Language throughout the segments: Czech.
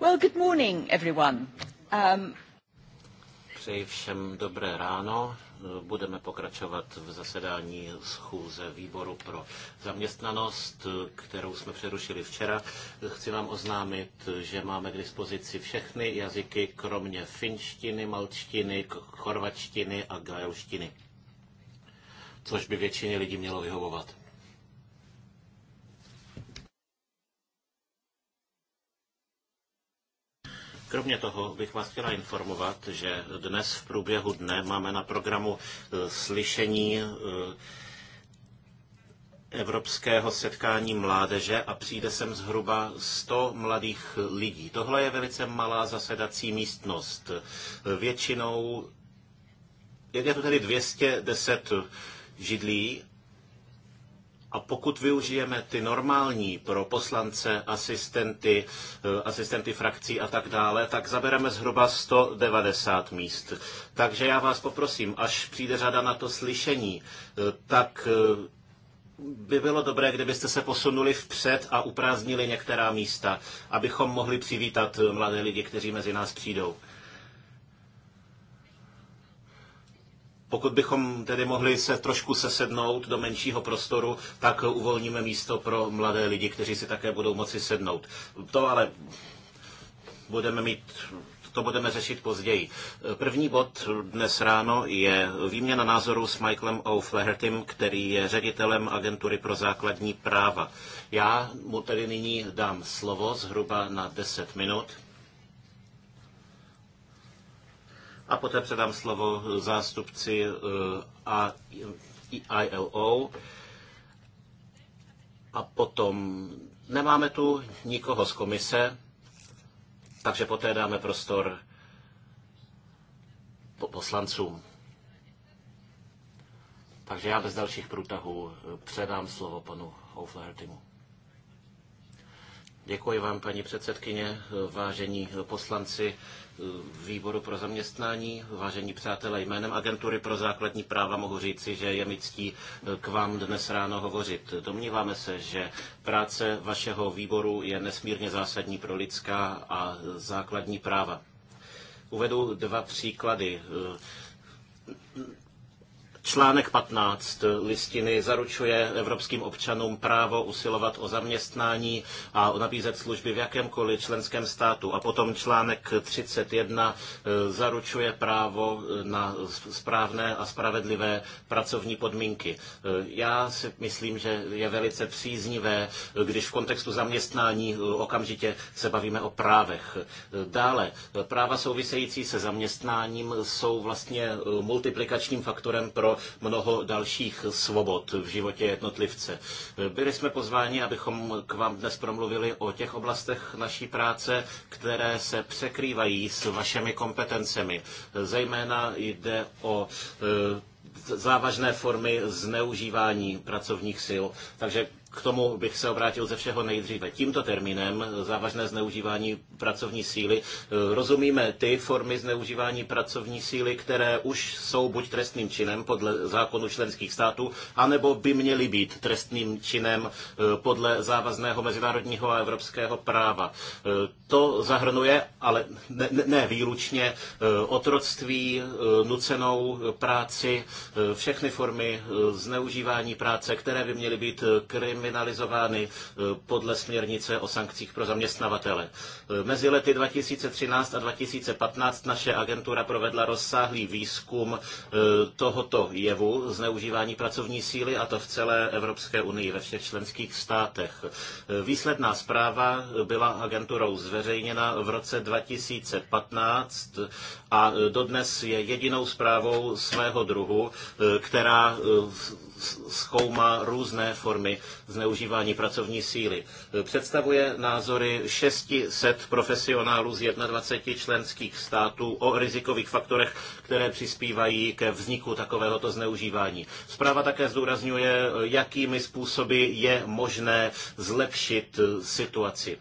Well, good morning, everyone. Um... Přeji všem dobré ráno. Budeme pokračovat v zasedání schůze výboru pro zaměstnanost, kterou jsme přerušili včera. Chci vám oznámit, že máme k dispozici všechny jazyky, kromě finštiny, malčtiny, chorvačtiny a gajoštiny, což by většině lidí mělo vyhovovat. Kromě toho bych vás chtěla informovat, že dnes v průběhu dne máme na programu e, slyšení e, Evropského setkání mládeže a přijde sem zhruba 100 mladých lidí. Tohle je velice malá zasedací místnost. E, většinou je to tedy 210 židlí a pokud využijeme ty normální pro poslance, asistenty, eh, asistenty frakcí a tak dále, tak zabereme zhruba 190 míst. Takže já vás poprosím, až přijde řada na to slyšení, eh, tak eh, by bylo dobré, kdybyste se posunuli vpřed a uprázdnili některá místa, abychom mohli přivítat mladé lidi, kteří mezi nás přijdou. Pokud bychom tedy mohli se trošku sesednout do menšího prostoru, tak uvolníme místo pro mladé lidi, kteří si také budou moci sednout. To ale budeme mít to budeme řešit později. První bod dnes ráno je výměna názoru s Michaelem O'Flahertym, který je ředitelem Agentury pro základní práva. Já mu tedy nyní dám slovo zhruba na 10 minut a poté předám slovo zástupci eh, ILO a potom nemáme tu nikoho z komise, takže poté dáme prostor poslancům. Takže já bez dalších průtahů eh, předám slovo panu O'Flahertymu. Děkuji vám, paní předsedkyně, vážení poslanci výboru pro zaměstnání, vážení přátelé, jménem Agentury pro základní práva mohu říci, že je mi ctí k vám dnes ráno hovořit. Domníváme se, že práce vašeho výboru je nesmírně zásadní pro lidská a základní práva. Uvedu dva příklady Článek 15 listiny zaručuje evropským občanům právo usilovat o zaměstnání a nabízet služby v jakémkoliv členském státu. A potom článek 31 eh, zaručuje právo eh, na správné a spravedlivé pracovní podmínky. Eh, já si myslím, že je velice příznivé, když v kontextu zaměstnání okamžitě se bavíme o právech. Dále, práva související se zaměstnáním jsou vlastně multiplikačním faktorem pro pro mnoho dalších svobod v životě jednotlivce. Byli jsme pozváni, abychom k vám dnes promluvili o těch oblastech naší práce, které se překrývají s vašimi kompetencemi. Zejména jde o e, závažné formy zneužívání pracovních sil. Takže k tomu bych se obrátil ze všeho nejdříve. Tímto termínem závažné zneužívání pracovní síly eh, rozumíme ty formy zneužívání pracovní síly, které už jsou buď trestným činem podle zákonu členských států, anebo by měly být trestným činem eh, podle závazného mezinárodního a evropského práva. Eh, to zahrnuje, ale ne, ne výlučně, otroctví, nucenou práci, všechny formy zneužívání práce, které by měly být krim kriminalizovány eh, podle směrnice o sankcích pro zaměstnavatele. Eh, mezi lety 2013 a 2015 naše agentura provedla rozsáhlý výzkum eh, tohoto jevu zneužívání pracovní síly a to v celé Evropské unii, ve všech členských státech. Výsledná zpráva byla agenturou zveřejněna v roce 2015 a dodnes je jedinou zprávou svého druhu, která zkoumá různé formy zneužívání pracovní síly. Představuje názory 600 profesionálů z 21 členských států o rizikových faktorech, které přispívají ke vzniku takovéhoto zneužívání. Zpráva také zdůrazňuje, jakými způsoby je možné zlepšit situaci.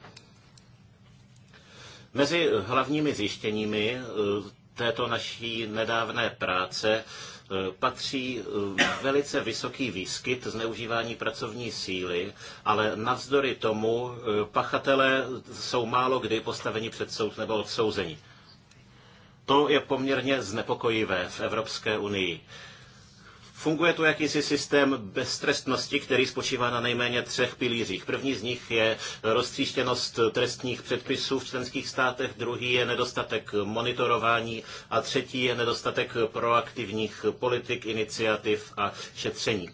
Mezi hlavními zjištěními eh, této naší nedávné práce Eh, patří eh, velice vysoký výskyt zneužívání pracovní síly, ale navzdory tomu eh, pachatelé jsou málo kdy postaveni před soud nebo odsouzeni. To je poměrně znepokojivé v Evropské unii. Funguje tu jakýsi systém beztrestnosti, který spočívá na nejméně třech pilířích. První z nich je roztříštěnost trestních předpisů v členských státech, druhý je nedostatek monitorování a třetí je nedostatek proaktivních politik, iniciativ a šetření.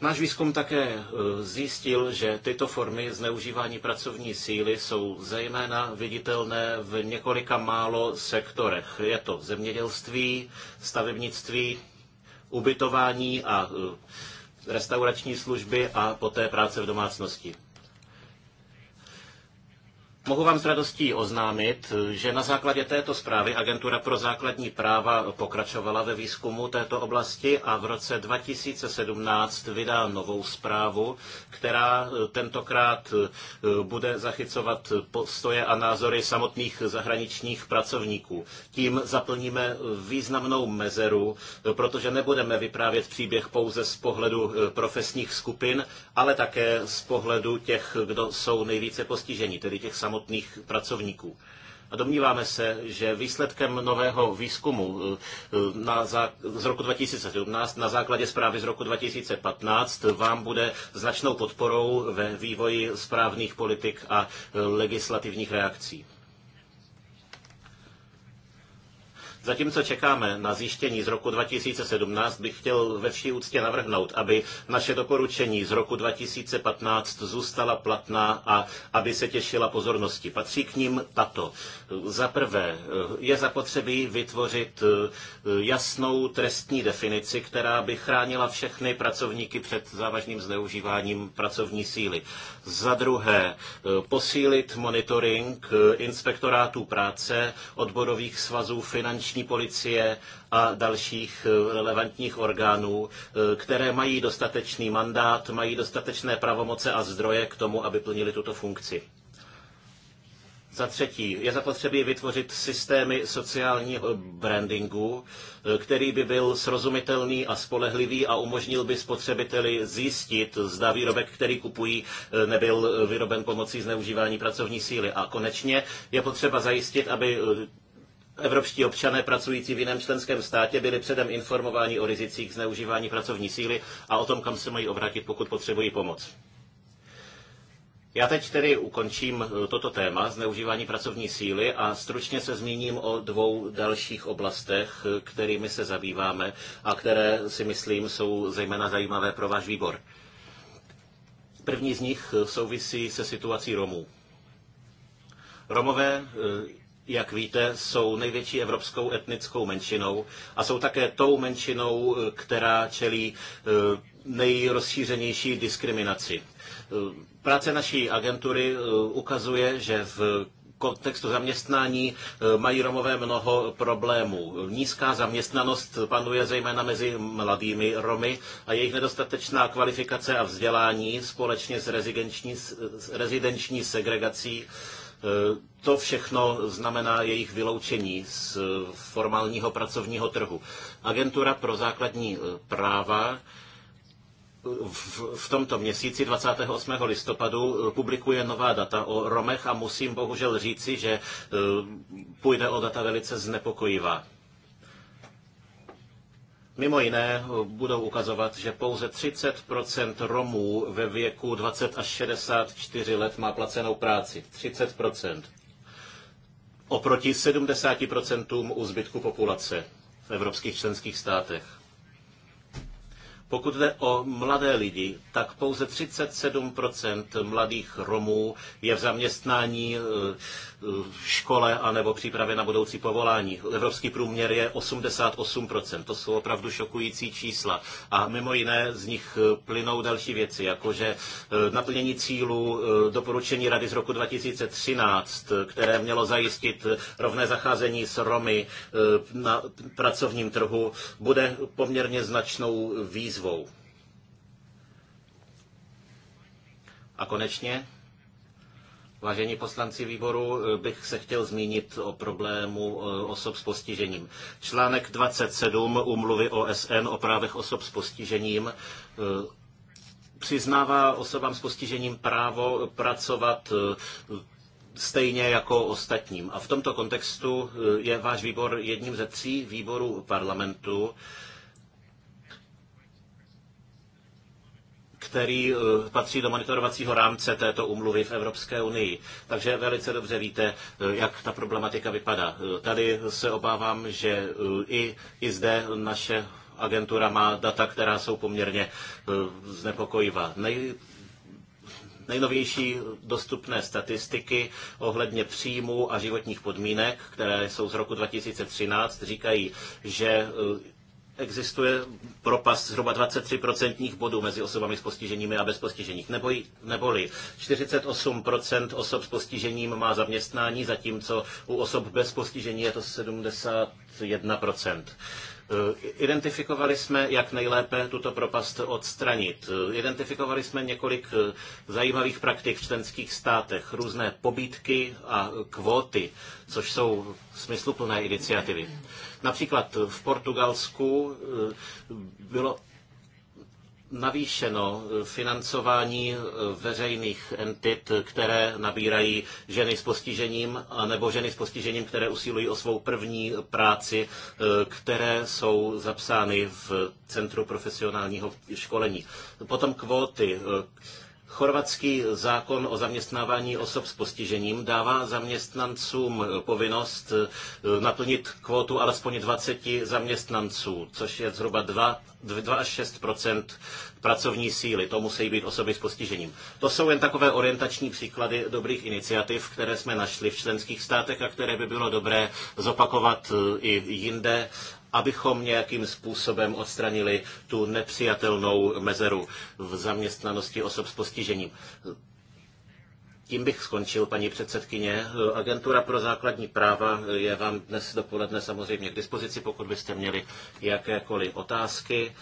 Náš výzkum také e, zjistil, že tyto formy zneužívání pracovní síly jsou zejména viditelné v několika málo sektorech. Je to zemědělství, stavebnictví, ubytování a e, restaurační služby a poté práce v domácnosti. Mohu vám s radostí oznámit, že na základě této zprávy Agentura pro základní práva pokračovala ve výzkumu této oblasti a v roce 2017 vydá novou zprávu, která eh, tentokrát eh, bude zachycovat postoje a názory samotných zahraničních pracovníků. Tím zaplníme eh, významnou mezeru, protože nebudeme vyprávět příběh pouze z pohledu profesních skupin, ale také z pohledu těch, kdo jsou nejvíce postiženi, tedy těch samotných pracovníků. A domníváme se, že výsledkem nového výzkumu eh, eh, na zá, z roku 2017 na základě zprávy z roku 2015 vám bude značnou podporou ve vývoji správných politik a eh, legislativních reakcí. Zatímco čekáme na zjištění z roku 2017, bych chtěl ve vší úctě navrhnout, aby naše doporučení z roku 2015 zůstala platná a aby se těšila pozornosti. Patří k ním tato. Za prvé, je zapotřebí vytvořit eh, jasnou trestní definici, která by chránila všechny pracovníky před závažným zneužíváním pracovní síly. Za druhé, eh, posílit monitoring eh, inspektorátů práce, odborových svazů, finanční místní policie a dalších eh, relevantních orgánů, eh, které mají dostatečný mandát, mají dostatečné pravomoce a zdroje k tomu, aby plnili tuto funkci. Za třetí, je zapotřebí vytvořit systémy sociálního brandingu, eh, který by byl srozumitelný a spolehlivý a umožnil by spotřebiteli zjistit, zda výrobek, který kupují, nebyl vyroben pomocí zneužívání pracovní síly. A konečně je potřeba zajistit, aby evropští občané pracující v jiném členském státě byli předem informováni o rizicích zneužívání pracovní síly a o tom, kam se mají obrátit, pokud potřebují pomoc. Já teď tedy ukončím eh, toto téma zneužívání pracovní síly a stručně se zmíním o dvou dalších oblastech, eh, kterými se zabýváme a které si myslím jsou zejména zajímavé pro váš výbor. První z nich eh, souvisí se situací Romů. Romové jak víte, jsou největší evropskou etnickou menšinou a jsou také tou menšinou, eh, která čelí eh, nejrozšířenější diskriminaci. Eh, práce naší agentury ukazuje, že v kontextu zaměstnání mají Romové mnoho problémů. Nízká zaměstnanost panuje zejména mezi mladými Romy a jejich nedostatečná kvalifikace a vzdělání společně s rezidenční, s rezidenční segregací Eh, to všechno znamená jejich vyloučení z formálního pracovního trhu. Agentura pro základní eh, práva eh, v, tomto měsíci 28. listopadu publikuje nová data o Romech a musím bohužel říci, že půjde o data velice znepokojivá. Mimo jiné budou ukazovat, že pouze 30 Romů ve věku 20 až 64 let má placenou práci. 30 Oproti 70 u zbytku populace v evropských členských státech. Pokud jde o mladé lidi, tak pouze 37% mladých Romů je v zaměstnání eh, eh, škole anebo přípravě na budoucí povolání. Evropský průměr je 88%. To jsou opravdu šokující čísla. A mimo jiné z nich eh, plynou další věci, jakože naplnění cílů doporučení Rady z roku 2013, které mělo zajistit rovné zacházení s Romy na pracovním trhu, bude poměrně značnou výzvou výzvou. A konečně, vážení poslanci výboru, bych se chtěl zmínit o problému eh, osob s postižením. Článek 27 umluvy OSN o právech osob s postižením eh, přiznává osobám s postižením právo pracovat eh, stejně jako ostatním. A v tomto kontextu je váš výbor jedním ze tří výborů parlamentu, který eh, patří do monitorovacího rámce této umluvy v Evropské unii. Takže velice dobře víte, eh, jak ta problematika vypadá. Eh, tady se obávám, že i, i zde naše agentura má data, která jsou poměrně znepokojivá. Nej, nejnovější dostupné statistiky ohledně příjmů a životních podmínek, které jsou z roku 2013, říkají, že existuje propast zhruba 23% bodů mezi osobami s postiženími a bez postižení. Neboj, neboli 48% osob s postižením má zaměstnání, zatímco u osob bez postižení je to 71%. Eh, identifikovali jsme, jak nejlépe tuto propast odstranit. Eh, identifikovali jsme několik eh, zajímavých praktik v členských státech, různé pobídky a kvóty, což jsou smysluplné iniciativy. Například v Portugalsku eh, bylo navýšeno financování veřejných entit, které nabírají ženy s postižením, nebo ženy s postižením, které usilují o svou první práci, eh, které jsou zapsány v Centru profesionálního školení. Potom kvóty Chorvatský zákon o zaměstnávání osob s postižením dává zaměstnancům povinnost eh, naplnit kvótu alespoň 20 zaměstnanců, což je zhruba 2, 2 až 6 pracovní síly. To musí být osoby s postižením. To jsou jen takové orientační příklady dobrých iniciativ, které jsme našli v členských státech a které by bylo dobré zopakovat eh, i jinde abychom nějakým způsobem odstranili tu nepřijatelnou mezeru v zaměstnanosti osob s postižením. Tím bych skončil, paní předsedkyně. Agentura pro základní práva je vám dnes dopoledne samozřejmě k dispozici, pokud byste měli jakékoliv otázky.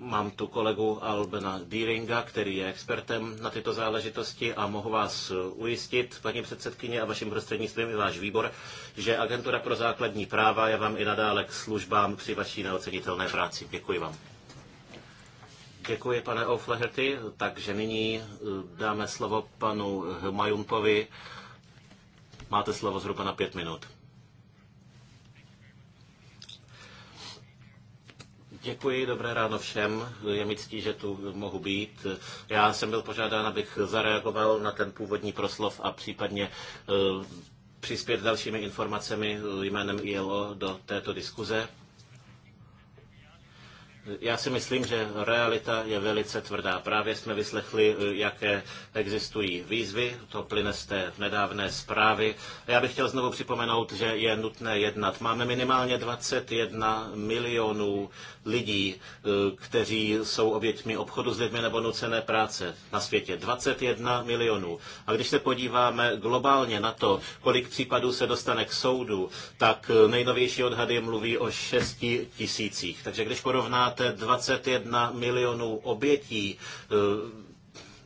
Mám tu kolegu Albena Dýringa, který je expertem na tyto záležitosti a mohu vás ujistit, paní předsedkyně a vaším prostřednictvím i váš výbor, že Agentura pro základní práva je vám i nadále k službám při vaší neocenitelné práci. Děkuji vám. Děkuji, pane O'Flaherty. Takže nyní eh, dáme slovo panu Majumpovi. Máte slovo zhruba na pět minut. Děkuji, dobré ráno všem. Je mi ctí, že tu mohu být. Já jsem byl požádán, abych zareagoval na ten původní proslov a případně e, přispět dalšími informacemi jménem ILO do této diskuze. Já si myslím, že realita je velice tvrdá. Právě jsme vyslechli, eh, jaké existují výzvy, to plyne z té nedávné zprávy. Já bych chtěl znovu připomenout, že je nutné jednat. Máme minimálně 21 milionů lidí, eh, kteří jsou oběťmi obchodu s lidmi nebo nucené práce na světě. 21 milionů. A když se podíváme globálně na to, kolik případů se dostane k soudu, tak eh, nejnovější odhady mluví o 6 tisících. Takže když porovnáte máte 21 milionů obětí eh,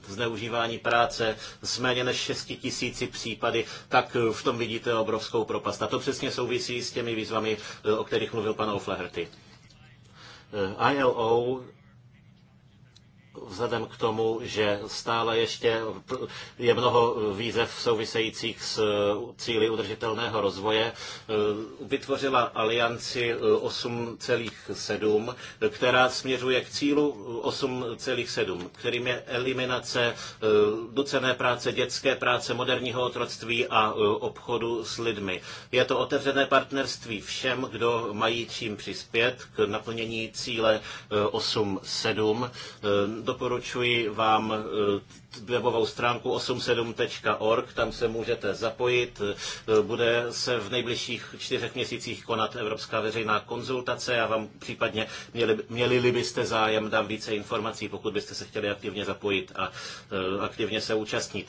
zneužívání práce s méně než 6 tisíci případy, tak eh, v tom vidíte obrovskou propast. A to přesně souvisí s těmi výzvami, eh, o kterých mluvil pan O'Flaherty. ILO vzhledem k tomu, že stále ještě je mnoho výzev souvisejících s cíly udržitelného rozvoje, eh, vytvořila alianci 8,7, eh, která směřuje k cílu 8,7, eh, kterým je eliminace ducené práce, dětské práce, moderního otroctví a obchodu s lidmi. Je to otevřené partnerství všem, kdo mají čím přispět k naplnění cíle 8,7 doporučuji vám eh, webovou stránku 87.org, tam se můžete zapojit. Eh, bude se v nejbližších čtyřech měsících konat Evropská veřejná konzultace a vám případně měli, měli byste zájem, dám více informací, pokud byste se chtěli aktivně zapojit a eh, aktivně se účastnit.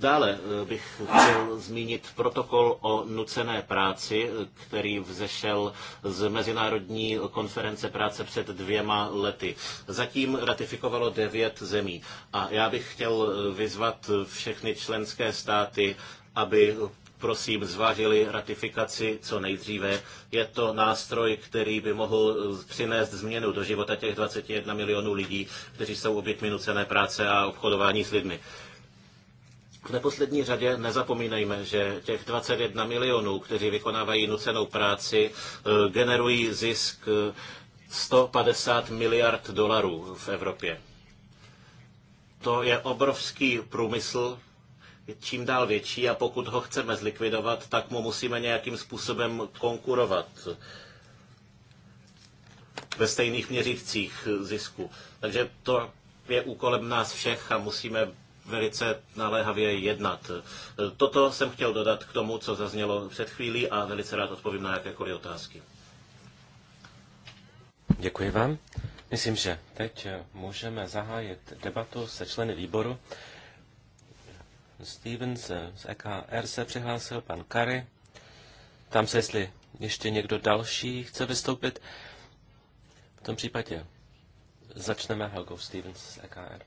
Dále eh, bych chtěl zmínit protokol o nucené práci, eh, který vzešel z Mezinárodní konference práce před dvěma lety. Zatím ratifikovalo devět zemí. A já bych chtěl eh, vyzvat všechny členské státy, aby prosím zvážili ratifikaci co nejdříve. Je to nástroj, který by mohl přinést změnu do života těch 21 milionů lidí, kteří jsou obětmi nucené práce a obchodování s lidmi. V neposlední řadě nezapomínejme, že těch 21 milionů, kteří vykonávají nucenou práci, e, generují zisk 150 e, miliard dolarů v Evropě. To je obrovský průmysl, čím dál větší a pokud ho chceme zlikvidovat, tak mu musíme nějakým způsobem konkurovat ve stejných měřících zisku. Takže to je úkolem nás všech a musíme velice naléhavě jednat. Toto jsem chtěl dodat k tomu, co zaznělo před chvílí a velice rád odpovím na jakékoliv otázky. Děkuji vám. Myslím, že teď můžeme zahájit debatu se členy výboru. Stevens z EKR se přihlásil, pan Kary. Tam se, jestli ještě někdo další chce vystoupit. V tom případě začneme Helgou Stevens z EKR.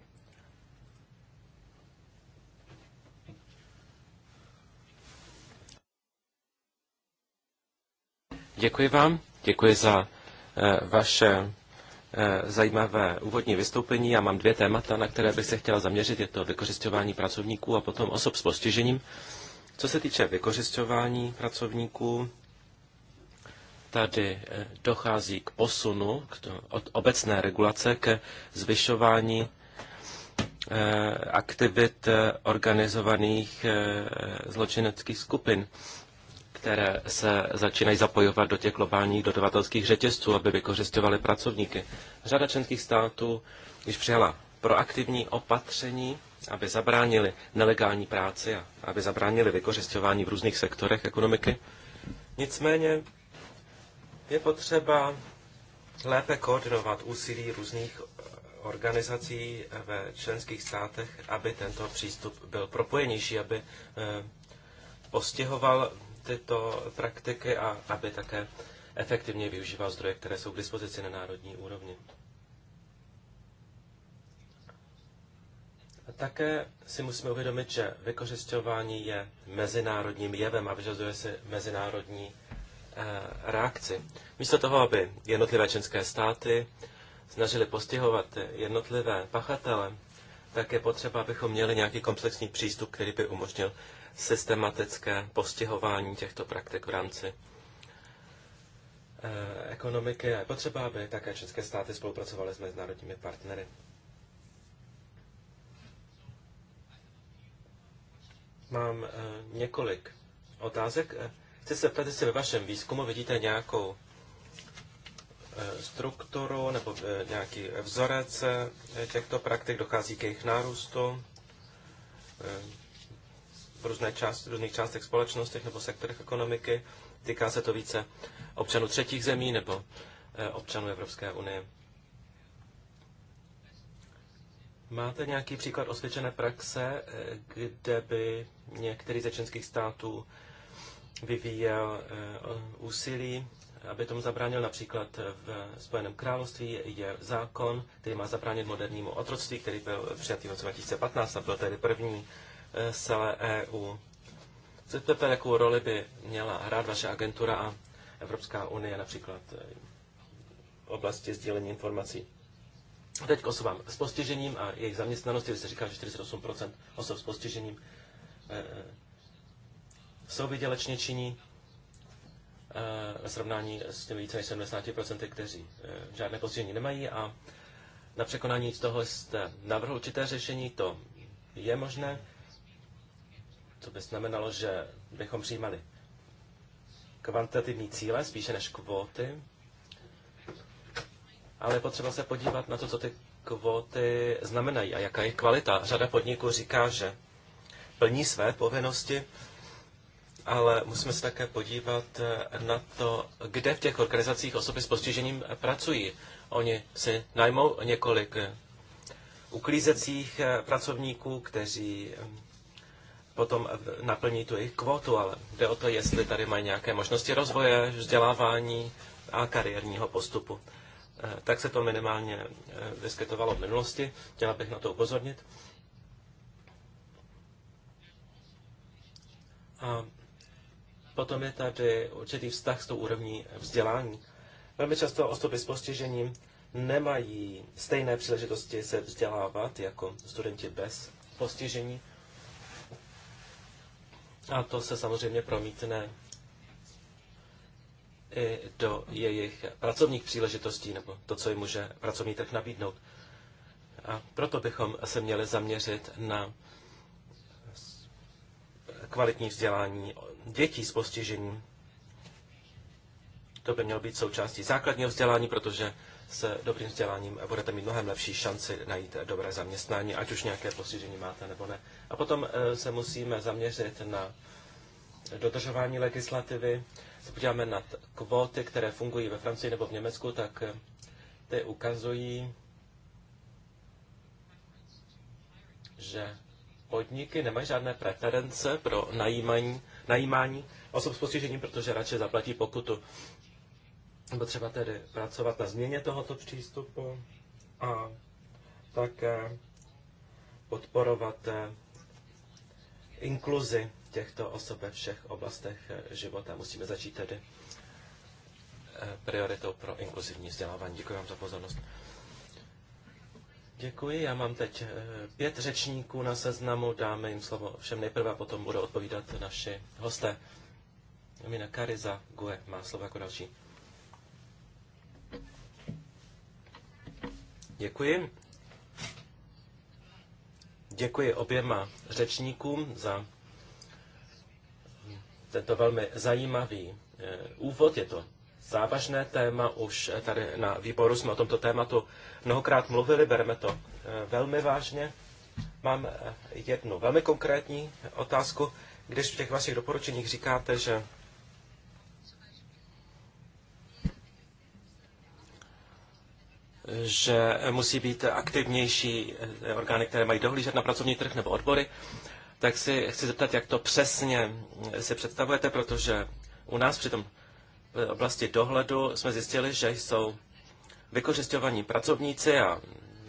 Děkuji vám, děkuji za eh, vaše eh, zajímavé úvodní vystoupení. Já mám dvě témata, na které bych se chtěla zaměřit. Je to vykořišťování pracovníků a potom osob s postižením. Co se týče vykořišťování pracovníků, tady eh, dochází k posunu k to, od obecné regulace ke zvyšování aktivit organizovaných zločineckých skupin které se začínají zapojovat do těch globálních dodavatelských řetězců, aby vykořišťovaly pracovníky. Řada členských států již přijala proaktivní opatření, aby zabránili nelegální práci a aby zabránili vykořišťování v různých sektorech ekonomiky. Nicméně je potřeba lépe koordinovat úsilí různých organizací ve členských státech, aby tento přístup byl propojenější, aby eh, postihoval tyto praktiky a aby také efektivně využíval zdroje, které jsou k dispozici na národní úrovni. A také si musíme uvědomit, že vykořišťování je mezinárodním jevem a vyžaduje si mezinárodní eh, reakci. Místo toho, aby jednotlivé členské státy snažili postihovat jednotlivé pachatele, tak je potřeba, abychom měli nějaký komplexní přístup, který by umožnil systematické postihování těchto praktik v rámci eh, ekonomiky. Je potřeba, aby také české státy spolupracovaly s mezinárodními partnery. Mám eh, několik otázek. Eh, chci se ptát, jestli ve vašem výzkumu vidíte nějakou strukturu nebo nějaký vzorec těchto praktik, dochází k jejich nárůstu, v různé část, různých částech společnostech nebo sektorech ekonomiky. Týká se to více občanů třetích zemí nebo eh, občanů Evropské unie. Máte nějaký příklad osvědčené praxe, eh, kde by některý ze členských států vyvíjel eh, úsilí, aby tomu zabránil například v Spojeném království je zákon, který má zabránit modernímu otroctví, který byl přijatý v roce 2015 a byl tedy první Eh, z celé EU. Chcete, jakou roli by měla hrát vaše agentura a Evropská unie například eh, v oblasti sdílení informací? Teď k osobám s postižením a jejich zaměstnanosti, vy jste říkal, že 48% osob s postižením eh, jsou vydělečně činí ve srovnání s těmi více než 70%, kteří žádné postižení nemají a na překonání z toho jste navrhl určité řešení, to je možné. To by znamenalo, že bychom přijímali kvantitativní cíle spíše než kvóty, ale je potřeba se podívat na to, co ty kvóty znamenají a jaká je kvalita. Řada podniků říká, že plní své povinnosti, ale musíme se také podívat na to, kde v těch organizacích osoby s postižením pracují. Oni si najmou několik uklízecích pracovníků, kteří potom naplní tu jejich kvotu, ale jde o to, jestli tady mají nějaké možnosti rozvoje, vzdělávání a kariérního postupu. Eh, tak se to minimálně eh, vyskytovalo v minulosti, chtěla bych na to upozornit. A potom je tady určitý vztah s tou úrovní vzdělání. Velmi často osoby s postižením nemají stejné příležitosti se vzdělávat jako studenti bez postižení. A to se samozřejmě promítne i do jejich pracovních příležitostí, nebo to, co jim může pracovní trh nabídnout. A proto bychom se měli zaměřit na kvalitní vzdělání dětí s postižením. To by mělo být součástí základního vzdělání, protože s dobrým vzděláním budete mít mnohem lepší šanci najít dobré zaměstnání, ať už nějaké postižení máte nebo ne. A potom eh, se musíme zaměřit na dodržování legislativy. Se podíváme na kvóty, které fungují ve Francii nebo v Německu, tak eh, ty ukazují, že podniky nemají žádné preference pro najímání, najímání osob s postižením, protože radši zaplatí pokutu třeba tedy pracovat na změně tohoto přístupu a také podporovat eh, inkluzi těchto osob ve všech oblastech eh, života. Musíme začít tedy eh, prioritou pro inkluzivní vzdělávání. Děkuji vám za pozornost. Děkuji, já mám teď pět řečníků na seznamu, dáme jim slovo všem nejprve a potom budou odpovídat naši hosté. Amina Kariza Gue má slovo jako další. Děkuji. Děkuji oběma řečníkům za tento velmi zajímavý eh, úvod. Je to závažné téma, už tady na výboru jsme o tomto tématu mnohokrát mluvili, bereme to eh, velmi vážně. Mám eh, jednu velmi konkrétní otázku. Když v těch vašich doporučeních říkáte, že že musí být aktivnější eh, orgány, které mají dohlížet na pracovní trh nebo odbory, tak si chci zeptat, jak to přesně eh, si představujete, protože u nás při tom eh, oblasti dohledu jsme zjistili, že jsou vykořišťovaní pracovníci a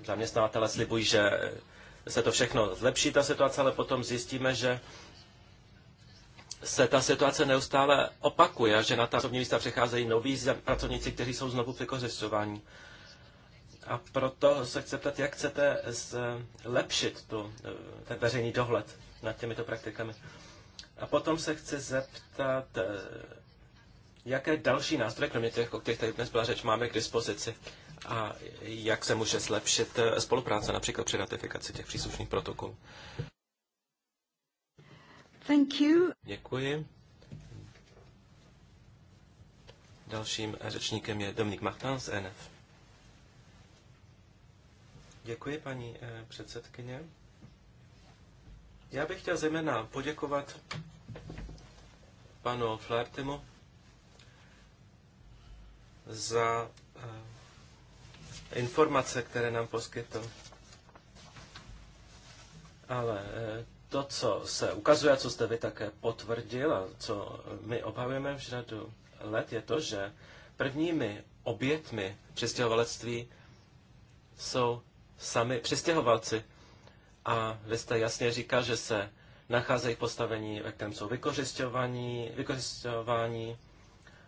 zaměstnavatele slibují, že se to všechno zlepší, ta situace, ale potom zjistíme, že se ta situace neustále opakuje, že na ta pracovní místa přicházejí noví pracovníci, kteří jsou znovu vykořišťováni. A proto se chci ptat, jak chcete zlepšit tu, eh, ten veřejný dohled nad těmito praktikami. A potom se chci zeptat, eh, jaké další nástroje, kromě těch, o kterých tady dnes byla řeč, máme k dispozici a jak se může zlepšit eh, spolupráce například při ratifikaci těch příslušných protokolů. Thank you. Děkuji. Dalším řečníkem je Dominik Machtan z NF. Děkuji, paní eh, předsedkyně. Já bych chtěl zejména poděkovat panu Flartimu za eh, informace, které nám poskytl. Ale eh, to, co se ukazuje a co jste vy také potvrdil a co my obhajujeme v řadu let, je to, že prvními obětmi přestěhovalectví jsou sami přistěhovalci. A vy jste jasně říkal, že se nacházejí v postavení, ve kterém jsou vykořišťovaní, vykořišťování,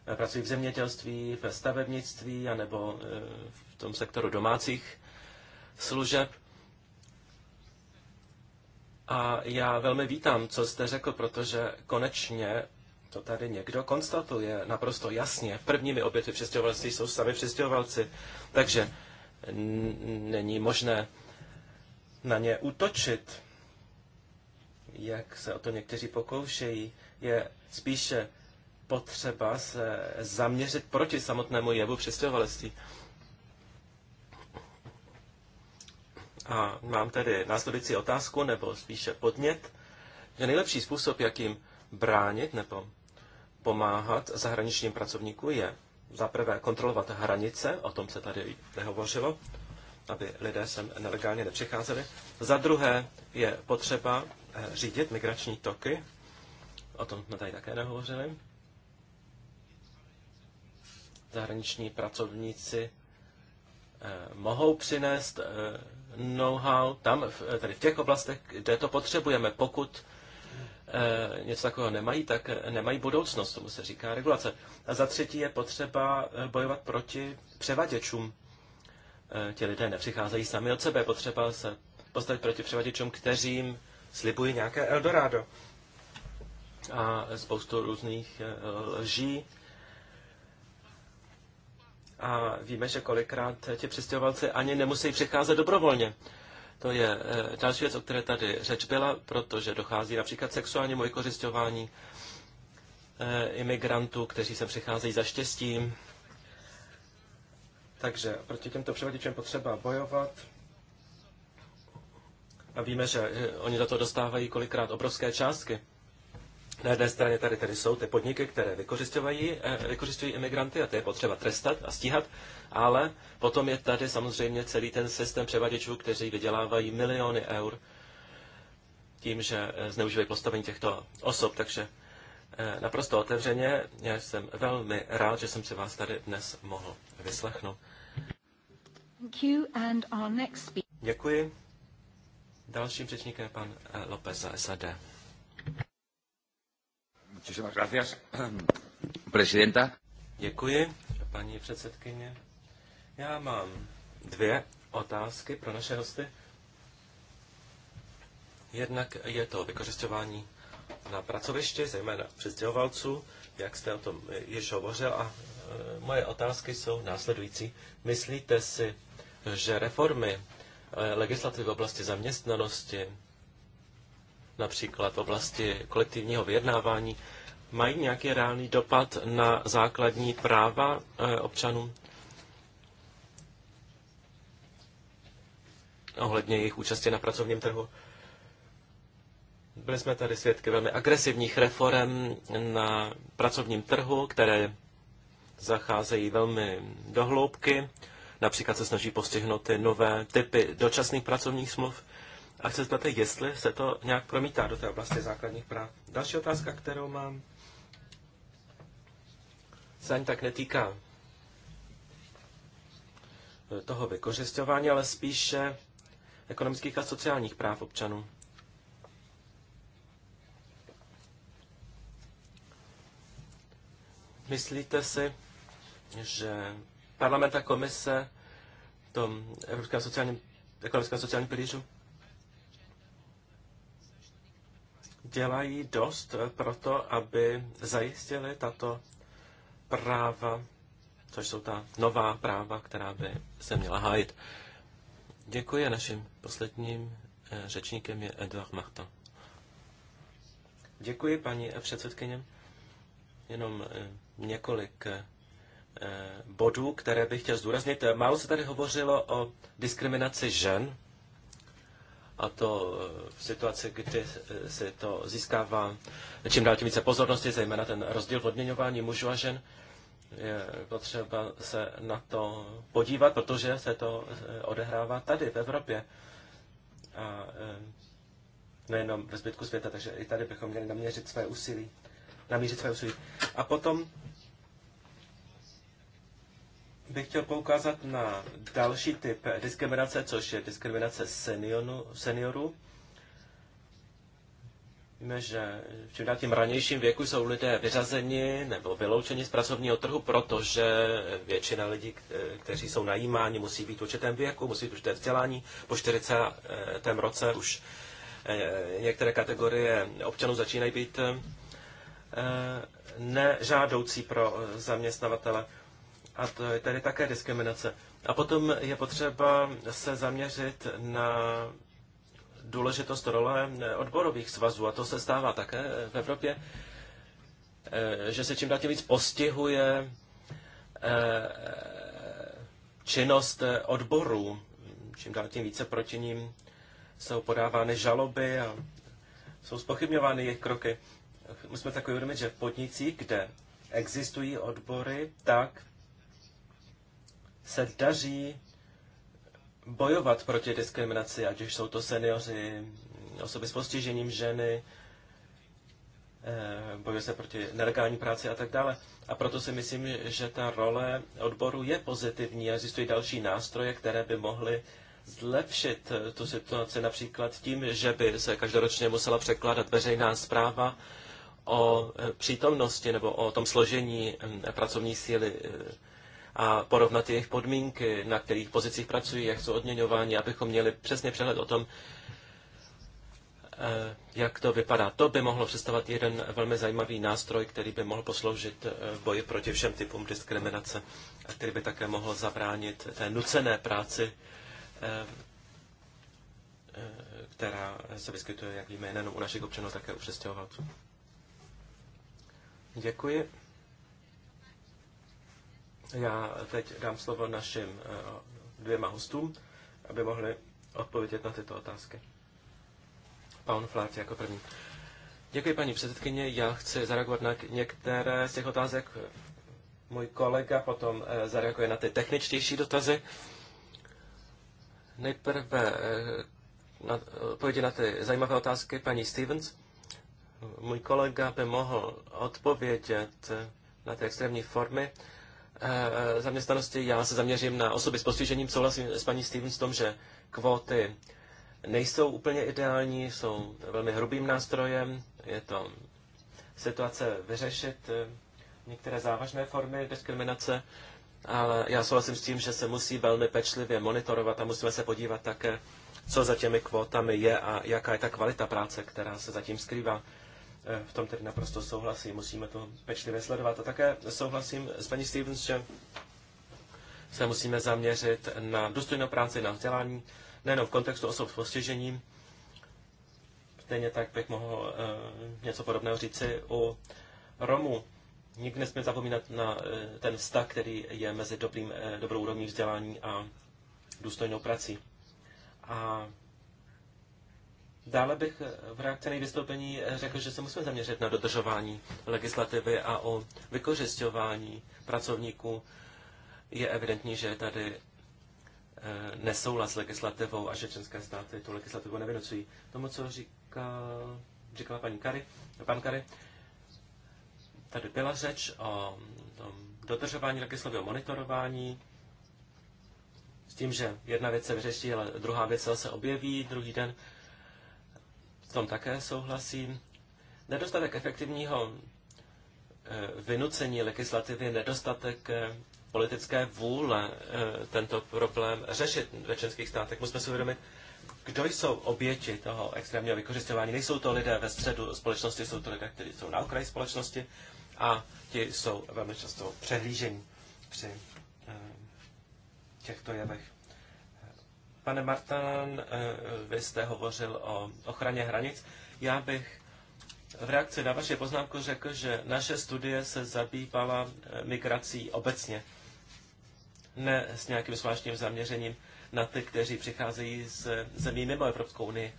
eh, pracují v zemědělství, ve stavebnictví, anebo eh, v tom sektoru domácích služeb. A já velmi vítám, co jste řekl, protože konečně to tady někdo konstatuje naprosto jasně. Prvními oběty přistěhovalství jsou sami přistěhovalci. Takže není možné na ně útočit, jak se o to někteří pokoušejí. Je spíše potřeba se zaměřit proti samotnému jevu přistěhovalectví. A mám tedy následující otázku, nebo spíše podnět, že nejlepší způsob, jakým bránit nebo pomáhat zahraničním pracovníkům, je za prvé kontrolovat hranice, o tom se tady nehovořilo, aby lidé sem nelegálně nepřicházeli. Za druhé je potřeba eh, řídit migrační toky, o tom jsme tady také nehovořili. Zahraniční pracovníci eh, mohou přinést eh, know-how tam, tedy v těch oblastech, kde to potřebujeme, pokud Eh, něco takového nemají, tak nemají budoucnost, tomu se říká regulace. A za třetí je potřeba eh, bojovat proti převaděčům. Eh, ti lidé nepřicházejí sami od sebe, potřeba se postavit proti převaděčům, jim slibují nějaké Eldorado a spoustu různých lží. A víme, že kolikrát ti přistěhovalci ani nemusí přicházet dobrovolně. To je eh, další věc, o které tady řeč byla, protože dochází například sexuálnímu vykořišťování eh, imigrantů, kteří sem přicházejí za štěstím. Takže proti těmto převaděčům potřeba bojovat. A víme, že eh, oni za to dostávají kolikrát obrovské částky. Na jedné straně tady, tady jsou ty podniky, které vykořišťují imigranty a ty je potřeba trestat a stíhat. Ale potom je tady samozřejmě celý ten systém převaděčů, kteří vydělávají miliony eur tím, že eh, zneužívají postavení těchto osob. Takže eh, naprosto otevřeně, já jsem velmi rád, že jsem si vás tady dnes mohl vyslechnout. Děkuji. Dalším řečníkem je pan eh, López za SAD. Děkuji, paní předsedkyně. Já mám dvě otázky pro naše hosty. Jednak je to vykořišťování na pracovišti, zejména přestěhovalců, jak jste o tom eh, již hovořil. A eh, moje otázky jsou následující. Myslíte si, že reformy eh, legislativy v oblasti zaměstnanosti, například v oblasti kolektivního vyjednávání, mají nějaký reálný dopad na základní práva občanů? ohledně jejich účasti na pracovním trhu. Byli jsme tady svědky velmi agresivních reform na pracovním trhu, které zacházejí velmi do hloubky. Například se snaží postihnout ty nové typy dočasných pracovních smluv. A chci zeptat, jestli se to nějak promítá do té oblasti základních práv. Další otázka, kterou mám, se ani tak netýká toho vykořišťování, ale spíše ekonomických a sociálních práv občanů. Myslíte si, že parlament a komise v tom Evropském sociálním, ekonomickém sociálním pilířu dělají dost pro to, aby zajistili tato práva, což jsou ta nová práva, která by se měla hájit. Děkuji a naším posledním eh, řečníkem je Eduard Marta. Děkuji, paní eh, předsedkyně. Jenom eh, několik bodů, které bych chtěl zdůraznit. Málo se tady hovořilo o diskriminaci žen, a to v situaci, kdy se to získává čím dál tím více pozornosti, zejména ten rozdíl v odměňování mužů a žen je potřeba se na to podívat, protože se to eh, odehrává tady v Evropě. A eh, nejenom ve zbytku světa, takže i tady bychom měli naměřit své úsilí. Namířit své úsilí. A potom bych chtěl poukázat na další typ diskriminace, což je diskriminace seniorů, seniorů Víme, že v čím dál tím ranějším věku jsou lidé vyřazeni nebo vyloučeni z pracovního trhu, protože většina lidí, kteří jsou najímáni, musí být v určitém věku, musí být určité vzdělání. Po 40. roce už eh, některé kategorie občanů začínají být eh, nežádoucí pro zaměstnavatele. A to je tedy také diskriminace. A potom je potřeba se zaměřit na důležitost role odborových svazů, a to se stává také v Evropě, eh, že se čím dál tím víc postihuje eh, činnost odborů, čím dál tím více proti ním jsou podávány žaloby a jsou spochybňovány jejich kroky. Musíme takový uvědomit, že v podnicích, kde existují odbory, tak se daří bojovat proti diskriminaci, ať už jsou to seniori, osoby s postižením, ženy, eh, bojuje se proti nelegální práci a tak dále. A proto si myslím, že ta role odboru je pozitivní a existují další nástroje, které by mohly zlepšit eh, tu situaci například tím, že by se každoročně musela překládat veřejná zpráva o eh, přítomnosti nebo o tom složení pracovní síly a porovnat jejich podmínky, na kterých pozicích pracují, jak jsou odměňováni, abychom měli přesně přehled o tom, eh, jak to vypadá. To by mohlo představovat jeden velmi zajímavý nástroj, který by mohl posloužit eh, v boji proti všem typům diskriminace a který by také mohl zabránit té nucené práci, eh, která se vyskytuje, jak víme, nejenom u našich občanů, také u přestěhovalců. Děkuji. Já teď dám slovo našim eh, dvěma hostům, aby mohli odpovědět na tyto otázky. Pan Flát jako první. Děkuji, paní předsedkyně. Já chci zareagovat na některé z těch otázek. Můj kolega potom eh, zareaguje na ty techničtější dotazy. Nejprve eh, na, odpovědi na ty zajímavé otázky paní Stevens. Můj kolega by mohl odpovědět na ty extrémní formy Eh, eh, zaměstnanosti. Já se zaměřím na osoby s postižením. Souhlasím s paní Stevens v tom, že kvóty nejsou úplně ideální, jsou velmi hrubým nástrojem. Je to situace vyřešit eh, některé závažné formy diskriminace, ale já souhlasím s tím, že se musí velmi pečlivě monitorovat a musíme se podívat také, co za těmi kvótami je a jaká je ta kvalita práce, která se zatím skrývá. E, v tom tedy naprosto souhlasím, musíme to pečlivě sledovat. A také souhlasím s paní Stevens, že se musíme zaměřit na důstojnou práci, na vzdělání, nejenom v kontextu osob s postižením. Stejně tak bych mohl uh, něco podobného říci u Romů. Nikdy nesmíme zapomínat na uh, ten vztah, který je mezi dobrým, uh, dobrou úrovní vzdělání a důstojnou prací. A Dále bych v reakci na vystoupení řekl, že se musíme zaměřit na dodržování legislativy a o vykořišťování pracovníků. Je evidentní, že je tady eh, nesouhlas s legislativou a že členské státy tu legislativu nevynucují. Tomu, co říká, říkala paní Kary, pan Kary, tady byla řeč o tom dodržování legislativy, o monitorování, s tím, že jedna věc se vyřeší, ale druhá věc se objeví druhý den tom také souhlasím. Nedostatek efektivního eh, vynucení legislativy, nedostatek eh, politické vůle eh, tento problém řešit ve členských státech. Musíme si uvědomit, kdo jsou oběti toho extrémního vykořišťování. Nejsou to lidé ve středu společnosti, jsou to lidé, kteří jsou na okraji společnosti a ti jsou velmi často přehlížení při těchto jevech. Pane Martan, eh, vy jste hovořil o ochraně hranic. Já bych v reakci na vaši poznámku řekl, že naše studie se zabývala eh, migrací obecně, ne s nějakým zvláštním zaměřením na ty, kteří přicházejí z zemí mimo Evropskou unii.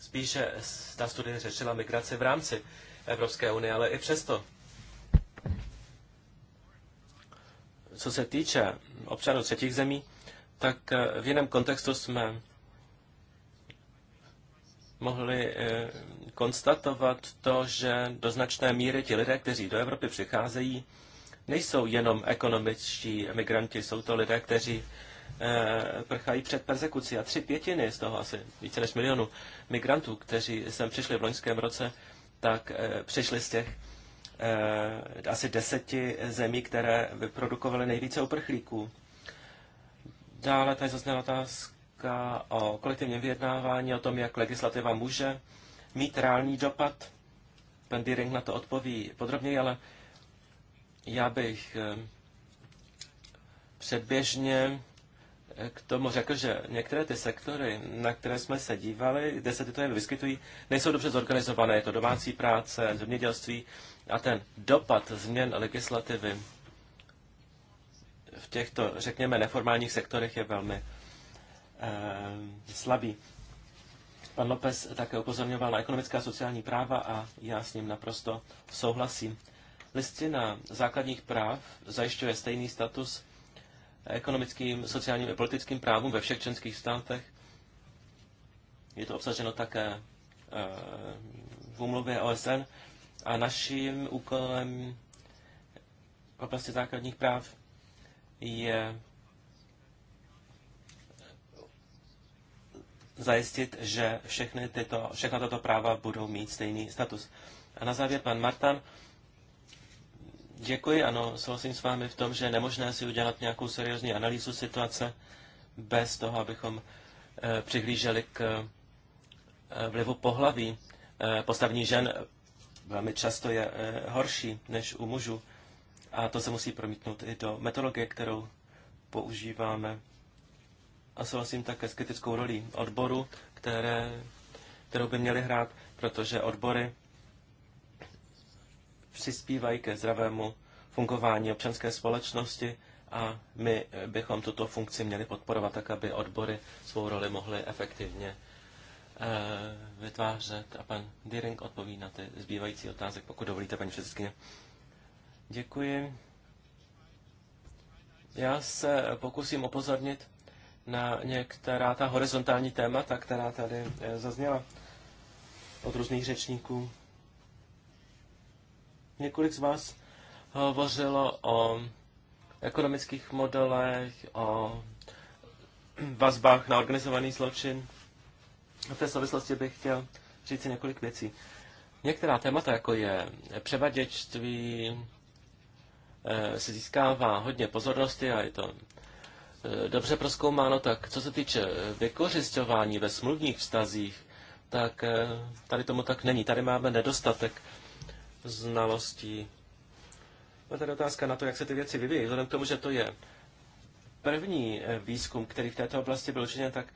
Spíše ta studie řešila migraci v rámci Evropské unie, ale i přesto. Co se týče občanů třetích zemí, tak eh, v jiném kontextu jsme mohli eh, konstatovat to, že do značné míry ti lidé, kteří do Evropy přicházejí, nejsou jenom ekonomičtí emigranti, jsou to lidé, kteří eh, prchají před persekucí. A tři pětiny z toho, asi více než milionu migrantů, kteří sem přišli v loňském roce, tak přišli z těch asi deseti zemí, které vyprodukovaly nejvíce uprchlíků. Dále tady zazněla otázka o kolektivním vyjednávání, o tom, jak legislativa může mít reálný dopad. Pan Deering na to odpoví podrobněji, ale já bych eh, předběžně eh, k tomu řekl, že některé ty sektory, na které jsme se dívali, kde se tyto jevy vyskytují, nejsou dobře zorganizované. Je to domácí práce, zemědělství a ten dopad změn legislativy těchto, řekněme, neformálních sektorech je velmi eh, slabý. Pan López také upozorňoval na ekonomická a sociální práva a já s ním naprosto souhlasím. Listina základních práv zajišťuje stejný status ekonomickým, sociálním i politickým právům ve všech členských státech. Je to obsaženo také eh, v úmluvě OSN a naším úkolem v oblasti základních práv je zajistit, že všechny tyto, všechna tato práva budou mít stejný status. A na závěr pan Martan. Děkuji, ano, souhlasím s vámi v tom, že je nemožné si udělat nějakou seriózní analýzu situace bez toho, abychom eh, přihlíželi k eh, vlivu pohlaví. Eh, postavní žen velmi často je eh, horší než u mužů. A to se musí promítnout i do metodologie, kterou používáme. A souhlasím také s kritickou rolí odboru, které, kterou by měly hrát, protože odbory přispívají ke zdravému fungování občanské společnosti a my bychom tuto funkci měli podporovat tak, aby odbory svou roli mohly efektivně eh, vytvářet. A pan Diring odpoví na ty zbývající otázek, pokud dovolíte, paní předsedkyně. Děkuji. Já se pokusím opozornit na některá ta horizontální témata, která tady eh, zazněla od různých řečníků. Několik z vás hovořilo o ekonomických modelech, o vazbách na organizovaný zločin. V té souvislosti bych chtěl říct si několik věcí. Některá témata, jako je převaděčství, Eh, se získává hodně pozornosti a je to eh, dobře proskoumáno, tak co se týče eh, vykořišťování ve smluvních vztazích, tak tady tomu tak není. Tady máme nedostatek znalostí. No tady otázka na to, jak se ty věci vyvíjí. Vzhledem k tomu, že to je první výzkum, který v této oblasti byl učiněn, tak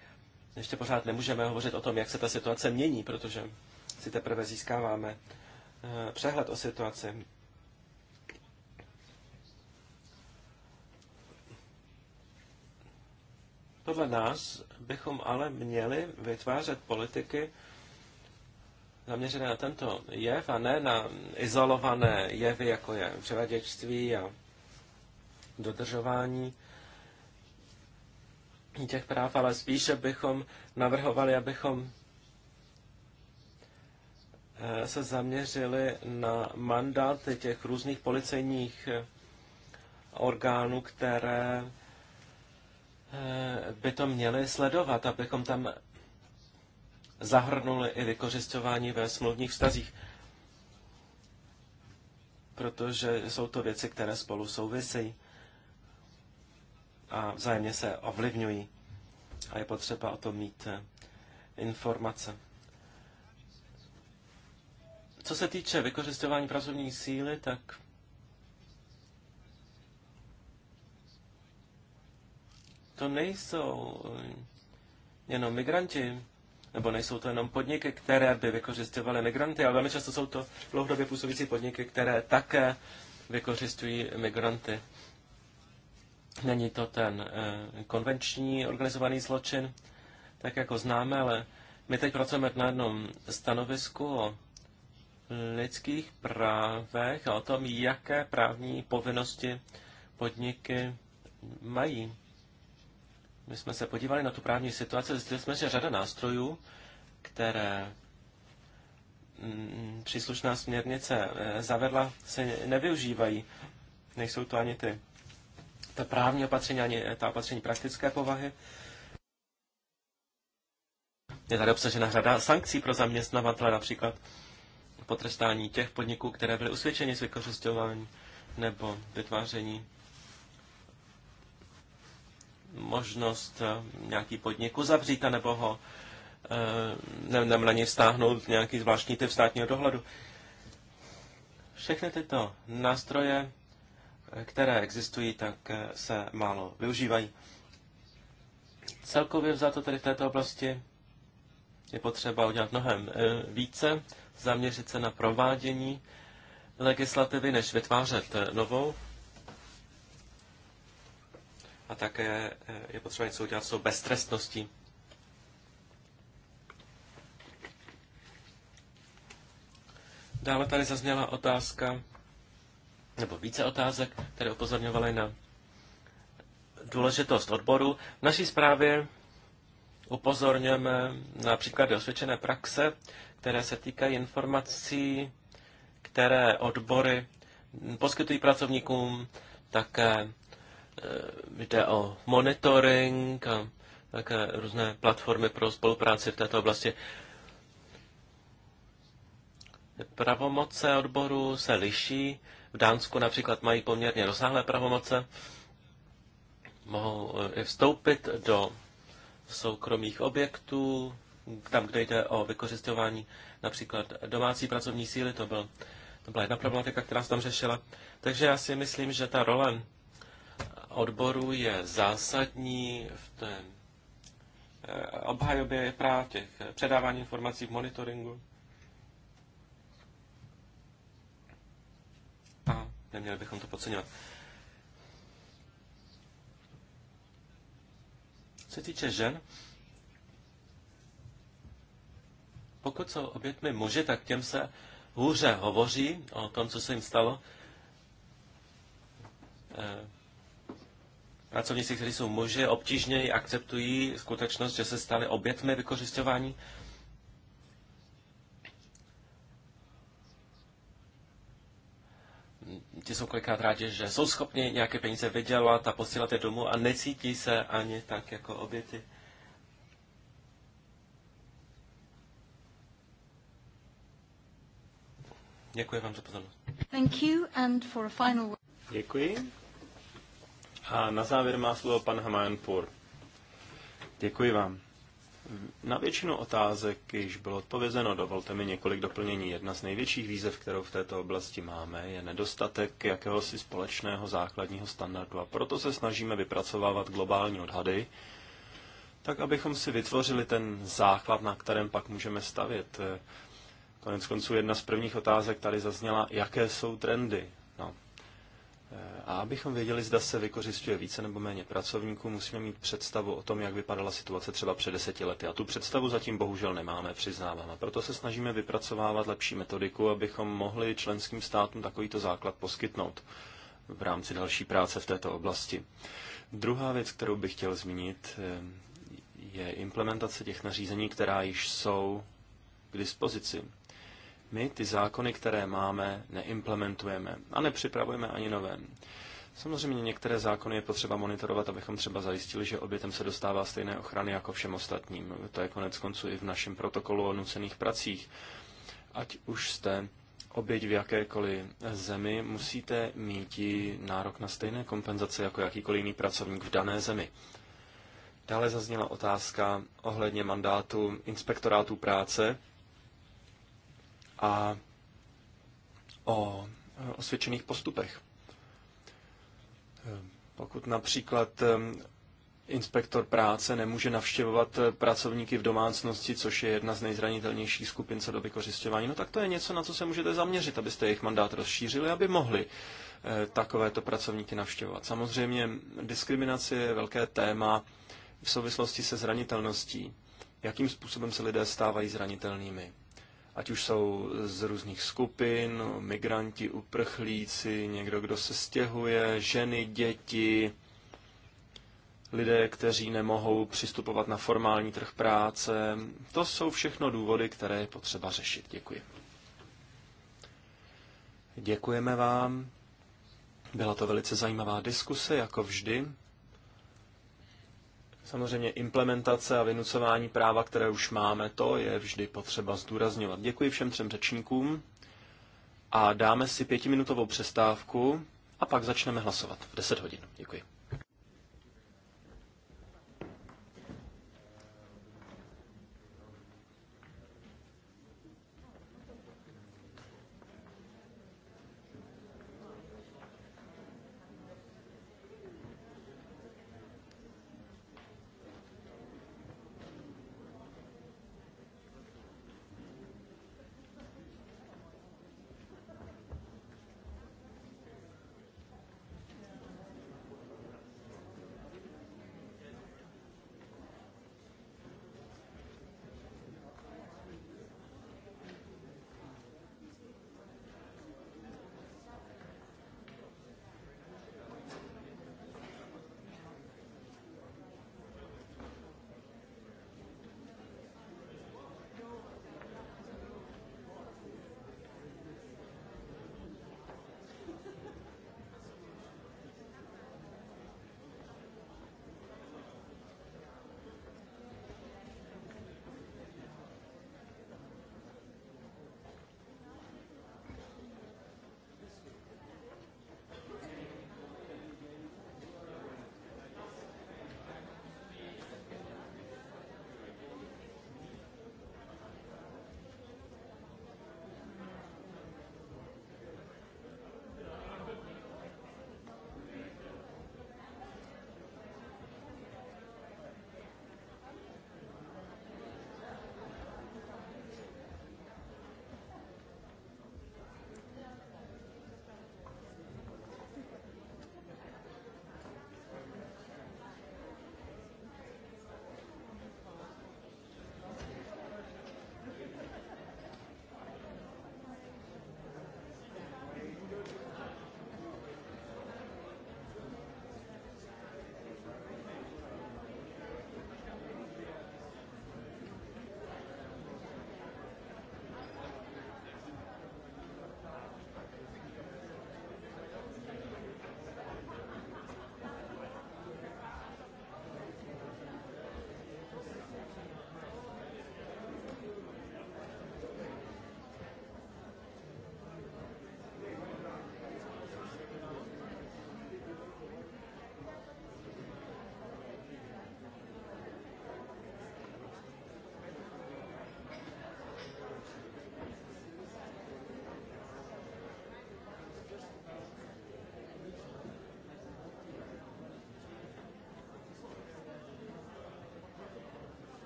ještě pořád nemůžeme hovořit o tom, jak se ta situace mění, protože si teprve získáváme přehled o situaci. Podle nás bychom ale měli vytvářet politiky zaměřené na tento jev a ne na izolované jevy, jako je převaděčství a dodržování těch práv, ale spíše bychom navrhovali, abychom eh, se zaměřili na mandáty těch různých policejních eh, orgánů, které Eh, by to měli sledovat, abychom tam zahrnuli i vykořišťování ve smluvních vztazích, protože jsou to věci, které spolu souvisejí a vzájemně se ovlivňují a je potřeba o tom mít eh, informace. Co se týče vykořišťování pracovní síly, tak to nejsou eh, jenom migranti, nebo nejsou to jenom podniky, které by vykořišťovaly migranty, ale velmi často jsou to dlouhodobě působící podniky, které také vykořišťují migranty. Není to ten eh, konvenční organizovaný zločin, tak jako známe, ale my teď pracujeme na jednom stanovisku o lidských právech a o tom, jaké právní povinnosti podniky mají. My jsme se podívali na tu právní situaci, zjistili jsme, že řada nástrojů, které mm, příslušná směrnice eh, zavedla, se nevyužívají. Nejsou to ani ty ta právní opatření, ani eh, ta opatření praktické povahy. Je tady obsažena řada sankcí pro zaměstnavatele, například potrestání těch podniků, které byly usvědčeny z vykořišťování nebo vytváření možnost eh, nějaký podnik uzavřít, eh, nebo ho ne, ne, na něj stáhnout nějaký zvláštní typ státního dohledu. Všechny tyto nástroje, eh, které existují, tak se málo využívají. Celkově to tedy v této oblasti je potřeba udělat mnohem více, zaměřit se na provádění legislativy, než vytvářet novou. A také eh, je potřeba něco udělat s tou beztrestností. Dále tady zazněla otázka, nebo více otázek, které upozorňovaly na důležitost odboru. V naší zprávě upozorňujeme na příklady osvědčené praxe, které se týkají informací, které odbory poskytují pracovníkům, také Eh, jde o monitoring a také různé platformy pro spolupráci v této oblasti. Pravomoce odboru se liší. V Dánsku například mají poměrně rozsáhlé pravomoce. Mohou eh, i vstoupit do soukromých objektů, tam, kde jde o vykořišťování například domácí pracovní síly, to, byl, to byla jedna problematika, která se tam řešila. Takže já si myslím, že ta role odboru je zásadní v té eh, obhajobě práv, těch eh, předávání informací v monitoringu. A neměli bychom to podceňovat. Co se týče žen, pokud jsou obětmi muži, tak těm se hůře hovoří o tom, co se jim stalo. Eh, pracovníci, kteří jsou muži, obtížněji akceptují skutečnost, že se stali obětmi vykořišťování? Ti jsou kolikrát rádi, že jsou schopni nějaké peníze vydělat a posílat je domů a necítí se ani tak jako oběti. Děkuji vám za pozornost. Thank you and for a final... Děkuji. A na závěr má slovo pan Hamajanpur. Děkuji vám. Na většinu otázek již bylo odpovězeno, dovolte mi několik doplnění. Jedna z největších výzev, kterou v této oblasti máme, je nedostatek jakéhosi společného základního standardu a proto se snažíme vypracovávat globální odhady, tak abychom si vytvořili ten základ, na kterém pak můžeme stavět. Konec konců jedna z prvních otázek tady zazněla, jaké jsou trendy. A abychom věděli, zda se vykořišťuje více nebo méně pracovníků, musíme mít představu o tom, jak vypadala situace třeba před deseti lety. A tu představu zatím bohužel nemáme, přiznávám. A proto se snažíme vypracovávat lepší metodiku, abychom mohli členským státům takovýto základ poskytnout v rámci další práce v této oblasti. Druhá věc, kterou bych chtěl zmínit, eh, je implementace těch nařízení, která již jsou k dispozici. My ty zákony, které máme, neimplementujeme a nepřipravujeme ani nové. Samozřejmě některé zákony je potřeba monitorovat, abychom třeba zajistili, že obětem se dostává stejné ochrany jako všem ostatním. To je konec konců i v našem protokolu o nucených pracích. Ať už jste oběť v jakékoliv zemi, musíte mít nárok na stejné kompenzace jako jakýkoliv jiný pracovník v dané zemi. Dále zazněla otázka ohledně mandátu inspektorátů práce a o osvědčených postupech. Pokud například inspektor práce nemůže navštěvovat eh, pracovníky v domácnosti, což je jedna z nejzranitelnějších skupin co do vykořišťování, no tak to je něco, na co se můžete zaměřit, abyste jejich mandát rozšířili, aby mohli eh, takovéto pracovníky navštěvovat. Samozřejmě diskriminace je velké téma v souvislosti se zranitelností. Jakým způsobem se lidé stávají zranitelnými? ať už jsou z různých skupin, migranti, uprchlíci, někdo, kdo se stěhuje, ženy, děti, lidé, kteří nemohou přistupovat na formální trh práce. To jsou všechno důvody, které je potřeba řešit. Děkuji. Děkujeme vám. Byla to velice zajímavá diskuse, jako vždy. Samozřejmě implementace a vynucování práva, které už máme, to je vždy potřeba zdůrazňovat. Děkuji všem třem řečníkům a dáme si pětiminutovou přestávku a pak začneme hlasovat v 10 hodin. Děkuji.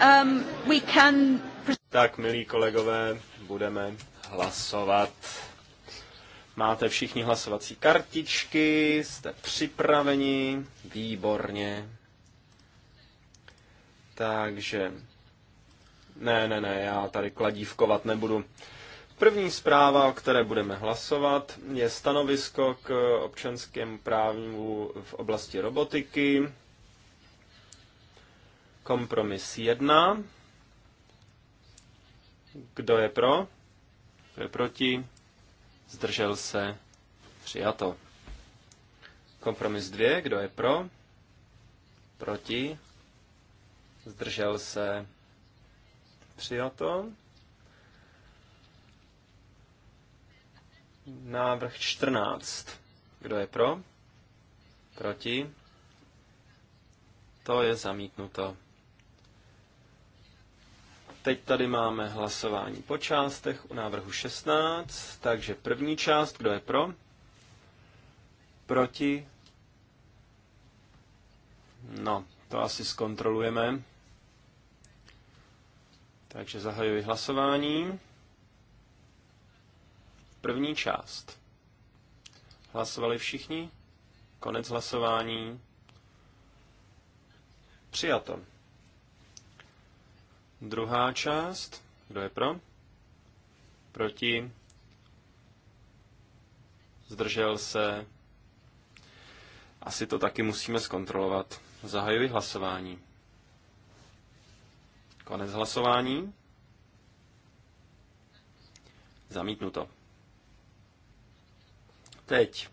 Um, tak, milí kolegové, budeme hlasovat. Máte všichni hlasovací kartičky, jste připraveni, výborně. Takže, ne, ne, ne, já tady kladívkovat nebudu. První zpráva, o které budeme hlasovat, je stanovisko k občanskému právnímu v oblasti robotiky. Kompromis 1. Kdo je pro? Kdo je proti? Zdržel se? Přijato. Kompromis 2. Kdo je pro? Proti? Zdržel se? Přijato. Návrh 14. Kdo je pro? Proti? To je zamítnuto teď tady máme hlasování po částech u návrhu 16, takže první část, kdo je pro? Proti? No, to asi zkontrolujeme. Takže zahajuji hlasování. První část. Hlasovali všichni? Konec hlasování. Přijato. Druhá část. Kdo je pro? Proti? Zdržel se? Asi to taky musíme zkontrolovat. Zahajuji hlasování. Konec hlasování. Zamítnuto. Teď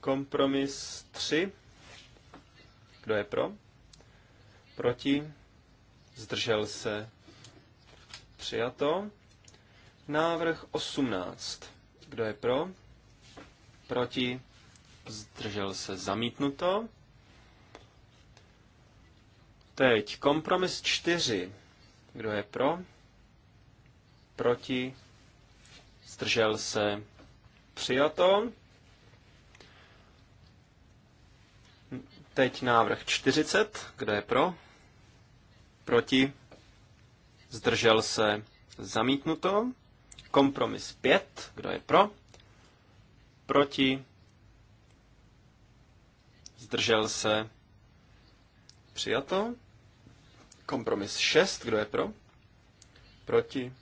kompromis 3. Kdo je pro? Proti? zdržel se, přijato. Návrh 18. Kdo je pro? Proti? Zdržel se zamítnuto. Teď kompromis 4. Kdo je pro? Proti? Zdržel se přijato. Teď návrh 40. Kdo je pro? proti, zdržel se, zamítnuto. Kompromis 5, kdo je pro, proti, zdržel se, přijato. Kompromis 6, kdo je pro, proti,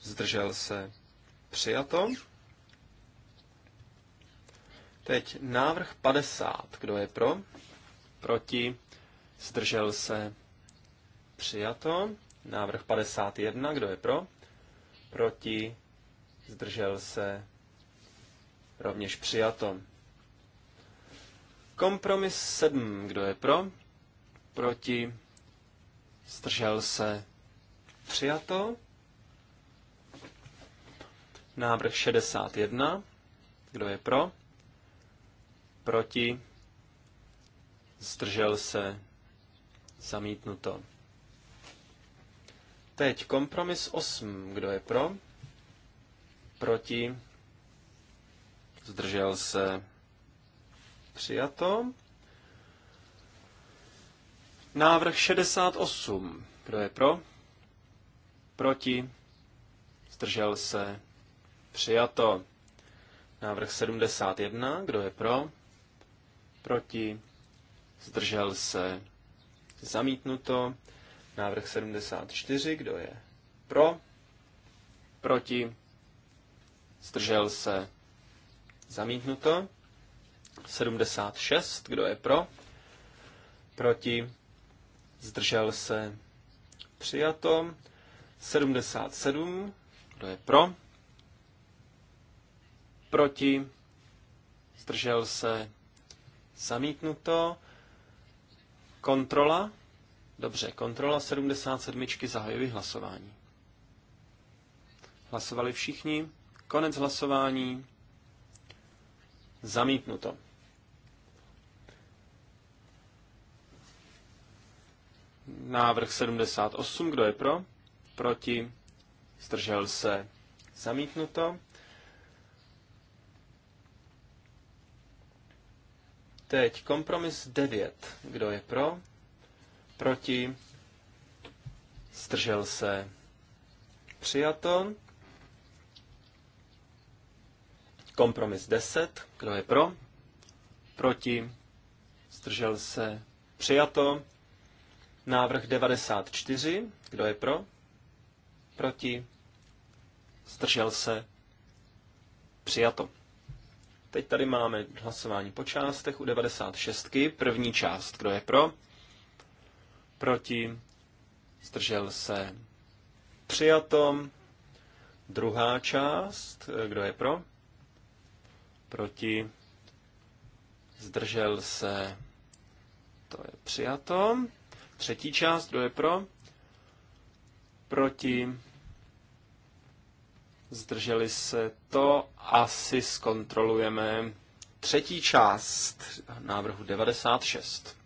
zdržel se, přijato. Teď návrh 50, kdo je pro, proti, zdržel se, Přijato. Návrh 51, kdo je pro? Proti. Zdržel se. Rovněž přijato. Kompromis 7, kdo je pro? Proti. Zdržel se. Přijato. Návrh 61. Kdo je pro? Proti? Zdržel se? Zamítnuto. Teď kompromis 8. Kdo je pro? Proti? Zdržel se? Přijato. Návrh 68. Kdo je pro? Proti? Zdržel se? Přijato. Návrh 71. Kdo je pro? Proti? Zdržel se? Zamítnuto. Návrh 74, kdo je pro? Proti? Zdržel se? Zamítnuto. 76, kdo je pro? Proti? Zdržel se? Přijato. 77, kdo je pro? Proti? Zdržel se? Zamítnuto. Kontrola. Dobře, kontrola 77. Zahajuji hlasování. Hlasovali všichni. Konec hlasování. Zamítnuto. Návrh 78. Kdo je pro? Proti? Zdržel se? Zamítnuto. Teď kompromis 9. Kdo je pro? proti, zdržel se, přijato. Kompromis 10, kdo je pro, proti, zdržel se, přijato. Návrh 94, kdo je pro, proti, zdržel se, přijato. Teď tady máme hlasování po částech u 96. První část, kdo je pro, proti, zdržel se přijato. Druhá část, kdo je pro, proti, zdržel se, to je přijato. Třetí část, kdo je pro, proti, zdrželi se, to asi zkontrolujeme. Třetí část návrhu 96.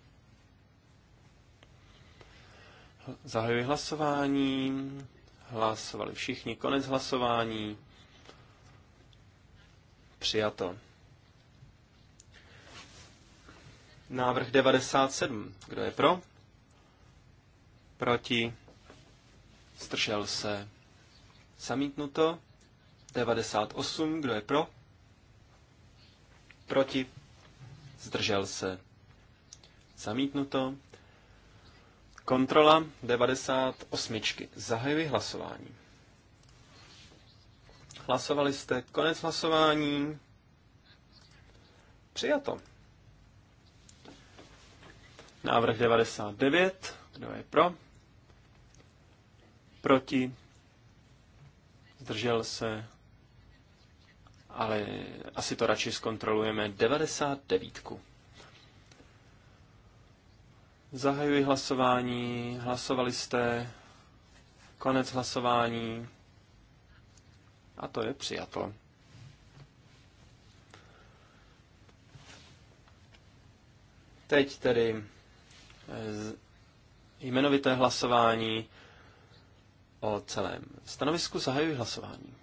Zahajuji hlasování. Hlasovali všichni. Konec hlasování. Přijato. Návrh 97. Kdo je pro? Proti? Zdržel se. Zamítnuto. 98. Kdo je pro? Proti? Zdržel se. Zamítnuto. Kontrola 98. Zahajuji hlasování. Hlasovali jste. Konec hlasování. Přijato. Návrh 99. Kdo je pro? Proti? Zdržel se? Ale asi to radši zkontrolujeme. 99. Zahajuji hlasování. Hlasovali jste. Konec hlasování. A to je přijato. Teď tedy eh, jmenovité hlasování o celém stanovisku zahajuji hlasování.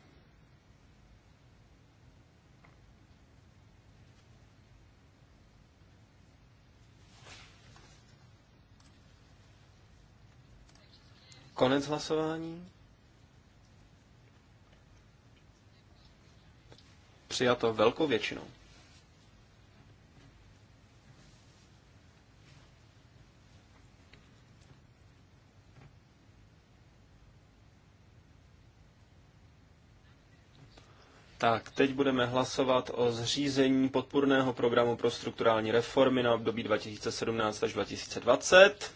Konec hlasování. Přijato velkou většinou. Tak, teď budeme hlasovat o zřízení podpůrného programu pro strukturální reformy na období 2017 až 2020.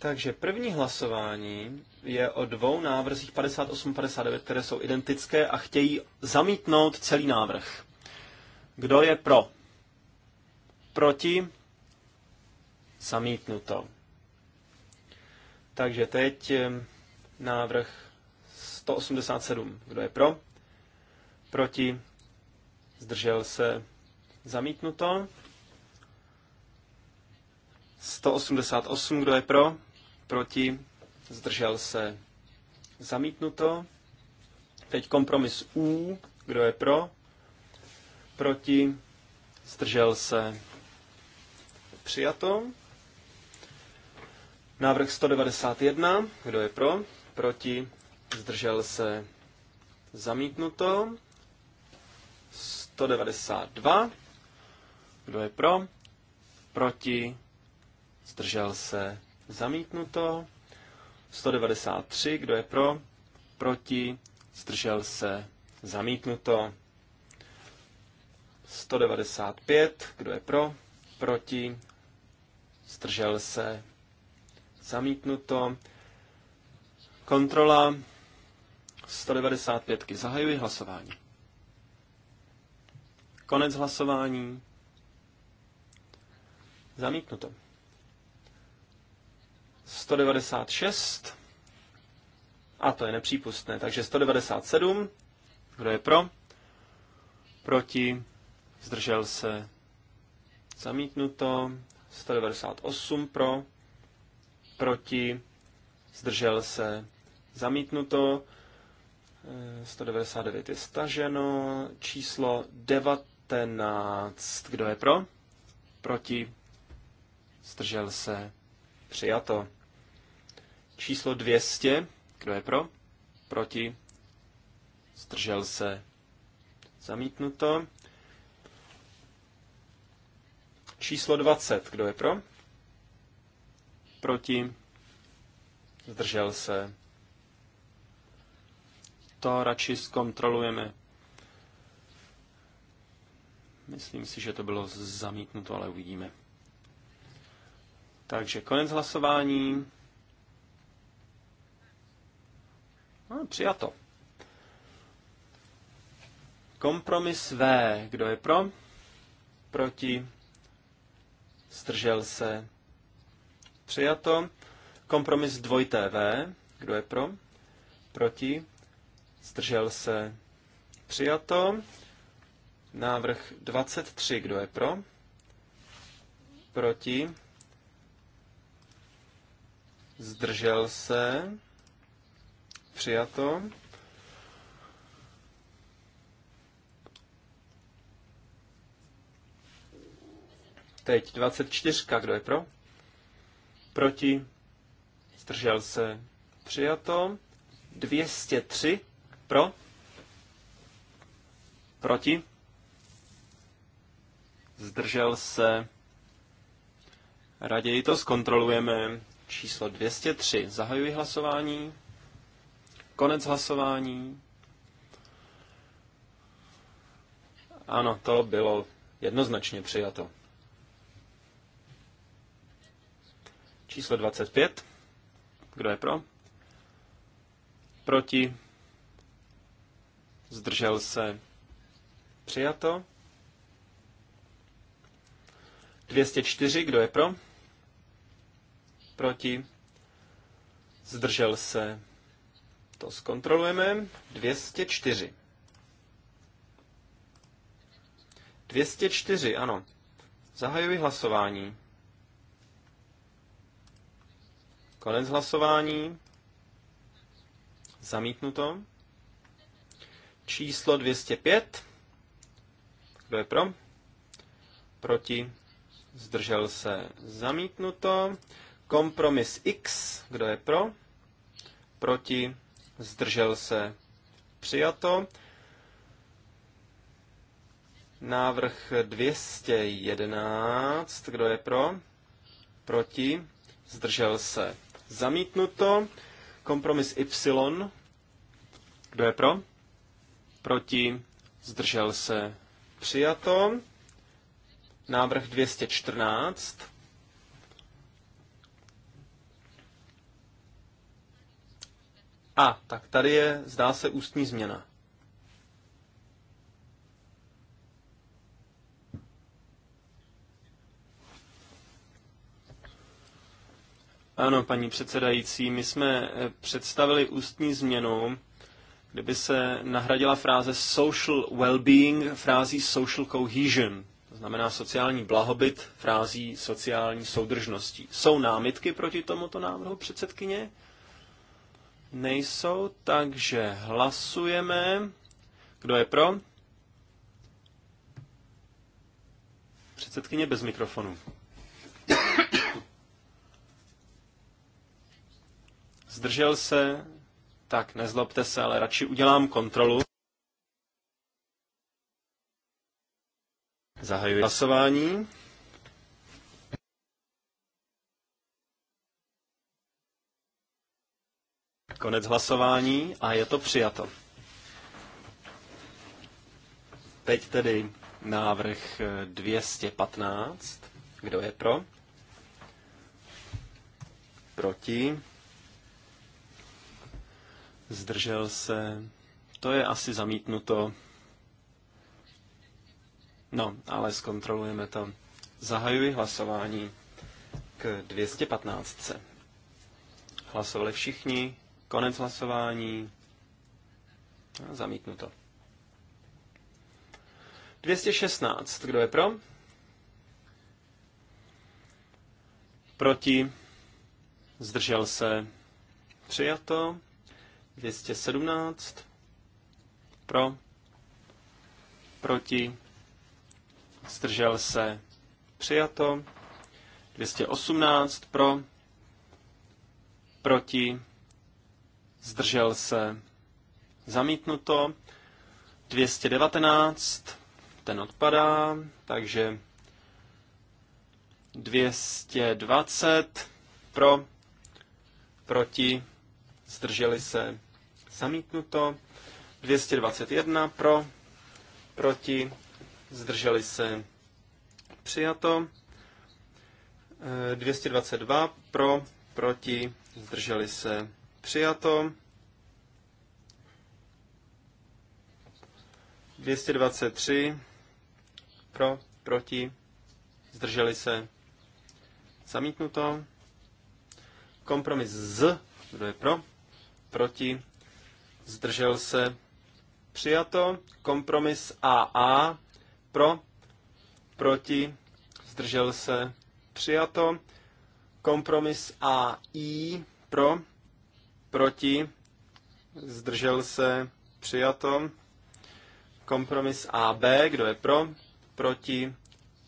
Takže první hlasování je o dvou návrzích 58-59, které jsou identické a chtějí zamítnout celý návrh. Kdo je pro? Proti? Zamítnuto. Takže teď návrh 187. Kdo je pro? Proti? Zdržel se? Zamítnuto. 188. Kdo je pro? proti, zdržel se, zamítnuto. Teď kompromis U, kdo je pro, proti, zdržel se, přijato. Návrh 191, kdo je pro, proti, zdržel se, zamítnuto. 192, kdo je pro, proti, zdržel se, Zamítnuto. 193, kdo je pro? Proti. Zdržel se. Zamítnuto. 195, kdo je pro? Proti. Zdržel se. Zamítnuto. Kontrola 195. Zahajuji hlasování. Konec hlasování. Zamítnuto. 196. A to je nepřípustné. Takže 197. Kdo je pro? Proti? Zdržel se? Zamítnuto. 198 pro? Proti? Zdržel se? Zamítnuto. 199 eh, je staženo. Číslo 19. Kdo je pro? Proti? Zdržel se? Přijato. Číslo 200. Kdo je pro? Proti? Zdržel se. Zamítnuto. Číslo 20. Kdo je pro? Proti? Zdržel se. To radši zkontrolujeme. Myslím si, že to bylo zamítnuto, ale uvidíme. Takže konec hlasování. No, přijato. Kompromis V. Kdo je pro? Proti? stržel se? Přijato. Kompromis dvojité V. Kdo je pro? Proti? stržel se? Přijato. Návrh 23. Kdo je pro? Proti? Zdržel se? Přijato. Teď 24. Kdo je pro? Proti? Zdržel se? Přijato. 203. Pro? Proti? Zdržel se? Raději to zkontrolujeme. Číslo 203. Zahajuji hlasování. Konec hlasování. Ano, to bylo jednoznačně přijato. Číslo 25. Kdo je pro? Proti? Zdržel se? Přijato. 204. Kdo je pro? Proti? Zdržel se? To zkontrolujeme. 204. 204, ano. Zahajuji hlasování. Konec hlasování. Zamítnuto. Číslo 205. Kdo je pro? Proti. Zdržel se. Zamítnuto. Kompromis X. Kdo je pro? Proti zdržel se, přijato. Návrh 211, kdo je pro? Proti, zdržel se, zamítnuto. Kompromis Y, kdo je pro? Proti, zdržel se, přijato. Návrh 214, A, tak tady je, zdá se, ústní změna. Ano, paní předsedající, my jsme eh, představili ústní změnu, kdyby se nahradila fráze social well-being frází social cohesion, to znamená sociální blahobyt frází sociální soudržností. Jsou námitky proti tomuto návrhu předsedkyně? Nejsou, takže hlasujeme. Kdo je pro? Předsedkyně bez mikrofonu. Zdržel se? Tak nezlobte se, ale radši udělám kontrolu. Zahajuji hlasování. Konec hlasování a je to přijato. Teď tedy návrh 215. Eh, Kdo je pro? Proti? Zdržel se? To je asi zamítnuto. No, ale zkontrolujeme to. Zahajuji hlasování k 215. Hlasovali všichni. Konec hlasování. Zamítnuto. 216. Kdo je pro? Proti? Zdržel se? Přijato. 217. Pro? Proti? Zdržel se? Přijato. 218. Pro? Proti? zdržel se, zamítnuto. 219, ten odpadá, takže 220 pro, proti, zdrželi se, zamítnuto. 221 pro, proti, zdrželi se, přijato. 222 eh, pro, proti, zdrželi se, Přijato. 223 pro, proti, zdrželi se, zamítnuto. Kompromis z, kdo je pro, proti, zdržel se, přijato. Kompromis AA, pro, proti, zdržel se, přijato. Kompromis AI, pro, proti, zdržel se, přijato. Kompromis AB, kdo je pro, proti,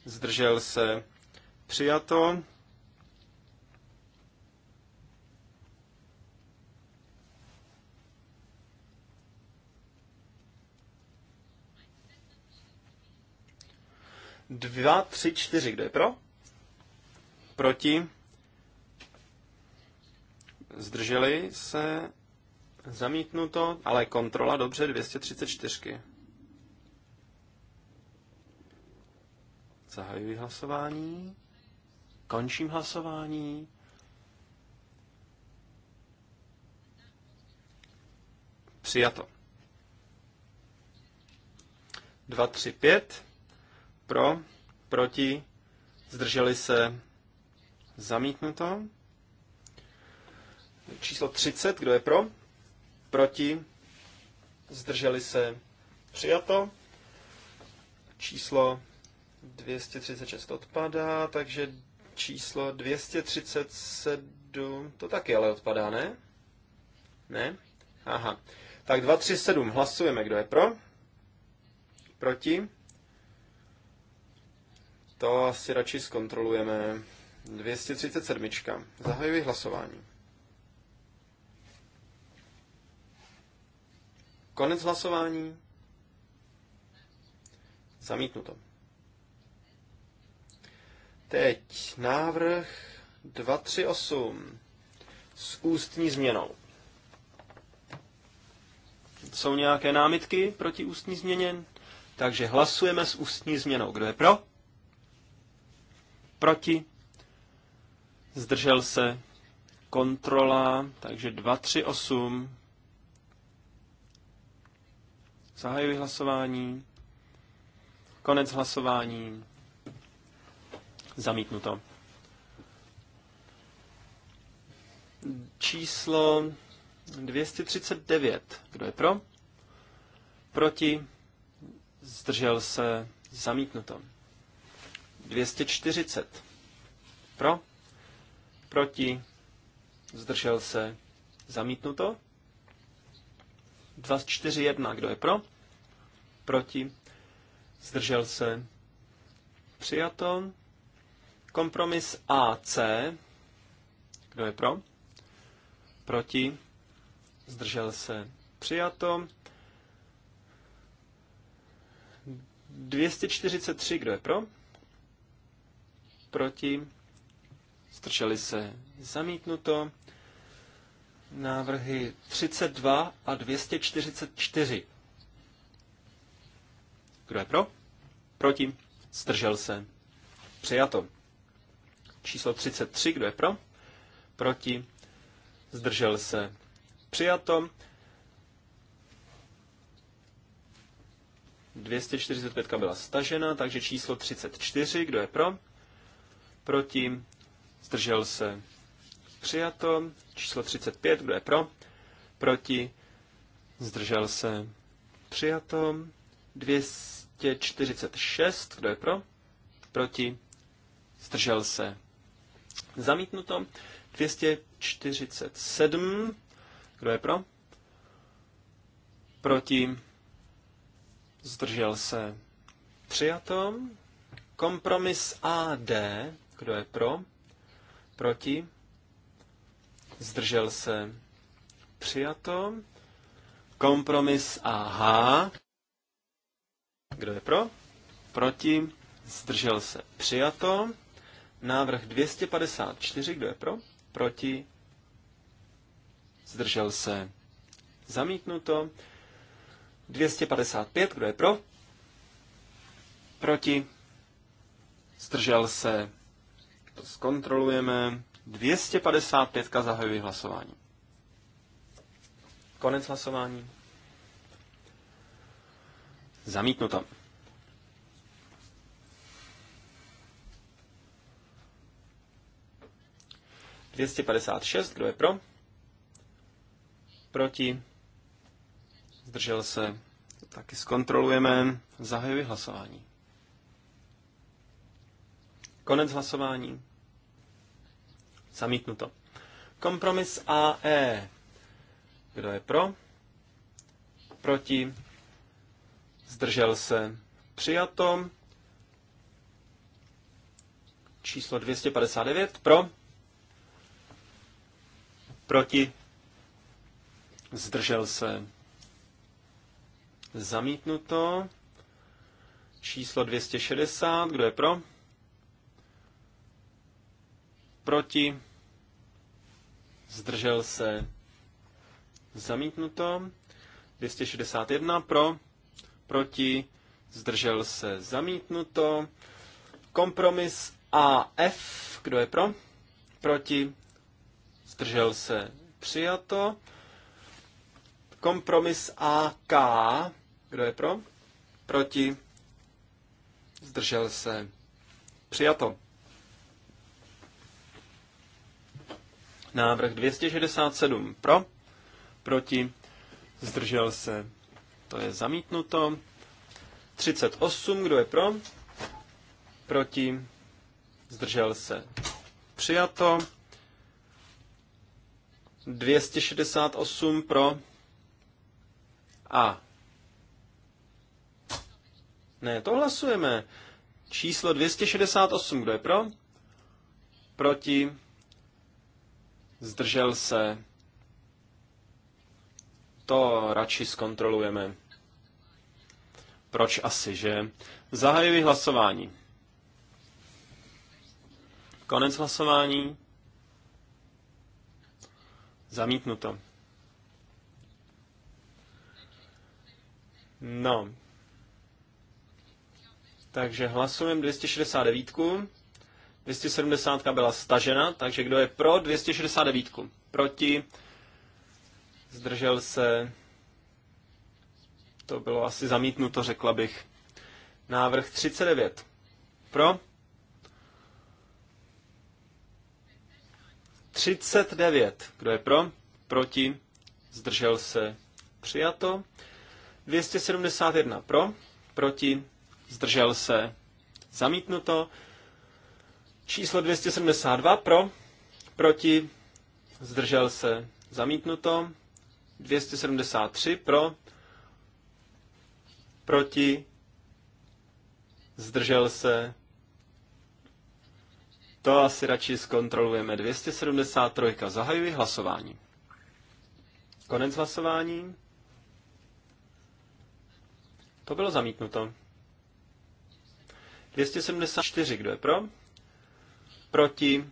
zdržel se, přijato. Dva, tři, čtyři, kdo je pro? Proti, zdrželi se, zamítnuto, ale kontrola dobře 234. Zahajuji hlasování, končím hlasování. Přijato. 2, 3, 5. Pro, proti, zdrželi se, zamítnuto. Číslo 30, kdo je pro? Proti? Zdrželi se? Přijato. Číslo 236 odpadá, takže číslo 237, to taky ale odpadá, ne? Ne? Aha. Tak 237 hlasujeme, kdo je pro? Proti? To asi radši zkontrolujeme. 237. Zahajuji hlasování. Konec hlasování. Zamítnuto. Teď návrh 238 s ústní změnou. Jsou nějaké námitky proti ústní změně? Takže hlasujeme s ústní změnou. Kdo je pro? Proti? Zdržel se? Kontrola, takže 238 Zahajuji hlasování. Konec hlasování. Zamítnuto. Číslo 239. Kdo je pro? Proti? Zdržel se? Zamítnuto. 240. Pro? Proti? Zdržel se? Zamítnuto. 241, kdo je pro? Proti? Zdržel se? Přijato. Kompromis AC, kdo je pro? Proti? Zdržel se? Přijato. 243, kdo je pro? Proti? Zdrželi se? Zamítnuto návrhy 32 a 244. Kdo je pro? Proti? Zdržel se. Přijato. Číslo 33, kdo je pro? Proti? Zdržel se. Přijato. 245 byla stažena, takže číslo 34, kdo je pro? Proti? Zdržel se přijato. Číslo 35, kdo je pro? Proti? Zdržel se? Přijato. 246, kdo je pro? Proti? Zdržel se? Zamítnuto. 247, kdo je pro? Proti? Zdržel se? Přijato. Kompromis AD, kdo je pro? Proti? zdržel se, přijato. Kompromis AH, kdo je pro, proti, zdržel se, přijato. Návrh 254, kdo je pro, proti, zdržel se, zamítnuto. 255, kdo je pro? Proti? Zdržel se? To zkontrolujeme. 255 zahajuji hlasování. Konec hlasování. Zamítnuto. Dvěstě padesát šest, kdo je pro? Proti? Zdržel se? To taky zkontrolujeme. Zahajuji hlasování. Konec hlasování. Zamítnuto. Kompromis AE. Kdo je pro? Proti? Zdržel se? Přijato. Číslo 259. Pro? Proti? Zdržel se? Zamítnuto. Číslo 260. Kdo je pro? proti, zdržel se, zamítnuto, 261 pro, proti, zdržel se, zamítnuto, kompromis AF, kdo je pro, proti, zdržel se, přijato, kompromis AK, kdo je pro, proti, zdržel se, přijato. Návrh 267 pro, proti, zdržel se, to je zamítnuto. 38, kdo je pro, proti, zdržel se, přijato. 268 pro a. Ne, to hlasujeme. Číslo 268, kdo je pro? Proti zdržel se, to radši zkontrolujeme. Proč asi, že? Zahajuji hlasování. Konec hlasování. Zamítnuto. No. Takže hlasujeme 269. 270 byla stažena, takže kdo je pro 269? Proti? Zdržel se? To bylo asi zamítnuto, řekla bych. Návrh 39. Pro? 39. Kdo je pro? Proti? Zdržel se? Přijato. 271 pro? Proti? Zdržel se? Zamítnuto. Číslo 272 pro, proti, zdržel se, zamítnuto. 273 pro, proti, zdržel se. To asi radši zkontrolujeme. 273. Zahajuji hlasování. Konec hlasování. To bylo zamítnuto. 274. Kdo je pro? proti,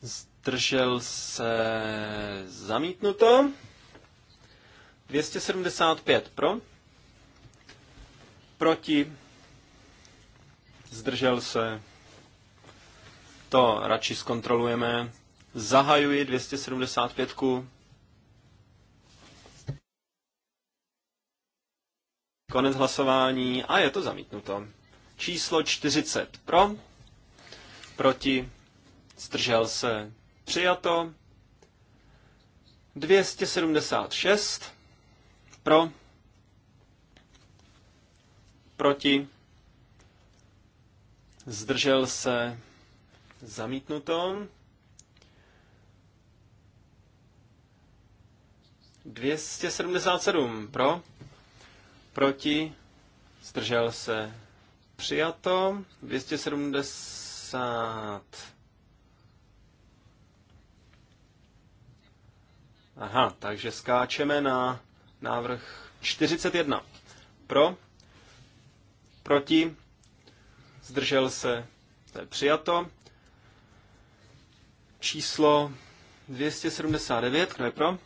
zdržel se zamítnuto, 275 pro, proti, zdržel se, to radši zkontrolujeme, zahajuji 275. -ku. Konec hlasování a je to zamítnuto. Číslo 40 pro, proti, zdržel se, přijato. 276 pro, proti, zdržel se, zamítnuto. 277 pro, proti, zdržel se, přijato. 270 90. Aha, takže skáčeme na návrh 41. Pro, proti, zdržel se, to je přijato. Číslo 279, kdo je pro?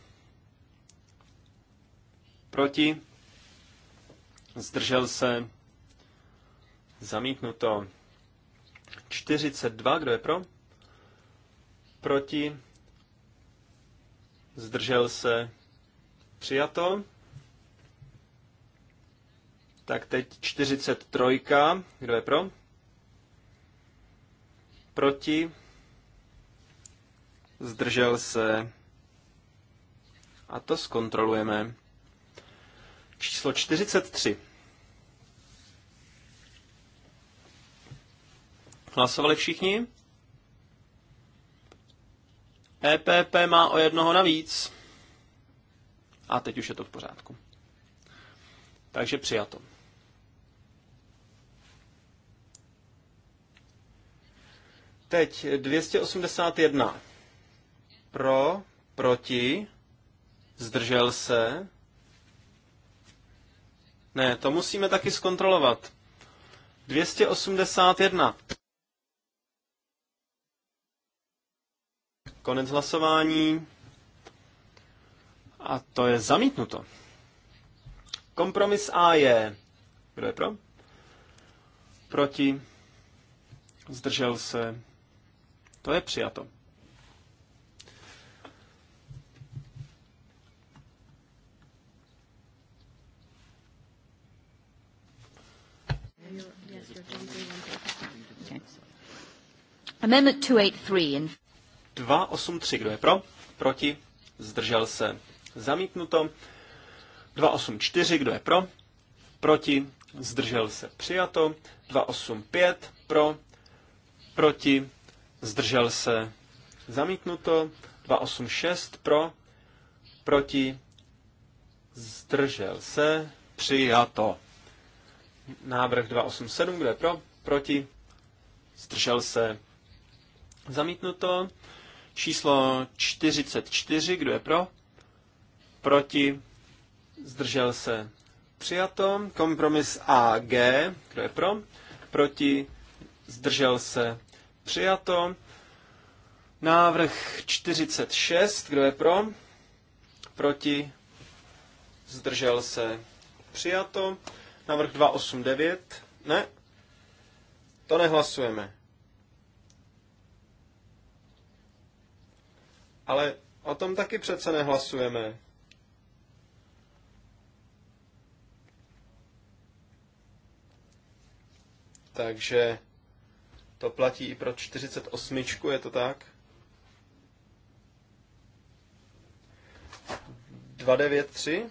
Proti, zdržel se, zamítnuto. 42, kdo je pro? Proti? Zdržel se? Přijato. Tak teď 43, kdo je pro? Proti? Zdržel se? A to zkontrolujeme. Číslo 43. Hlasovali všichni? EPP má o jednoho navíc. A teď už je to v pořádku. Takže přijato. Teď 281. Pro, proti, zdržel se. Ne, to musíme taky zkontrolovat. 281. Konec hlasování. A to je zamítnuto. Kompromis A je... Kdo je pro? Proti? Zdržel se? To je přijato. Amendment 283 in 283, kdo je pro? Proti? Zdržel se. Zamítnuto. 284, kdo je pro? Proti? Zdržel se. Přijato. 285, pro? Proti? Zdržel se. Zamítnuto. 286, pro? Proti? Zdržel se. Přijato. Návrh 287, kdo je pro? Proti? Zdržel se. Zamítnuto. Číslo 44, kdo je pro? Proti? Zdržel se? Přijato. Kompromis AG, kdo je pro? Proti? Zdržel se? Přijato. Návrh 46, kdo je pro? Proti? Zdržel se? Přijato. Návrh 289, ne? To nehlasujeme. Ale o tom taky přece nehlasujeme. Takže to platí i pro 48, je to tak? 293.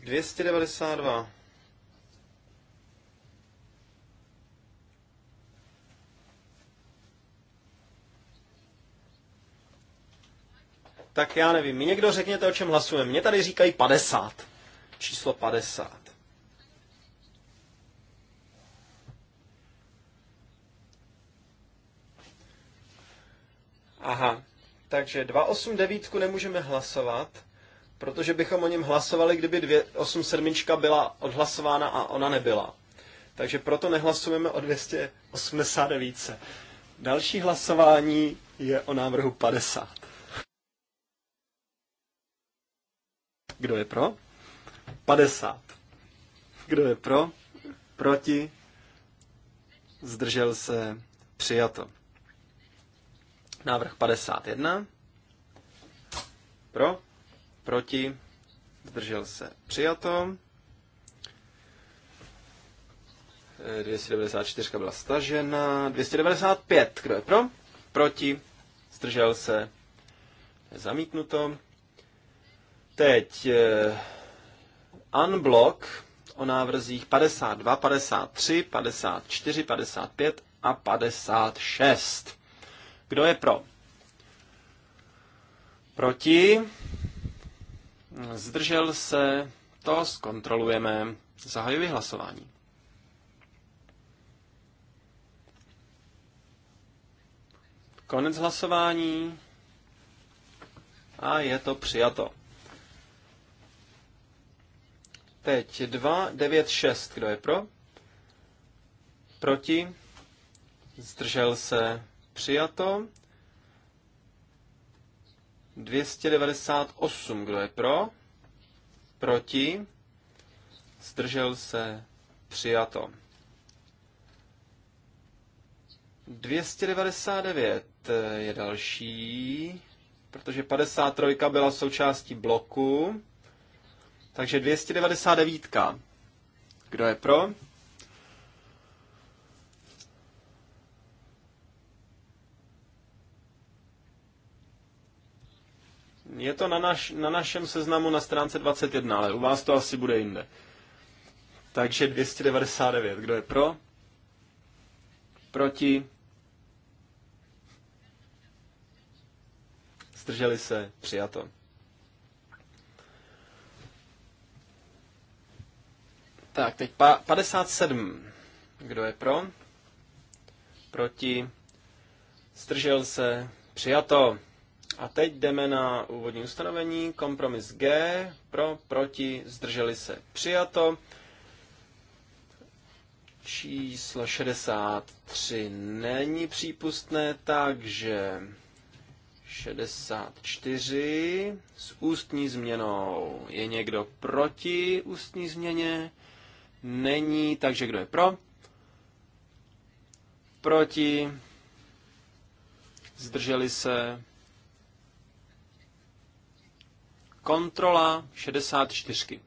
292. tak já nevím, mi někdo řekněte, o čem hlasujeme. Mně tady říkají 50. Číslo 50. Aha, takže 289 nemůžeme hlasovat, protože bychom o něm hlasovali, kdyby 287 byla odhlasována a ona nebyla. Takže proto nehlasujeme o 289. Další hlasování je o návrhu 50. Kdo je pro? 50. Kdo je pro? Proti? Zdržel se? Přijato. Návrh 51. Pro? Proti? Zdržel se? Přijato. 294 byla stažena. 295. Kdo je pro? Proti? Zdržel se? Zamítnuto. Teď eh, unblock o návrzích 52, 53, 54, 55 a 56. Kdo je pro? Proti? Zdržel se? To zkontrolujeme. Zahajuji hlasování. Konec hlasování. A je to přijato. Teď 2, 9, 6. Kdo je pro? Proti? Zdržel se přijato. 298. Kdo je pro? Proti? Zdržel se přijato. 299 je další, protože 53 byla součástí bloku. Takže 299. Kdo je pro? Je to na, naš, na našem seznamu na stránce 21, ale u vás to asi bude jinde. Takže 299. Kdo je pro? Proti? Zdrželi se? Přijato. Tak, teď pa- 57. Kdo je pro? Proti? Stržel se? Přijato. A teď jdeme na úvodní ustanovení. Kompromis G. Pro, proti, zdrželi se. Přijato. Číslo 63 není přípustné, takže 64 s ústní změnou. Je někdo proti ústní změně? Není, takže kdo je pro? Proti? Zdrželi se? Kontrola 64.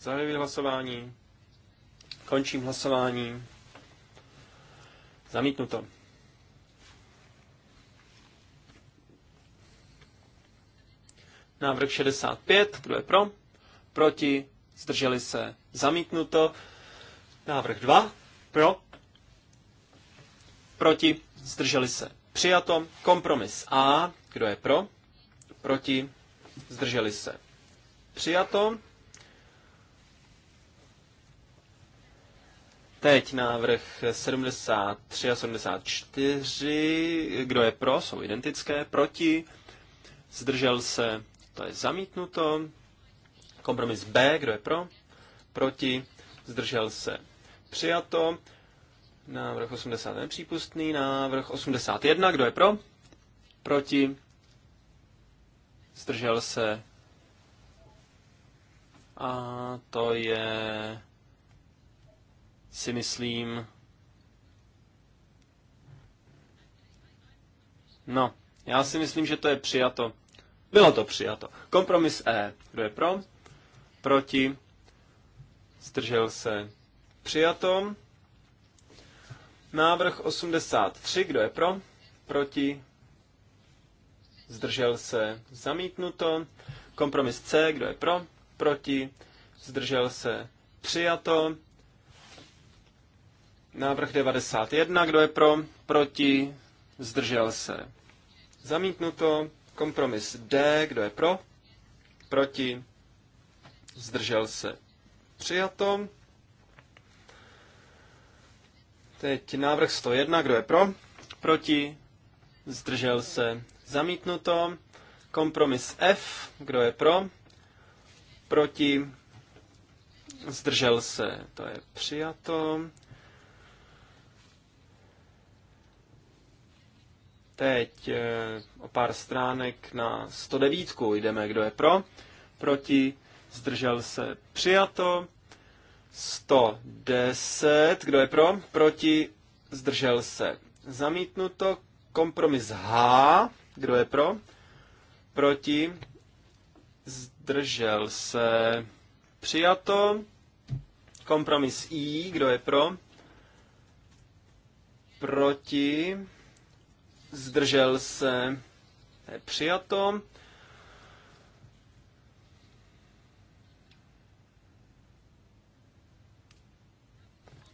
Zahajuji hlasování. Končím hlasování. Zamítnuto. Návrh 65. Kdo je pro? Proti? zdrželi se, zamítnuto. Návrh 2, pro, proti, zdrželi se, přijato. Kompromis A, kdo je pro, proti, zdrželi se, přijato. Teď návrh 73 a 74, kdo je pro, jsou identické, proti, zdržel se, to je zamítnuto. Kompromis B, kdo je pro? Proti? Zdržel se. Přijato. Návrh 80 nepřípustný. Návrh 81, kdo je pro? Proti? Zdržel se. A to je, si myslím, No, já si myslím, že to je přijato. Bylo to přijato. Kompromis E. Kdo je pro? proti, zdržel se, přijato. Návrh 83, kdo je pro, proti, zdržel se, zamítnuto. Kompromis C, kdo je pro, proti, zdržel se, přijato. Návrh 91, kdo je pro, proti, zdržel se. Zamítnuto. Kompromis D, kdo je pro, proti, zdržel se. Přijato. Teď návrh 101, kdo je pro? Proti, zdržel se. Zamítnuto. Kompromis F, kdo je pro? Proti, zdržel se. To je přijato. Teď eh, o pár stránek na 109 jdeme, kdo je pro, proti, zdržel se, přijato. 110, kdo je pro? Proti, zdržel se, zamítnuto. Kompromis H, kdo je pro? Proti, zdržel se, přijato. Kompromis I, kdo je pro? Proti, zdržel se, přijato.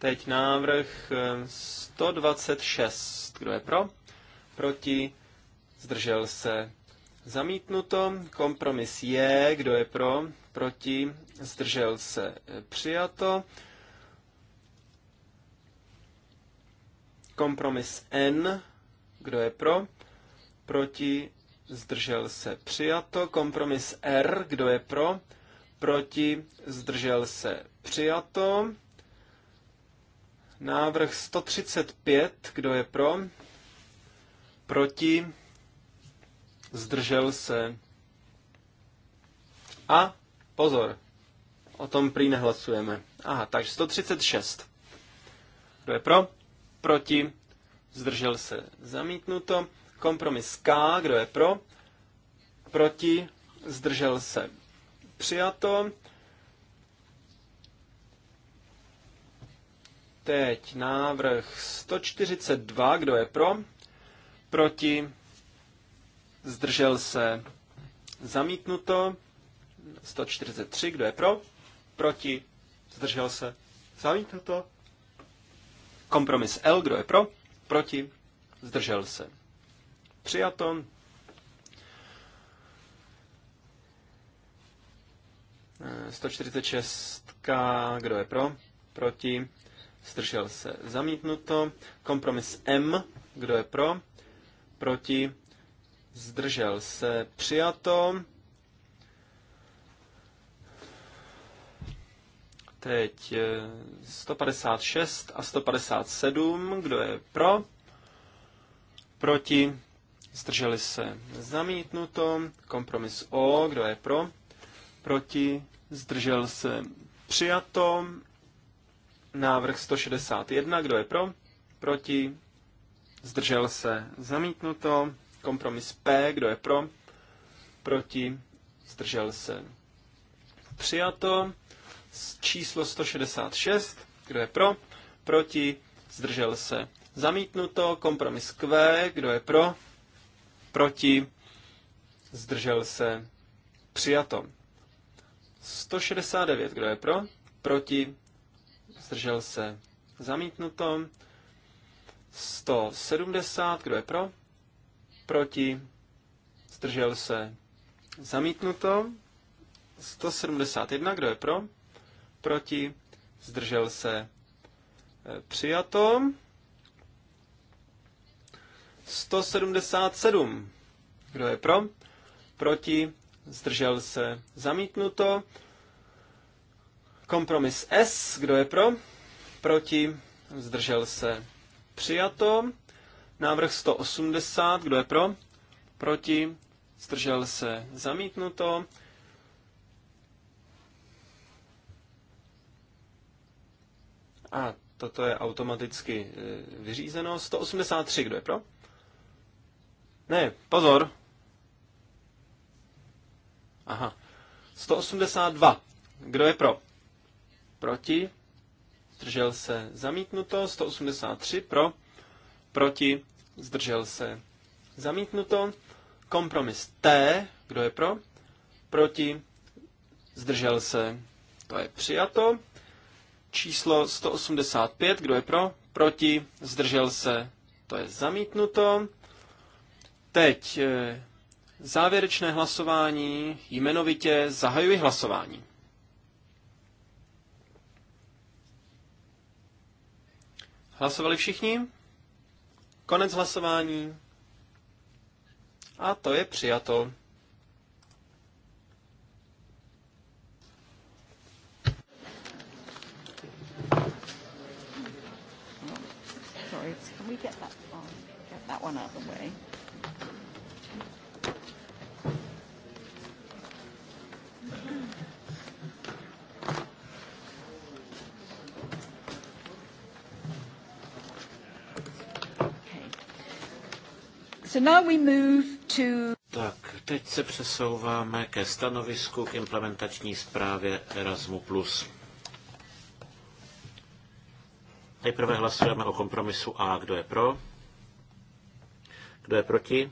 Teď návrh 126. Eh, Kdo je pro? Proti? Zdržel se. Zamítnuto. Kompromis je. Kdo je pro? Proti? Zdržel se. Eh, přijato. Kompromis N. Kdo je pro? Proti? Zdržel se. Přijato. Kompromis R. Kdo je pro? Proti? Zdržel se. Přijato. Návrh 135, kdo je pro? Proti? Zdržel se. A pozor, o tom prý nehlasujeme. Aha, takže 136. Kdo je pro? Proti? Zdržel se. Zamítnuto. Kompromis K, kdo je pro? Proti? Zdržel se. Přijato. Teď návrh 142, kdo je pro? Proti? Zdržel se? Zamítnuto. 143, kdo je pro? Proti? Zdržel se? Zamítnuto. Kompromis L, kdo je pro? Proti? Zdržel se? Přijato. E, 146, kdo je pro? Proti? zdržel se zamítnuto. Kompromis M, kdo je pro, proti, zdržel se přijato. Teď 156 eh, a 157, kdo je pro, proti, zdrželi se zamítnuto. Kompromis O, kdo je pro, proti, zdržel se přijato. Návrh 161, kdo je pro? Proti? Zdržel se zamítnuto. Kompromis P, kdo je pro? Proti? Zdržel se přijato. Číslo 166, kdo je pro? Proti? Zdržel se zamítnuto. Kompromis Q, kdo je pro? Proti? Zdržel se přijato. 169, kdo je pro? Proti? zdržel se, zamítnuto. 170, kdo je pro, proti, zdržel se, zamítnuto. 171, kdo je pro, proti, zdržel se, e, přijato. 177, kdo je pro, proti, zdržel se, zamítnuto. Kompromis S, kdo je pro? Proti, zdržel se. Přijato. Návrh 180, kdo je pro? Proti, zdržel se. Zamítnuto. A toto je automaticky e, vyřízeno. 183, kdo je pro? Ne, pozor. Aha. 182. Kdo je pro? proti, zdržel se zamítnuto, 183 pro, proti, zdržel se zamítnuto, kompromis T, kdo je pro, proti, zdržel se, to je přijato, číslo 185, kdo je pro, proti, zdržel se, to je zamítnuto. Teď eh, závěrečné hlasování, jmenovitě zahajuji hlasování. Hlasovali všichni? Konec hlasování. A to je přijato. Sorry, can we get that, on, um, get that one out of the way? So now we move to... Tak, teď se přesouváme ke stanovisku k implementační zprávě Erasmus+. Nejprve hlasujeme o kompromisu A. Kdo je pro? Kdo je proti?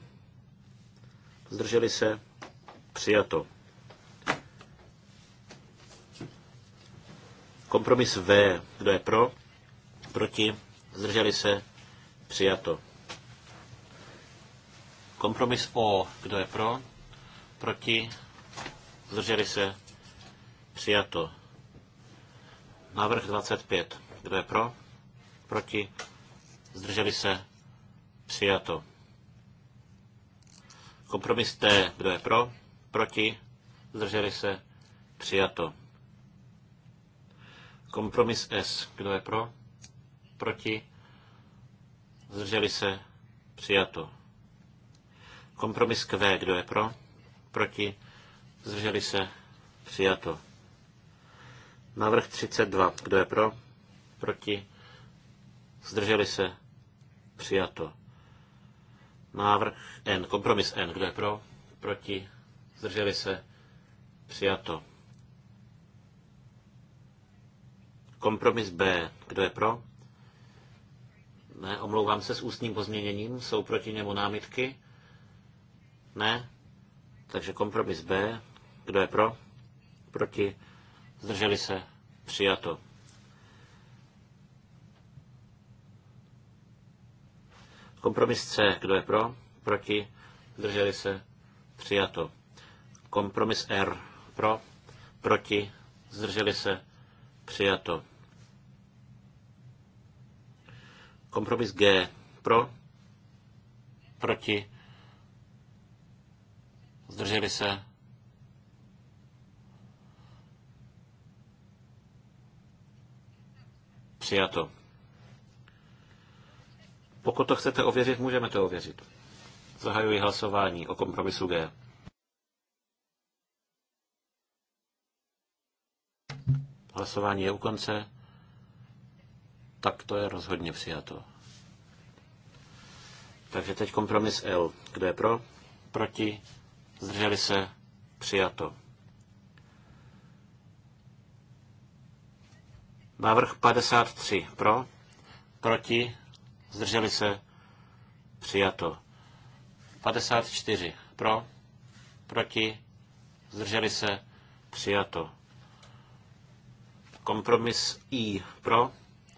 Zdrželi se? Přijato. Kompromis V. Kdo je pro? Proti? Zdrželi se? Přijato. Kompromis O. Kdo je pro? Proti? Zdrželi se? Přijato. Návrh 25. Kdo je pro? Proti? Zdrželi se? Přijato. Kompromis T. Kdo je pro? Proti? Zdrželi se? Přijato. Kompromis S. Kdo je pro? Proti? Zdrželi se? Přijato. Kompromis Q, kdo je pro? Proti? Zdrželi se? Přijato. Návrh 32, kdo je pro? Proti? Zdrželi se? Přijato. Návrh N, kompromis N, kdo je pro? Proti? Zdrželi se? Přijato. Kompromis B, kdo je pro? Ne, omlouvám se s ústním pozměněním, jsou proti němu námitky. Ne. Takže kompromis B. Kdo je pro? Proti? Zdrželi se? Přijato. Kompromis C. Kdo je pro? Proti? Zdrželi se? Přijato. Kompromis R. Pro? Proti? Zdrželi se? Přijato. Kompromis G. Pro? Proti? Zdrželi se? Přijato. Pokud to chcete ověřit, můžeme to ověřit. Zahajuji hlasování o kompromisu G. Hlasování je u konce. Tak to je rozhodně přijato. Takže teď kompromis L. Kdo je pro? Proti? Zdrželi se? Přijato. Návrh 53. Pro? Proti? Zdrželi se? Přijato. 54. Pro? Proti? Zdrželi se? Přijato. Kompromis I. Pro?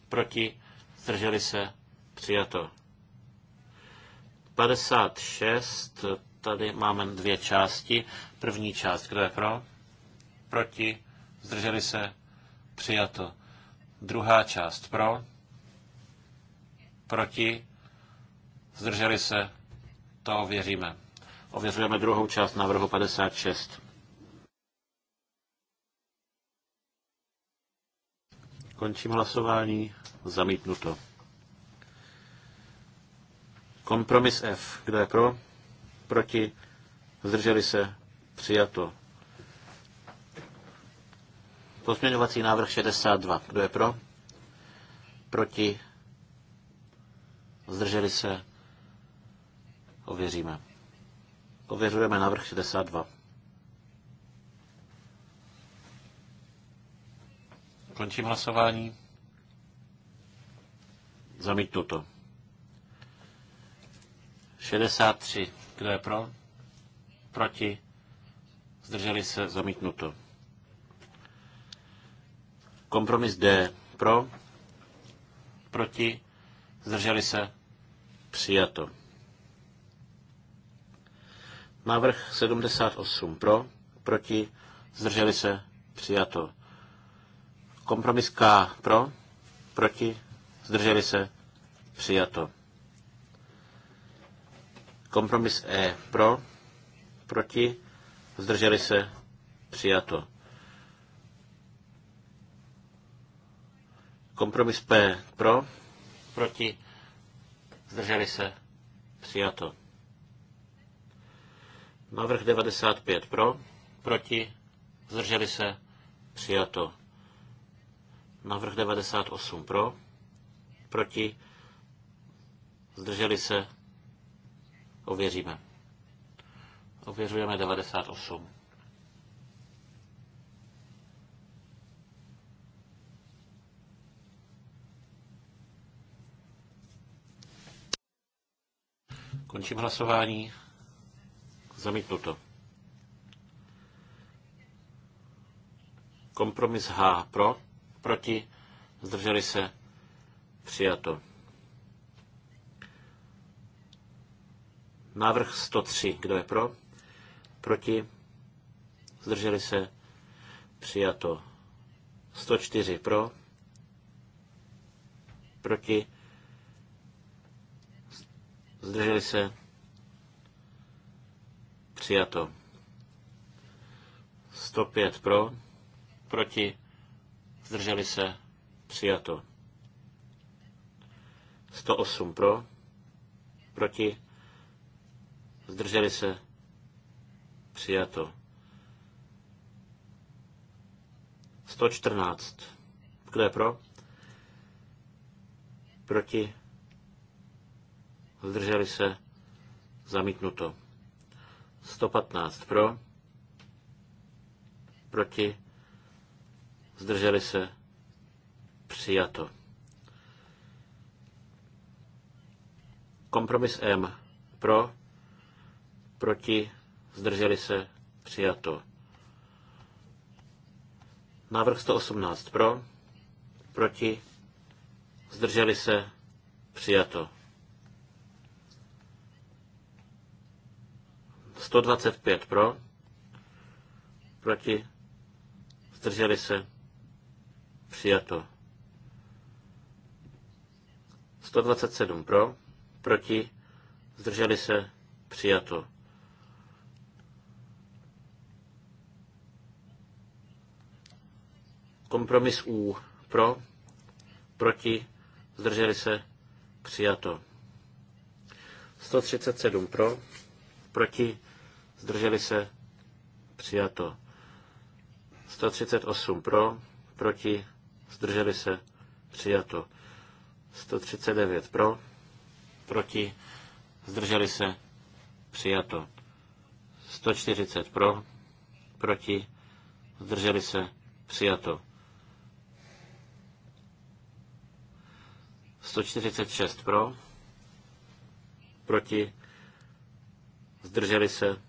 Proti? Zdrželi se? Přijato. 56 Tady máme dvě části. První část, kdo je pro? Proti? Zdrželi se? Přijato. Druhá část pro? Proti? Zdrželi se? To ověříme. Ověřujeme druhou část návrhu 56. Končím hlasování. Zamítnuto. Kompromis F. Kdo je pro? proti, zdrželi se, přijato. Pozměňovací návrh 62. Kdo je pro? Proti? Zdrželi se? Ověříme. Ověřujeme návrh 62. Končím hlasování. Zamítnuto. 63. Kdo je pro? Proti? Zdrželi se? Zamítnuto. Kompromis D. Pro? Proti? Zdrželi se? Přijato. Návrh 78 pro, proti, zdrželi se, přijato. Kompromis K pro, proti, zdrželi se, přijato. Kompromis E pro, proti, zdrželi se, přijato. Kompromis P pro, proti, zdrželi se, přijato. Návrh 95 pro, proti, zdrželi se, přijato. Návrh 98 pro, proti, zdrželi se, Ověříme. Ověřujeme 98. Končím hlasování. Zamítnuto. Kompromis H pro, proti, zdrželi se, přijato. Návrh 103. Kdo je pro? Proti? Zdrželi se? Přijato. 104 pro? Proti? Zdrželi se? Přijato. 105 pro? Proti? Zdrželi se? Přijato. 108 pro? Proti? Zdrželi se? Přijato. 114. Kdo je pro? Proti? Zdrželi se? Zamítnuto. 115 pro? Proti? Zdrželi se? Přijato. Kompromis M. Pro? proti, zdrželi se, přijato. Návrh 118 pro, proti, zdrželi se, přijato. 125 pro, proti, zdrželi se, přijato. 127 pro, proti, zdrželi se, přijato. Kompromis U pro, proti, zdrželi se, přijato. 137 pro, proti, zdrželi se, přijato. 138 pro, proti, zdrželi se, přijato. 139 pro, proti, zdrželi se, přijato. 140 pro, proti, zdrželi se, přijato. 146 pro, proti, zdrželi se,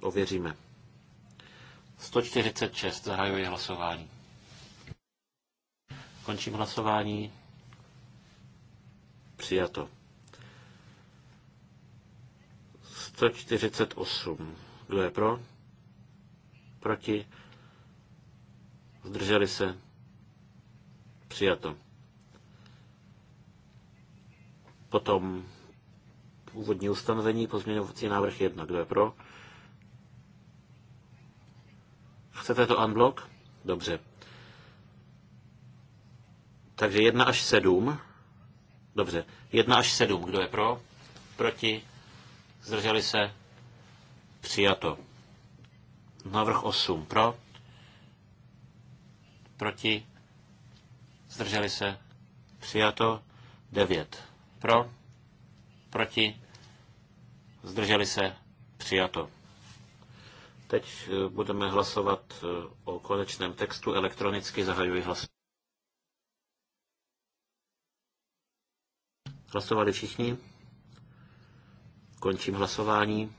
ověříme. 146, zahajuji hlasování. Končím hlasování. Přijato. 148. Kdo je pro? Proti? Zdrželi se? Přijato. Potom původní ustanovení, pozměňovací návrh 1. Kdo je pro? Chcete to unblock? Dobře. Takže 1 až 7. Dobře. 1 až 7. Kdo je pro? Proti? Zdrželi se? Přijato. Návrh 8. Pro? Proti? Zdrželi se? Přijato. 9. Pro? Proti? Zdrželi se? Přijato. Teď eh, budeme hlasovat eh, o konečném textu. Elektronicky zahajuji hlas. Hlasovali všichni? Končím hlasování.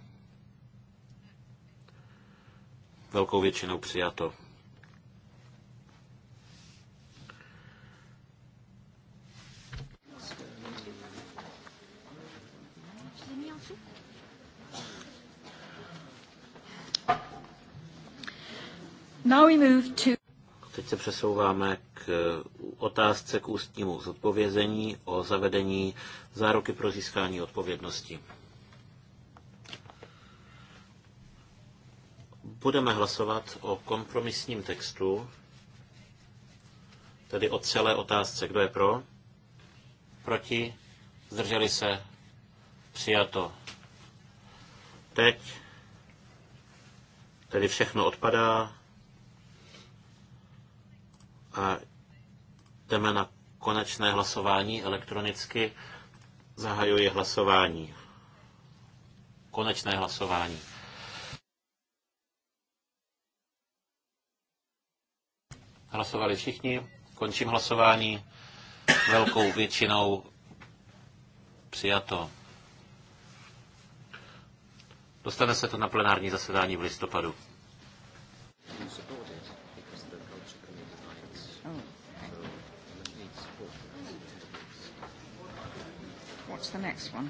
Velkou většinou přijato. Now we move to... Teď se přesouváme k otázce k ústnímu zodpovězení o zavedení záruky pro získání odpovědnosti. Budeme hlasovat o kompromisním textu, tedy o celé otázce. Kdo je pro? Proti? Zdrželi se? Přijato. Teď tedy všechno odpadá jdeme na konečné hlasování elektronicky. Zahajuji hlasování. Konečné hlasování. Hlasovali všichni. Končím hlasování. Velkou většinou přijato. Dostane se to na plenární zasedání v listopadu. What's the next one?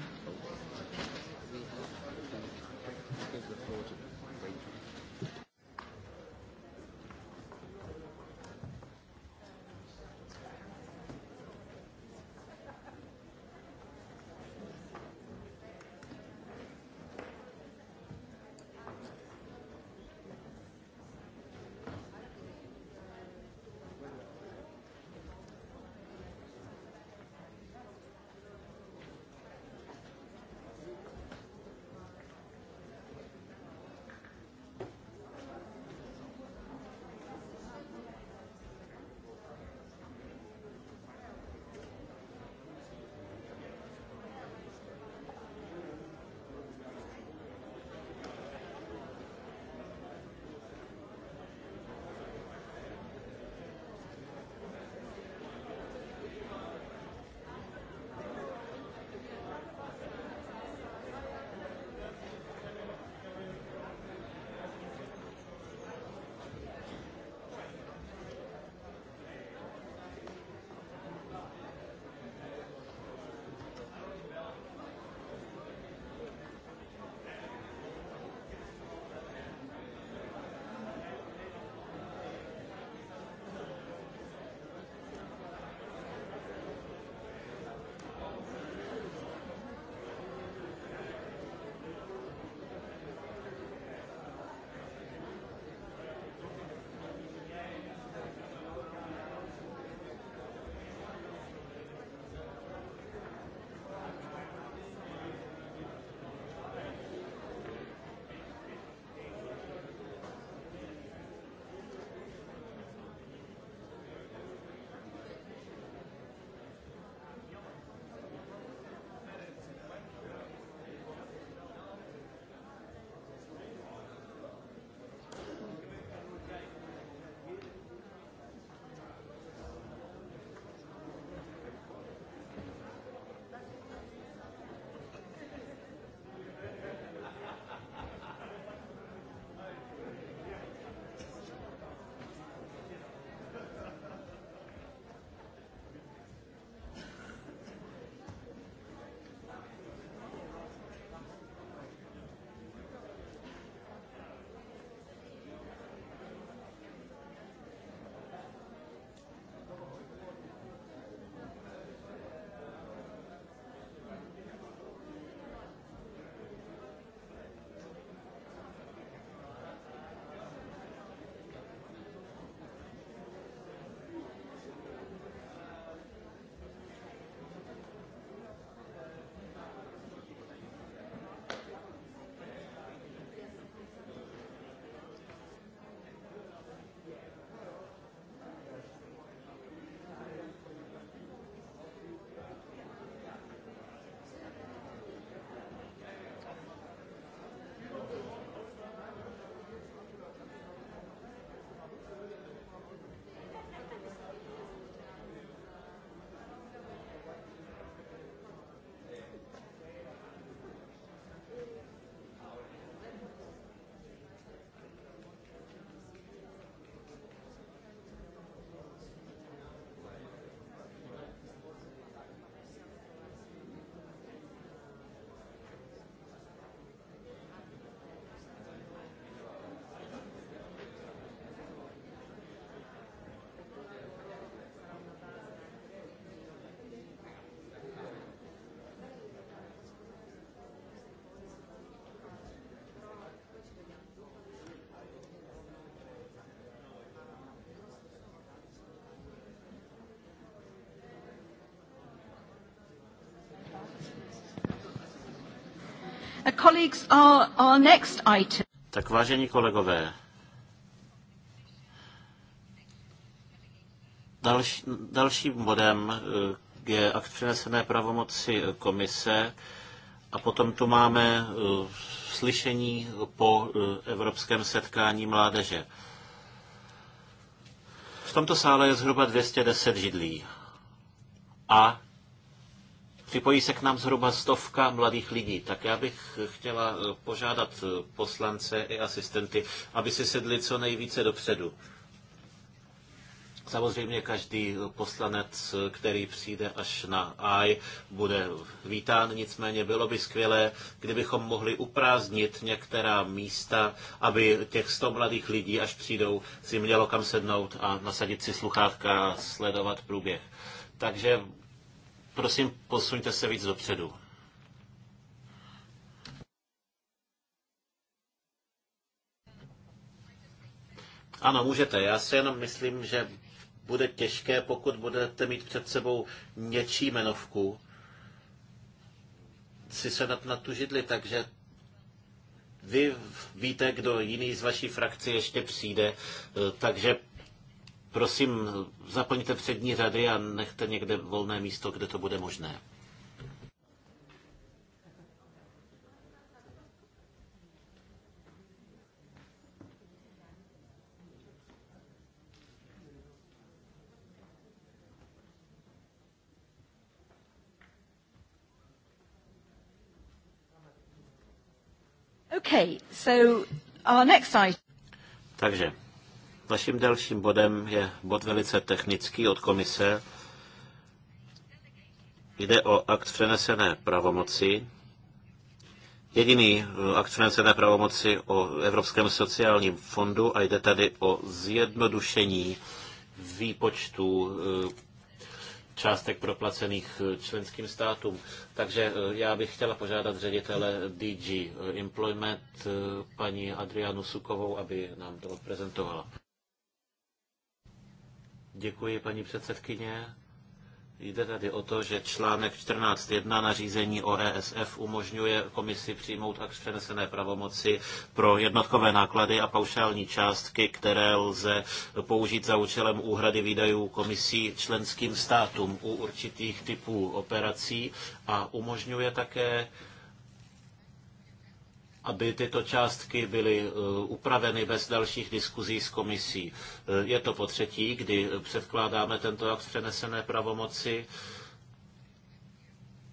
colleagues, our, our next item. Tak vážení kolegové, další, dalším bodem eh, je akt přenesené pravomoci eh, komise a potom tu máme eh, slyšení po evropském setkání mládeže. V tomto sále je zhruba 210 židlí a Připojí se k nám zhruba stovka mladých lidí, tak já bych chtěla eh, požádat eh, poslance i asistenty, aby si sedli co nejvíce dopředu. Samozřejmě každý eh, poslanec, který přijde až na AI, bude vítán, nicméně bylo by skvělé, kdybychom mohli uprázdnit některá místa, aby těch 100 mladých lidí, až přijdou, si mělo kam sednout a nasadit si sluchátka a sledovat průběh. Takže Prosím, posuňte se víc dopředu. Ano, můžete. Já si jenom myslím, že bude těžké, pokud budete mít před sebou něčí jmenovku, si se na, na tu židli, takže vy víte, kdo jiný z vaší frakce ještě přijde, eh, takže Prosím, zaplňte přední řady a nechte někde volné místo, kde to bude možné. Okay, so our next item. Takže Naším dalším bodem je bod velice technický od komise. Jde o akt přenesené pravomoci. Jediný eh, akt přenesené pravomoci o Evropském sociálním fondu a jde tady o zjednodušení výpočtu eh, částek proplacených eh, členským státům. Takže já bych chtěla požádat ředitele DG Employment, paní Adrianu Sukovou, aby nám to odprezentovala. Děkuji, paní předsedkyně. Jde tady o to, že článek 14.1 nařízení o ESF umožňuje komisi přijmout akt přenesené pravomoci pro jednotkové náklady a paušální částky, které lze použít za účelem úhrady výdajů komisí členským státům u určitých typů operací a umožňuje také aby tyto částky byly eh, upraveny bez dalších diskuzí s komisí. Eh, je to po třetí, kdy předkládáme tento akt přenesené pravomoci.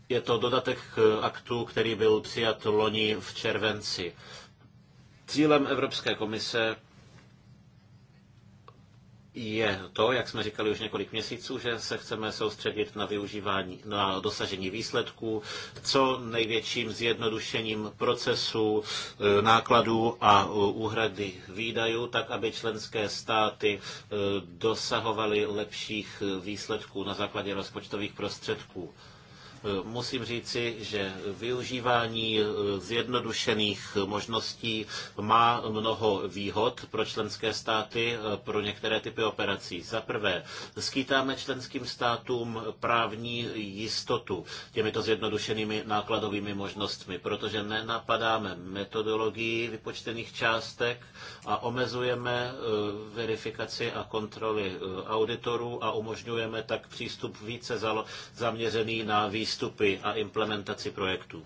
Je to dodatek k aktu, který byl přijat loni v červenci. Cílem Evropské komise je to, jak jsme říkali už několik měsíců, že se chceme soustředit na využívání, na dosažení výsledků, co největším zjednodušením procesu e, nákladů a e, úhrady výdajů, tak aby členské státy e, dosahovaly lepších výsledků na základě rozpočtových prostředků. Eh, musím říci, že využívání eh, zjednodušených možností má mnoho výhod pro členské státy eh, pro některé typy operací. Za prvé, skýtáme členským státům právní jistotu těmito zjednodušenými nákladovými možnostmi, protože nenapadáme metodologii vypočtených částek a omezujeme verifikaci a kontroly auditorů a umožňujeme tak přístup více zaměřený na výstup výstupy a implementaci projektů.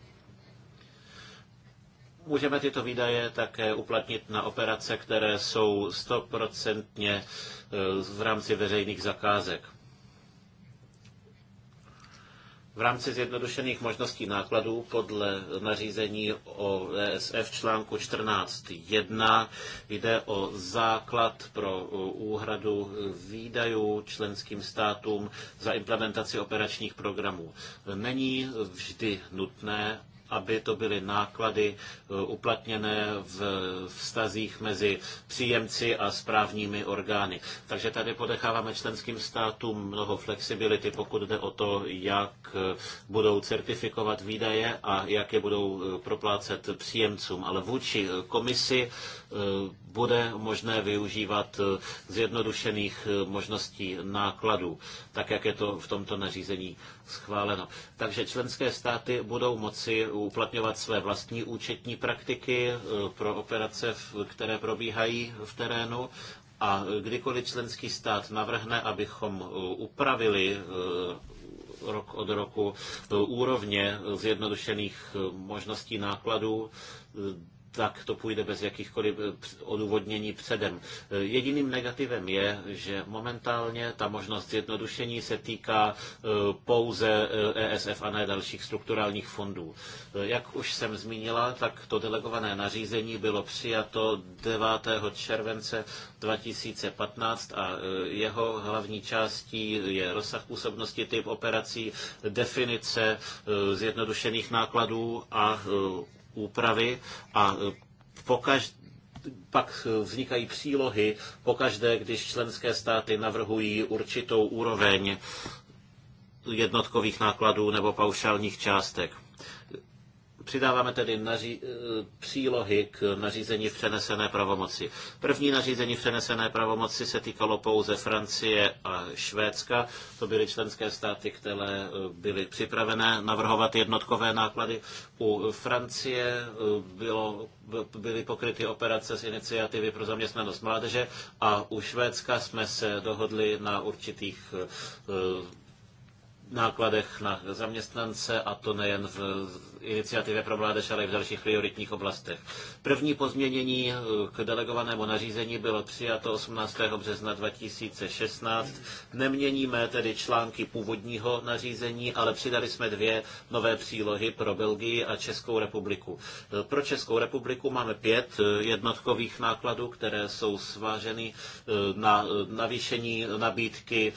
Můžeme tyto výdaje také uplatnit na operace, které jsou stoprocentně eh, v rámci veřejných zakázek v rámci zjednodušených možností nákladů podle nařízení o ESF článku 14.1 jde o základ pro úhradu výdajů členským státům za implementaci operačních programů. Není vždy nutné, aby to byly náklady eh, uplatněné v vztazích mezi příjemci a správními orgány. Takže tady podecháváme členským státům mnoho flexibility, pokud jde o to, jak eh, budou certifikovat výdaje a jak je budou eh, proplácet příjemcům. Ale vůči komisi bude možné využívat eh, zjednodušených eh, možností nákladů, tak jak je to v tomto nařízení schváleno. Takže členské státy budou moci uplatňovat své vlastní účetní praktiky eh, pro operace, které probíhají v terénu a kdykoliv členský stát navrhne, abychom upravili rok od roku úrovně zjednodušených možností nákladů, tak to půjde bez jakýchkoliv eh, odůvodnění předem. Eh, jediným negativem je, že momentálně ta možnost zjednodušení se týká eh, pouze ESF e a ne dalších strukturálních fondů. Jak už jsem zmínila, tak to delegované nařízení bylo přijato 9. července 2015 a jeho hlavní částí je rozsah působnosti, typ operací, definice zjednodušených nákladů a úpravy a e, pokaž, pak e, vznikají přílohy pokaždé, když členské státy navrhují určitou úroveň jednotkových nákladů nebo paušálních částek. Přidáváme tedy naři- eh, přílohy k nařízení v přenesené pravomoci. První nařízení v přenesené pravomoci se týkalo pouze Francie a Švédska. To byly členské státy, které eh, byly připravené navrhovat jednotkové náklady. U Francie eh, bylo, byly pokryty operace z iniciativy pro zaměstnanost mládeže a u Švédska jsme se dohodli na určitých nákladech na zaměstnance a to nejen v iniciativě pro mládež, ale i v dalších prioritních oblastech. První pozměnění eh, k delegovanému nařízení bylo přijato 18. března 2016. Neměníme tedy články původního nařízení, ale přidali jsme dvě nové přílohy pro Belgii a Českou republiku. Eh, pro Českou republiku máme pět eh, jednotkových nákladů, které jsou sváženy na navýšení nabídky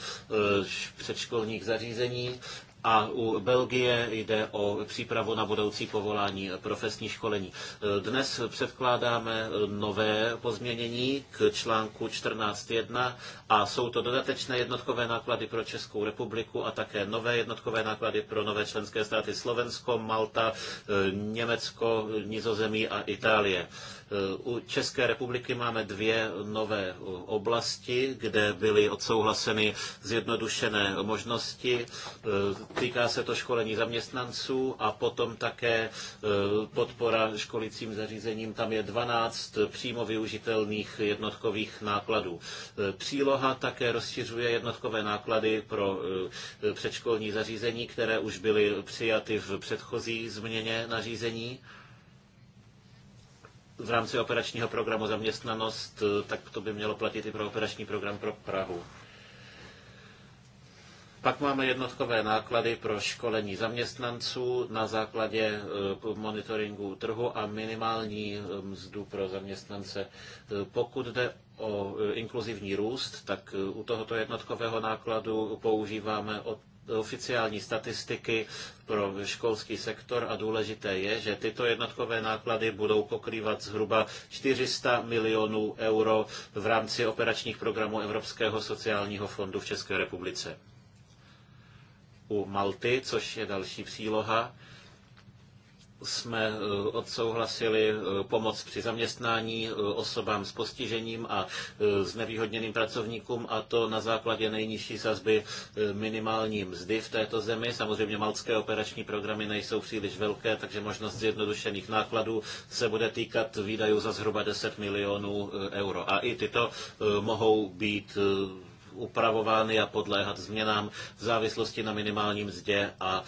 předškolních zařízení a u Belgie jde o přípravu na budoucí povolání profesní školení. Dnes předkládáme nové pozměnění k článku 14.1 a jsou to dodatečné jednotkové náklady pro Českou republiku a také nové jednotkové náklady pro nové členské státy Slovensko, Malta, eh, Německo, Nizozemí a Itálie. U České republiky máme dvě nové oblasti, kde byly odsouhlaseny zjednodušené možnosti. E, týká se to školení zaměstnanců a potom také e, podpora školicím zařízením. Tam je 12 přímo využitelných jednotkových nákladů. E, příloha také rozšiřuje jednotkové náklady pro předškolní zařízení, které už byly přijaty v předchozí změně nařízení v rámci operačního programu zaměstnanost, eh, tak to by mělo platit i pro operační program pro Prahu. Pak máme jednotkové náklady pro školení zaměstnanců na základě eh, monitoringu trhu a minimální eh, mzdu pro zaměstnance. Pokud jde o inkluzivní růst, tak u tohoto jednotkového nákladu používáme od oficiální statistiky pro školský sektor a důležité je, že tyto jednotkové náklady budou pokrývat zhruba 400 milionů euro v rámci operačních programů Evropského sociálního fondu v České republice. U Malty, což je další příloha, jsme eh, odsouhlasili eh, pomoc při zaměstnání eh, osobám s postižením a znevýhodněným pracovníkům a to na základě nejnižší sazby minimální mzdy v této zemi. Samozřejmě malské operační programy nejsou příliš velké, takže možnost zjednodušených nákladů se bude týkat výdajů za zhruba 10 milionů euro. A i tyto mohou být upravovány a podléhat změnám v závislosti na minimální mzdě a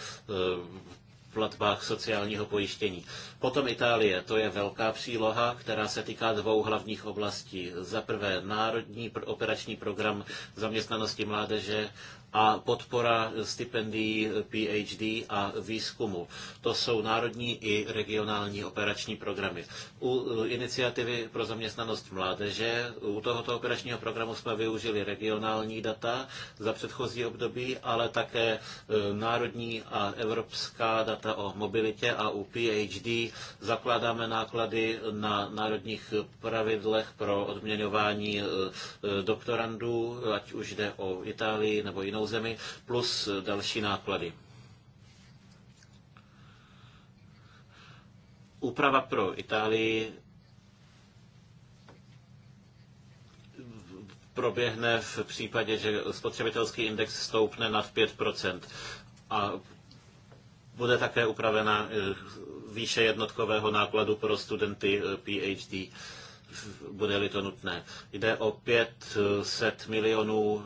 platbách sociálního pojištění. Potom Itálie, to je velká příloha, která se týká dvou hlavních oblastí. Za prvé národní operační program zaměstnanosti mládeže a podpora stipendií PhD a výzkumu. To jsou národní i regionální operační programy. U eh, iniciativy pro zaměstnanost mládeže u tohoto operačního programu jsme využili regionální data za předchozí období, ale také eh, národní a evropská data o mobilitě a u PhD zakládáme náklady na národních pravidlech pro odměňování eh, doktorandů, ať už jde o Itálii nebo jinou danou zemi plus eh, další náklady. Úprava pro Itálii proběhne v případě, že spotřebitelský index stoupne nad 5%. A bude také upravena eh, výše jednotkového nákladu pro studenty eh, PhD, bude-li to nutné. Jde o 500 milionů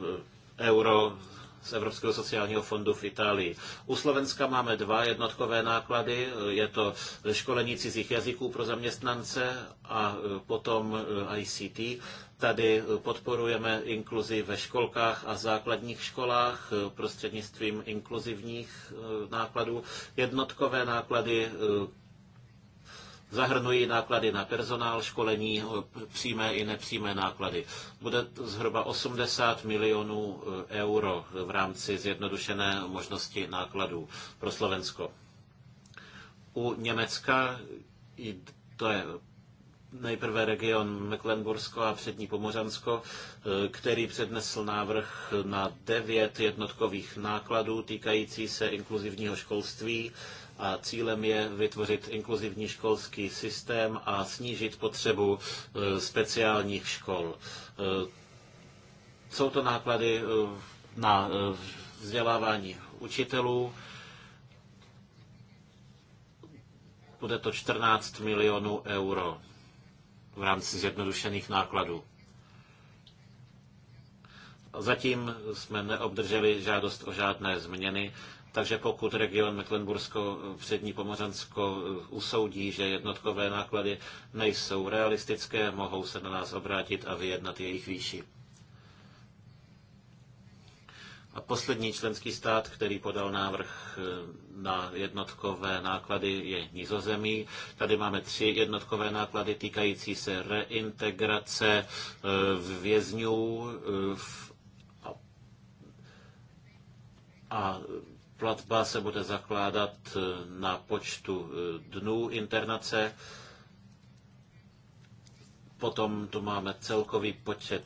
euro z Evropského sociálního fondu v Itálii. U Slovenska máme dva jednotkové náklady, je to školení cizích jazyků pro zaměstnance a e, potom e, ICT. Tady e, podporujeme inkluzi ve školkách a základních školách prostřednictvím inkluzivních nákladů. Jednotkové náklady Zahrnují náklady na personál, školení, eh, přímé i nepřímé náklady. Bude zhruba 80 milionů eh, euro v rámci zjednodušené možnosti nákladů pro Slovensko. U Německa to je nejprve region Mecklenbursko a přední Pomořansko, eh, který přednesl návrh na devět jednotkových nákladů týkající se inkluzivního školství a cílem je vytvořit inkluzivní školský systém a snížit potřebu eh, speciálních škol. Eh, jsou to náklady eh, na vzdělávání učitelů, bude to 14 milionů euro v rámci zjednodušených nákladů. Zatím jsme neobdrželi žádost o žádné změny takže pokud region Mecklenbursko přední Pomořansko eh, usoudí, že jednotkové náklady nejsou realistické, mohou se na nás obrátit a vyjednat jejich výši. A poslední členský stát, který podal návrh eh, na jednotkové náklady, je Nizozemí. Tady máme tři jednotkové náklady týkající se reintegrace eh, vězňů a Platba se bude zakládat eh, na počtu eh, dnů internace. Potom tu máme celkový počet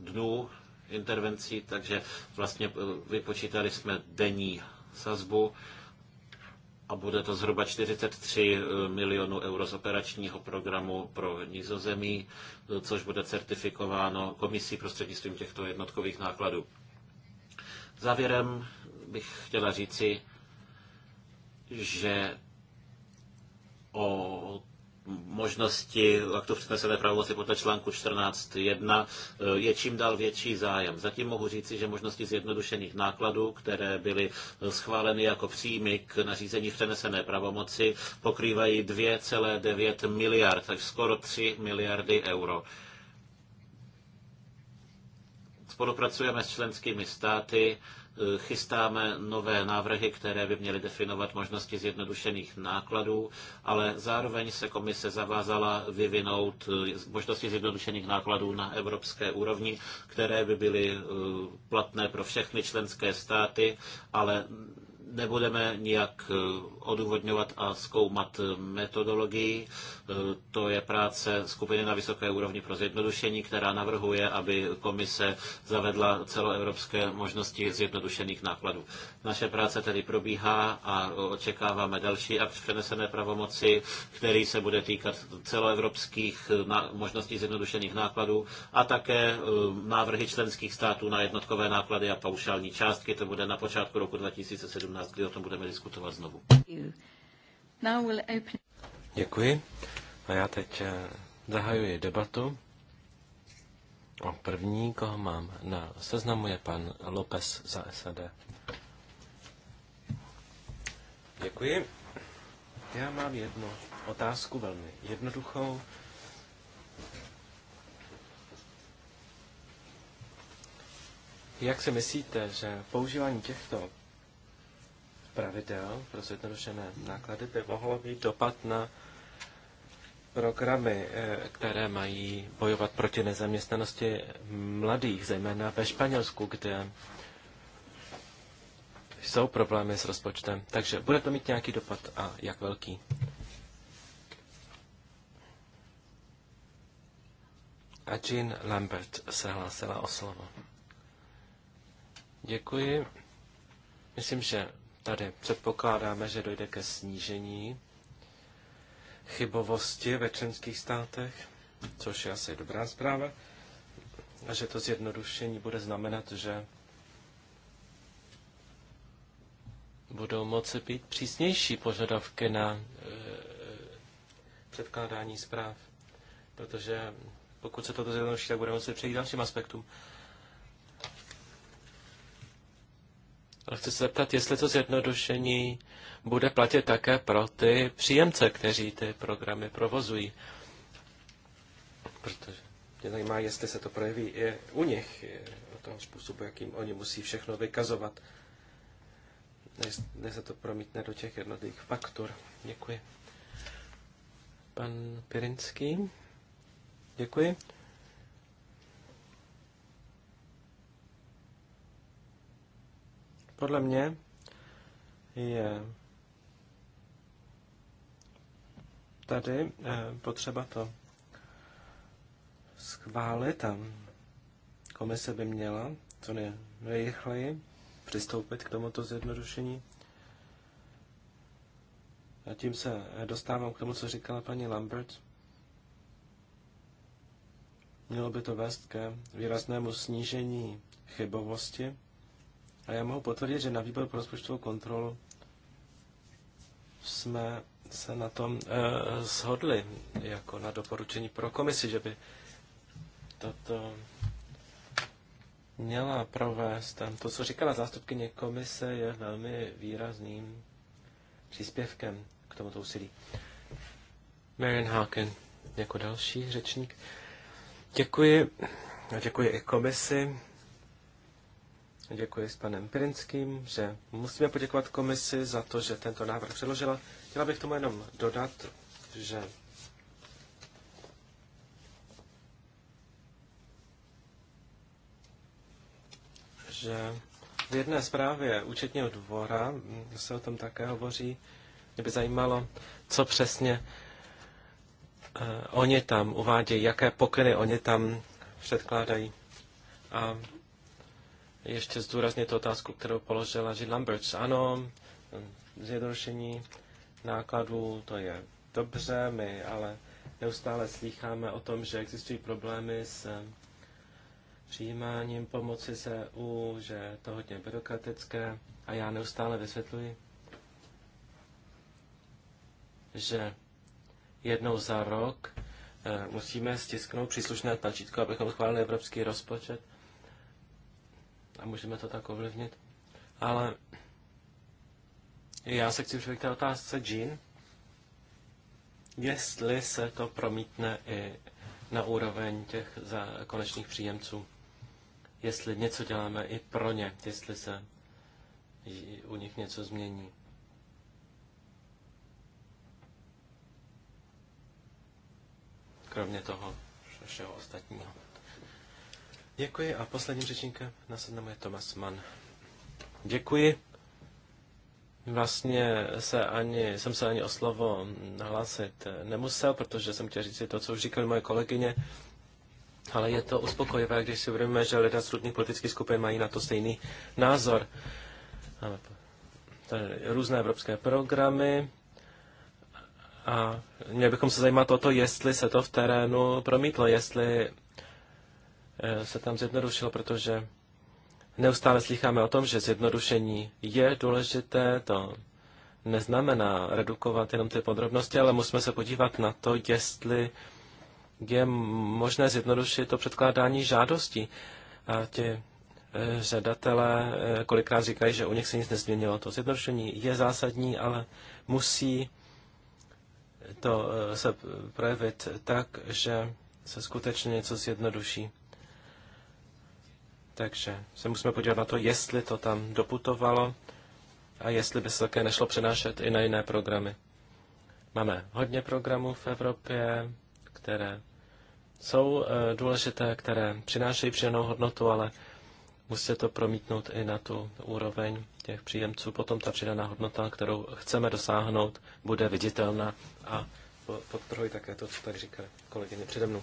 dnů intervencí, takže vlastně eh, vypočítali jsme denní sazbu a bude to zhruba 43 milionů euro z operačního programu pro nizozemí, což bude certifikováno komisí prostřednictvím těchto jednotkových nákladů. Závěrem bych chtěla říci, že o možnosti aktu přenesené pravomoci podle článku 14.1 eh, je čím dál větší zájem. Zatím mohu říci, že možnosti zjednodušených nákladů, které byly eh, schváleny jako příjmy k nařízení přenesené pravomoci, pokrývají 2,9 miliard, takže skoro 3 miliardy euro. Spolupracujeme s členskými státy E, chystáme nové návrhy, které by měly definovat možnosti zjednodušených nákladů, ale zároveň se komise zavázala vyvinout e, možnosti zjednodušených nákladů na evropské úrovni, které by byly e, platné pro všechny členské státy, ale nebudeme nijak odůvodňovat a zkoumat metodologii. To je práce skupiny na vysoké úrovni pro zjednodušení, která navrhuje, aby komise zavedla celoevropské možnosti zjednodušených nákladů. Naše práce tedy probíhá a očekáváme další akt přenesené pravomoci, který se bude týkat celoevropských možností zjednodušených nákladů a také eh, návrhy členských států na jednotkové náklady a paušální částky. To bude na počátku roku 2017, kdy o tom budeme diskutovat znovu. Děkuji. A já teď eh, zahajuji debatu. A první, koho mám na seznamu, je pan López za SAD. Děkuji. Já mám jednu otázku, velmi jednoduchou. Jak si myslíte, že používání těchto pravidel pro zjednodušené náklady by mohlo mít dopad na programy, eh, které mají bojovat proti nezaměstnanosti mladých, zejména ve Španělsku, kde jsou problémy s rozpočtem. Takže bude to mít nějaký dopad a jak velký? A Jean Lambert se hlásila o slovo. Děkuji. Myslím, že Tady předpokládáme, že dojde ke snížení chybovosti ve členských státech, což je asi dobrá zpráva, a že to zjednodušení bude znamenat, že budou moci být přísnější požadavky na e, předkládání zpráv, protože pokud se toto zjednoduší, tak budeme muset přejít dalším aspektům. Ale chci se zeptat, jestli to zjednodušení bude platit také pro ty příjemce, kteří ty programy provozují. Protože mě zajímá, jestli se to projeví i u nich, o tom způsobu, jakým oni musí všechno vykazovat, než se to promítne do těch jednotlivých faktur. Děkuji. Pan Pirinský. Děkuji. Podle mě je tady eh, potřeba to schválit a komise by měla co nejrychleji přistoupit k tomuto zjednodušení. A tím se dostávám k tomu, co říkala paní Lambert. Mělo by to vést ke výraznému snížení chybovosti a já mohu potvrdit, že na výbor pro rozpočtovou kontrolu jsme se na tom eh, shodli, jako na doporučení pro komisi, že by toto měla provést. Tam to, co říkala zástupkyně komise, je velmi výrazným příspěvkem k tomuto úsilí. Marian Haken jako další řečník. Děkuji a děkuji i komisi Děkuji s panem Pirinským, že musíme poděkovat komisi za to, že tento návrh předložila. Chtěla bych tomu jenom dodat, že že v jedné zprávě účetního dvora se o tom také hovoří. Mě by zajímalo, co přesně eh, oni tam uvádějí, jaké pokyny oni tam předkládají. A ještě zdůraznit otázku, kterou položila Jean Lamberts. Ano, zjednodušení nákladů, to je dobře, my ale neustále slýcháme o tom, že existují problémy s eh, přijímáním pomoci z EU, že je to hodně byrokratické a já neustále vysvětluji, že jednou za rok eh, musíme stisknout příslušné tlačítko, abychom schválili evropský rozpočet a můžeme to tak ovlivnit. Ale já se chci přivít k té otázce Jean, jestli se to promítne i na úroveň těch za konečných příjemců, jestli něco děláme i pro ně, jestli se u nich něco změní. Kromě toho všeho ostatního. Děkuji a posledním řečníkem na seznamu je Tomas Mann. Děkuji. Vlastně se ani, jsem se ani o slovo hlásit nemusel, protože jsem chtěl říct to, co už říkali moje kolegyně. Ale je to uspokojivé, když si uvědomíme, že lidé z různých politických skupin mají na to stejný názor. To různé evropské programy a měli bychom se zajímat o to, jestli se to v terénu promítlo, jestli Eh, se tam zjednodušilo, protože neustále slycháme o tom, že zjednodušení je důležité, to neznamená redukovat jenom ty podrobnosti, ale musíme se podívat na to, jestli je možné zjednodušit to předkládání žádostí. A ti řadatelé eh, eh, kolikrát říkají, že u nich se nic nezměnilo. To zjednodušení je zásadní, ale musí to se projevit tak, že se skutečně něco zjednoduší. Takže se musíme podívat na to, jestli to tam doputovalo a jestli by se také nešlo přenášet i na jiné programy. Máme hodně programů v Evropě, které jsou eh, důležité, které přinášejí přidanou hodnotu, ale musí se to promítnout i na tu úroveň těch příjemců. Potom ta přidaná hodnota, kterou chceme dosáhnout, bude viditelná a podtrhuji také to, co tady říkali kolegyně přede mnou.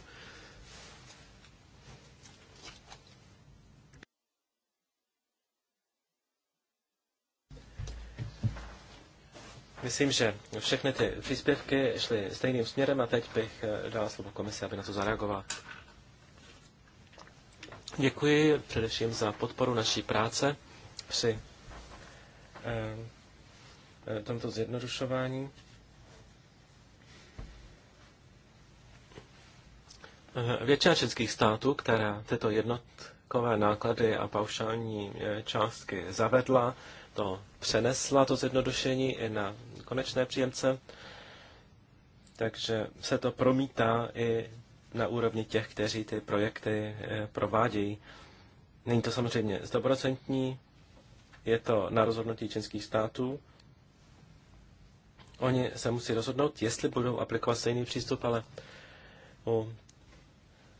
Myslím, že všechny ty příspěvky šly stejným směrem a teď bych eh, dala slovo komisi, aby na to zareagovala. Děkuji především za podporu naší práce při eh, eh, tomto zjednodušování. Většina českých států, která tyto jednotkové náklady a paušální částky zavedla, to přenesla, to zjednodušení, i na konečné příjemce, takže se to promítá i na úrovni těch, kteří ty projekty eh, provádějí. Není to samozřejmě stoprocentní, je to na rozhodnutí čínských států. Oni se musí rozhodnout, jestli budou aplikovat stejný přístup, ale u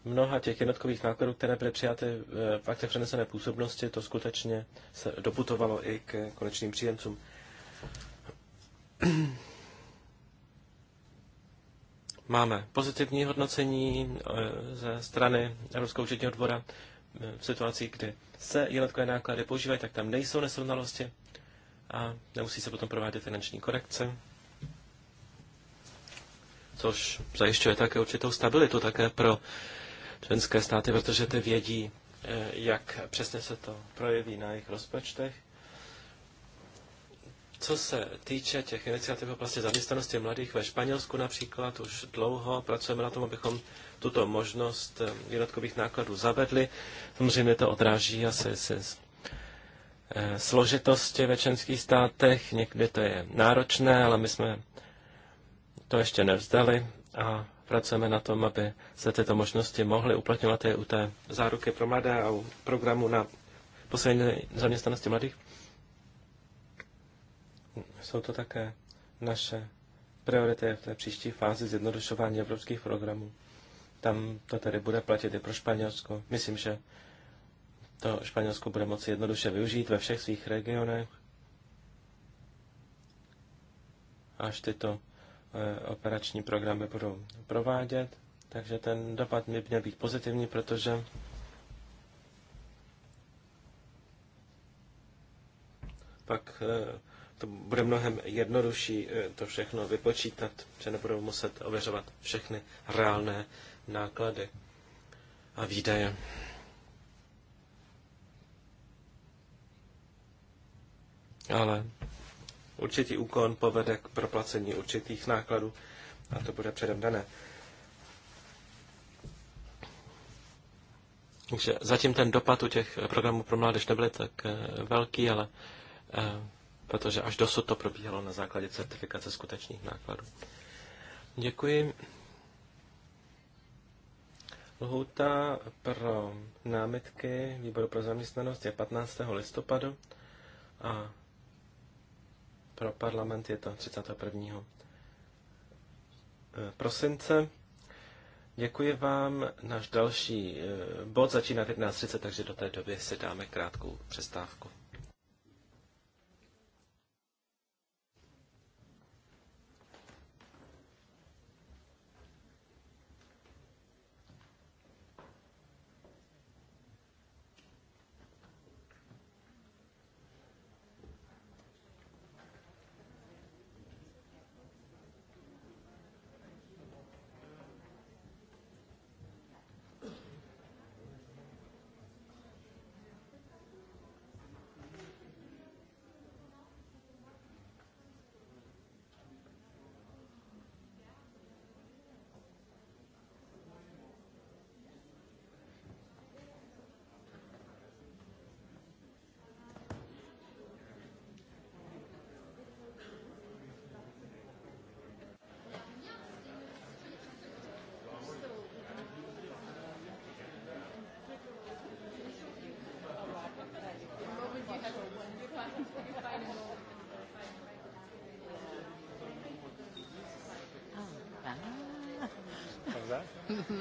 mnoha těch jednotkových nákladů, které byly přijaty eh, v akce přenesené působnosti, to skutečně se doputovalo i k konečným příjemcům. Máme pozitivní hodnocení eh, ze strany Evropského účetního dvora eh, v situaci, kdy se jednotkové náklady používají, tak tam nejsou nesrovnalosti a nemusí se potom provádět finanční korekce, což zajišťuje také určitou stabilitu také pro členské státy, protože ty vědí, eh, jak přesně se to projeví na jejich rozpočtech. Co se týče těch iniciativ v oblasti zaměstnanosti mladých ve Španělsku například, už dlouho pracujeme na tom, abychom tuto možnost eh, jednotkových nákladů zavedli. Samozřejmě to odráží asi se eh, složitosti ve členských státech. Někdy to je náročné, ale my jsme to ještě nevzdali a pracujeme na tom, aby se tyto možnosti mohly uplatňovat i u té záruky pro mladé a u programu na poslední zaměstnanosti mladých jsou to také naše priority v té příští fázi zjednodušování evropských programů. Tam to tedy bude platit i pro Španělsko. Myslím, že to Španělsko bude moci jednoduše využít ve všech svých regionech. Až tyto eh, operační programy budou provádět. Takže ten dopad by měl být pozitivní, protože pak eh, to bude mnohem jednodušší eh, to všechno vypočítat, že nebudou muset ověřovat všechny reálné náklady a výdaje. Ale určitý úkon povede k proplacení určitých nákladů a to bude předem dané. Takže zatím ten dopad u těch programů pro mládež nebyl tak eh, velký, ale eh, protože až dosud to probíhalo na základě certifikace skutečných nákladů. Děkuji. Lhouta pro námitky výboru pro zaměstnanost je 15. listopadu a pro parlament je to 31. Eh, prosince. Děkuji vám. Náš další eh, bod začíná v 11.30, takže do té doby si dáme krátkou přestávku.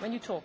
when you talk.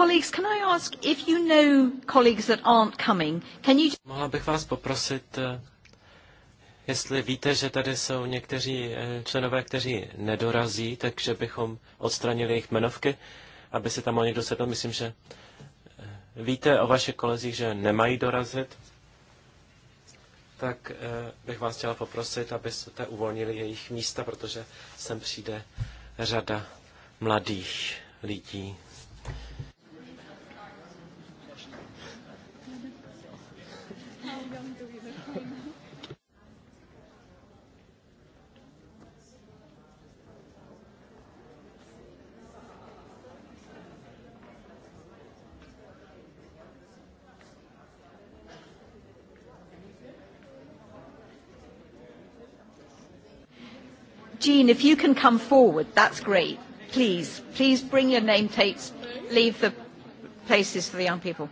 Colleagues, can I ask if you know colleagues that aren't coming, can you... Mohla bych vás poprosit, eh, jestli víte, že tady jsou někteří eh, členové, kteří nedorazí, takže bychom odstranili jejich jmenovky, aby se tam o někdo sedl. Myslím, že eh, víte o vašich kolezích, že nemají dorazit, tak bych vás chtěla poprosit, abyste uvolnili jejich místa, protože sem přijde řada mladých lidí. if you can come forward, that's great. Please, please bring your name tapes, leave the places for the young people.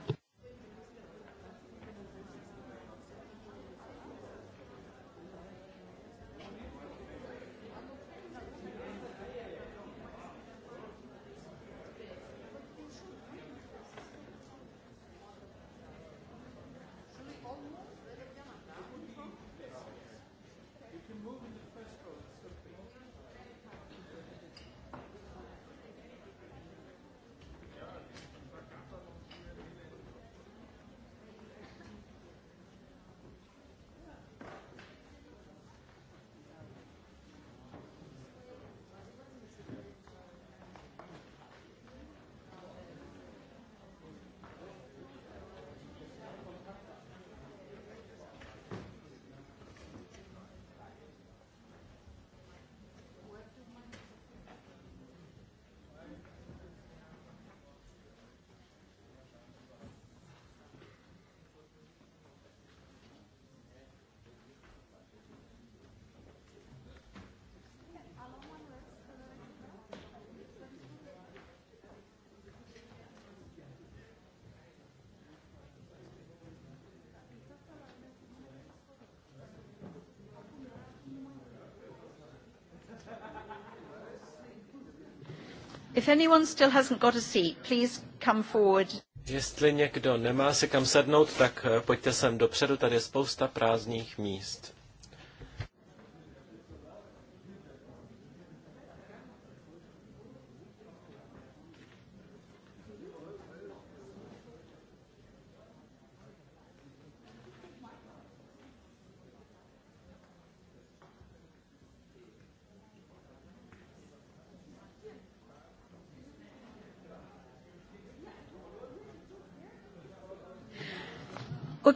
anyone still hasn't got a seat, please come forward. Jestli někdo nemá si kam sednout, tak eh, pojďte sem dopředu, tady je spousta prázdných míst.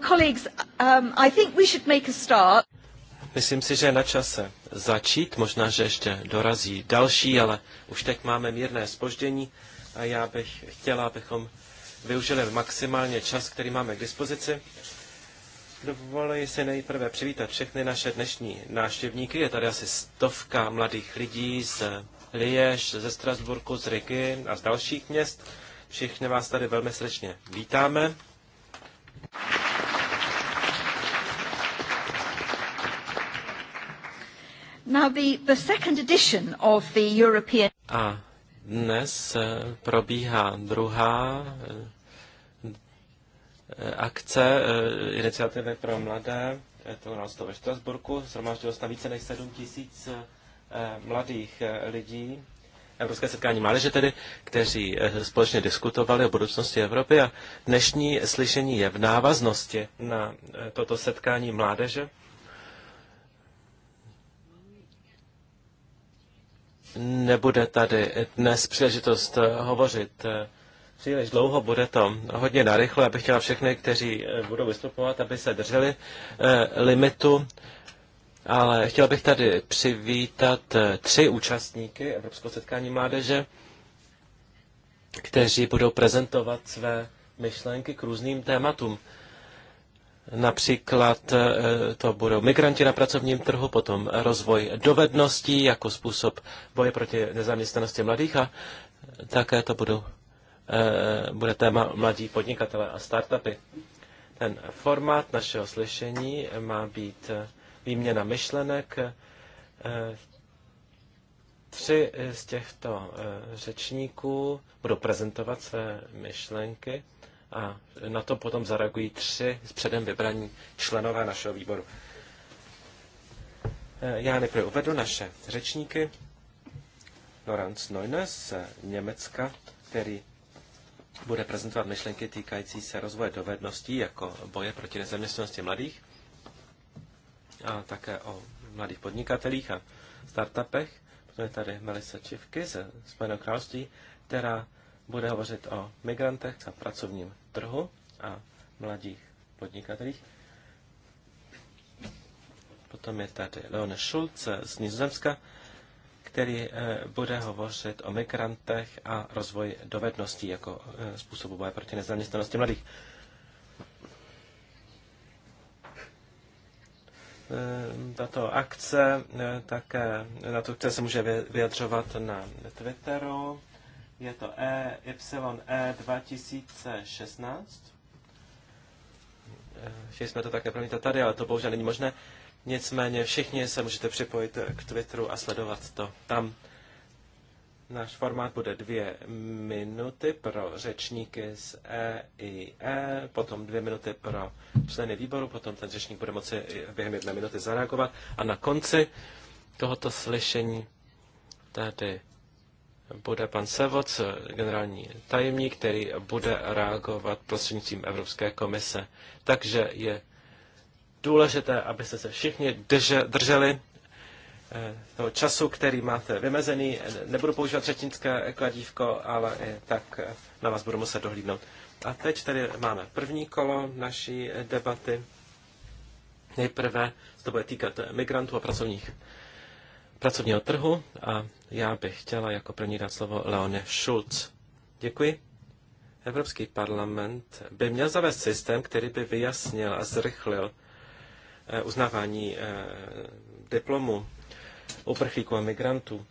colleagues, um, I think we should make a start. Myslím si, že je na čase začít, možná, že ještě dorazí další, ale už teď máme mírné spoždění a já bych chtěla, abychom využili maximálně čas, který máme k dispozici. Dovoluji si nejprve přivítat všechny naše dnešní návštěvníky. Je tady asi stovka mladých lidí z Liež, ze Strasburku, z Rigi a z dalších měst. Všichni vás tady velmi srdečně vítáme. Now the, the second edition of the European... A dnes eh, probíhá druhá eh, eh, akce iniciativy pro mladé, to u nás to ve Štrasburku, zhromáždilo se tam více než 7 tisíc mladých lidí, Evropské setkání mládeže tedy, kteří společně diskutovali o budoucnosti Evropy a dnešní slyšení je v návaznosti na toto setkání mládeže. nebude tady dnes příležitost eh, hovořit eh, příliš dlouho, bude to hodně narychle. Já bych chtěla všechny, kteří eh, budou vystupovat, aby se drželi limitu, ale chtěla bych tady přivítat tři účastníky Evropského setkání mládeže, kteří budou prezentovat své myšlenky k různým tématům. Například eh, to budou migranti na pracovním trhu, potom rozvoj dovedností jako způsob boje proti nezaměstnanosti mladých a také to budou, eh, bude téma mladí podnikatele a startupy. Ten formát našeho slyšení má být eh, výměna myšlenek. Tři z těchto řečníků budou prezentovat své myšlenky a na to potom zareagují tři z předem vybraní členové našeho výboru. E, já nejprve uvedu naše řečníky. Lorenz Neunes z Německa, který bude prezentovat myšlenky týkající se rozvoje dovedností jako boje proti nezaměstnanosti mladých a také o mladých podnikatelích a startupech. Potom je tady Melissa Čivky ze Spojeného království, která bude hovořit o migrantech a pracovním trhu a mladých podnikatelích. Potom je tady Leone Schulz z Nizozemska, který eh, bude hovořit o migrantech a rozvoji dovedností jako eh, způsobu boje proti nezaměstnanosti mladých. Eh, tato akce také, na to akce se může vyjadřovat na Twitteru je to e 2016. E Chtěli eh, jsme to také promítat tady, ale to bohužel není možné. Nicméně všichni se můžete připojit k Twitteru a sledovat to tam. Náš formát bude dvě minuty pro řečníky z E i E, potom dvě minuty pro členy výboru, potom ten řečník bude moci během jedné minuty zareagovat a na konci tohoto slyšení tady bude pan Sevoc, generální tajemník, který bude reagovat prostřednictvím Evropské komise. Takže je důležité, abyste se všichni drželi eh, toho času, který máte vymezený. Nebudu používat řečnické kladívko, ale i tak na vás budu muset dohlídnout. A teď tady máme první kolo naší debaty. Nejprve se to bude týkat migrantů a pracovních pracovního trhu a já bych chtěla jako první dát slovo Leone Schulz. Děkuji. Evropský parlament by měl zavést systém, který by vyjasnil a zrychlil eh, uznávání eh, diplomu uprchlíků a migrantů.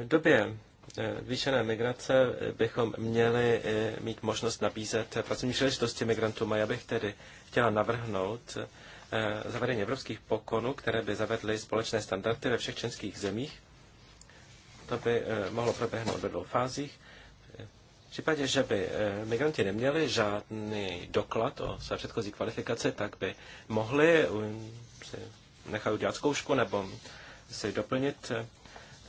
Eh, v době zvýšené migrace bychom měli mít možnost nabízet pracovní příležitosti migrantům a já bych tedy chtěla navrhnout Eh, zavedení evropských pokonů, které by zavedly společné standardy ve všech členských zemích. To by eh, mohlo proběhnout ve dvou fázích. V případě, že by eh, migranti neměli žádný doklad o své předchozí kvalifikaci, tak by mohli um, si nechat udělat zkoušku nebo si doplnit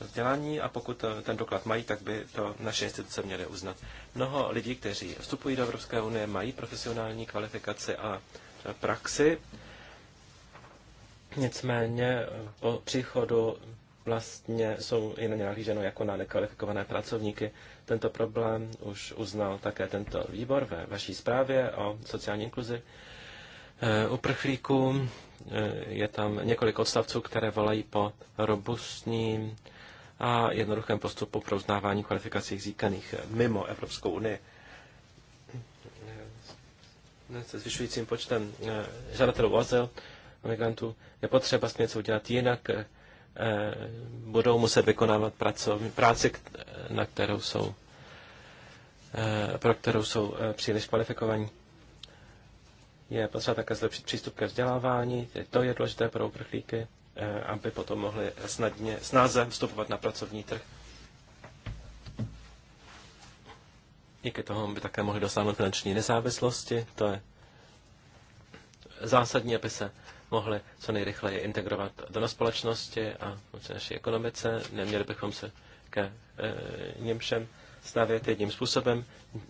vzdělání a pokud ten doklad mají, tak by to naše instituce měly uznat. Mnoho lidí, kteří vstupují do Evropské unie, mají profesionální kvalifikaci a praxi Nicméně eh, po příchodu vlastně jsou jen nahlíženo jako na nekvalifikované pracovníky. Tento problém už uznal také tento výbor ve vaší zprávě o sociální inkluzi eh, uprchlíků. Eh, je tam několik odstavců, které volají po robustním a jednoduchém postupu pro uznávání kvalifikací zíkaných mimo Evropskou unii. Se zvyšujícím počtem žadatelů o azyl migrantů. Je potřeba s něco udělat, jinak eh, budou muset vykonávat pracovní práci, na kterou jsou, eh, pro kterou jsou eh, příliš kvalifikovaní. Je potřeba také zlepšit přístup ke vzdělávání, to je důležité pro uprchlíky, aby potom mohli snadně, snáze vstupovat na pracovní trh. Díky toho by také mohli dosáhnout finanční nezávislosti, to je zásadní, aby se mohli co nejrychleji integrovat do na společnosti a v naší ekonomice. Neměli bychom se ke e, něm všem stavět jedním způsobem.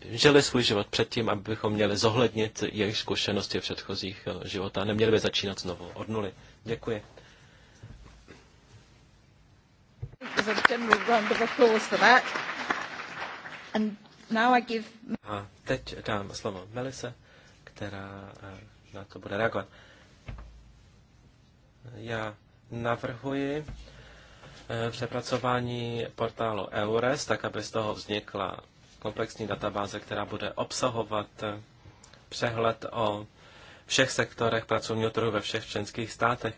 Žili svůj život předtím, abychom měli zohlednit jejich zkušenosti předchozích e, života. Neměli by začínat znovu od nuly. Děkuji. A teď dám slovo Melise, která e, na to bude reagovat. Já navrhuji eh, přepracování portálu EURES, tak aby z toho vznikla komplexní databáze, která bude obsahovat eh, přehled o všech sektorech pracovního trhu ve všech členských státech.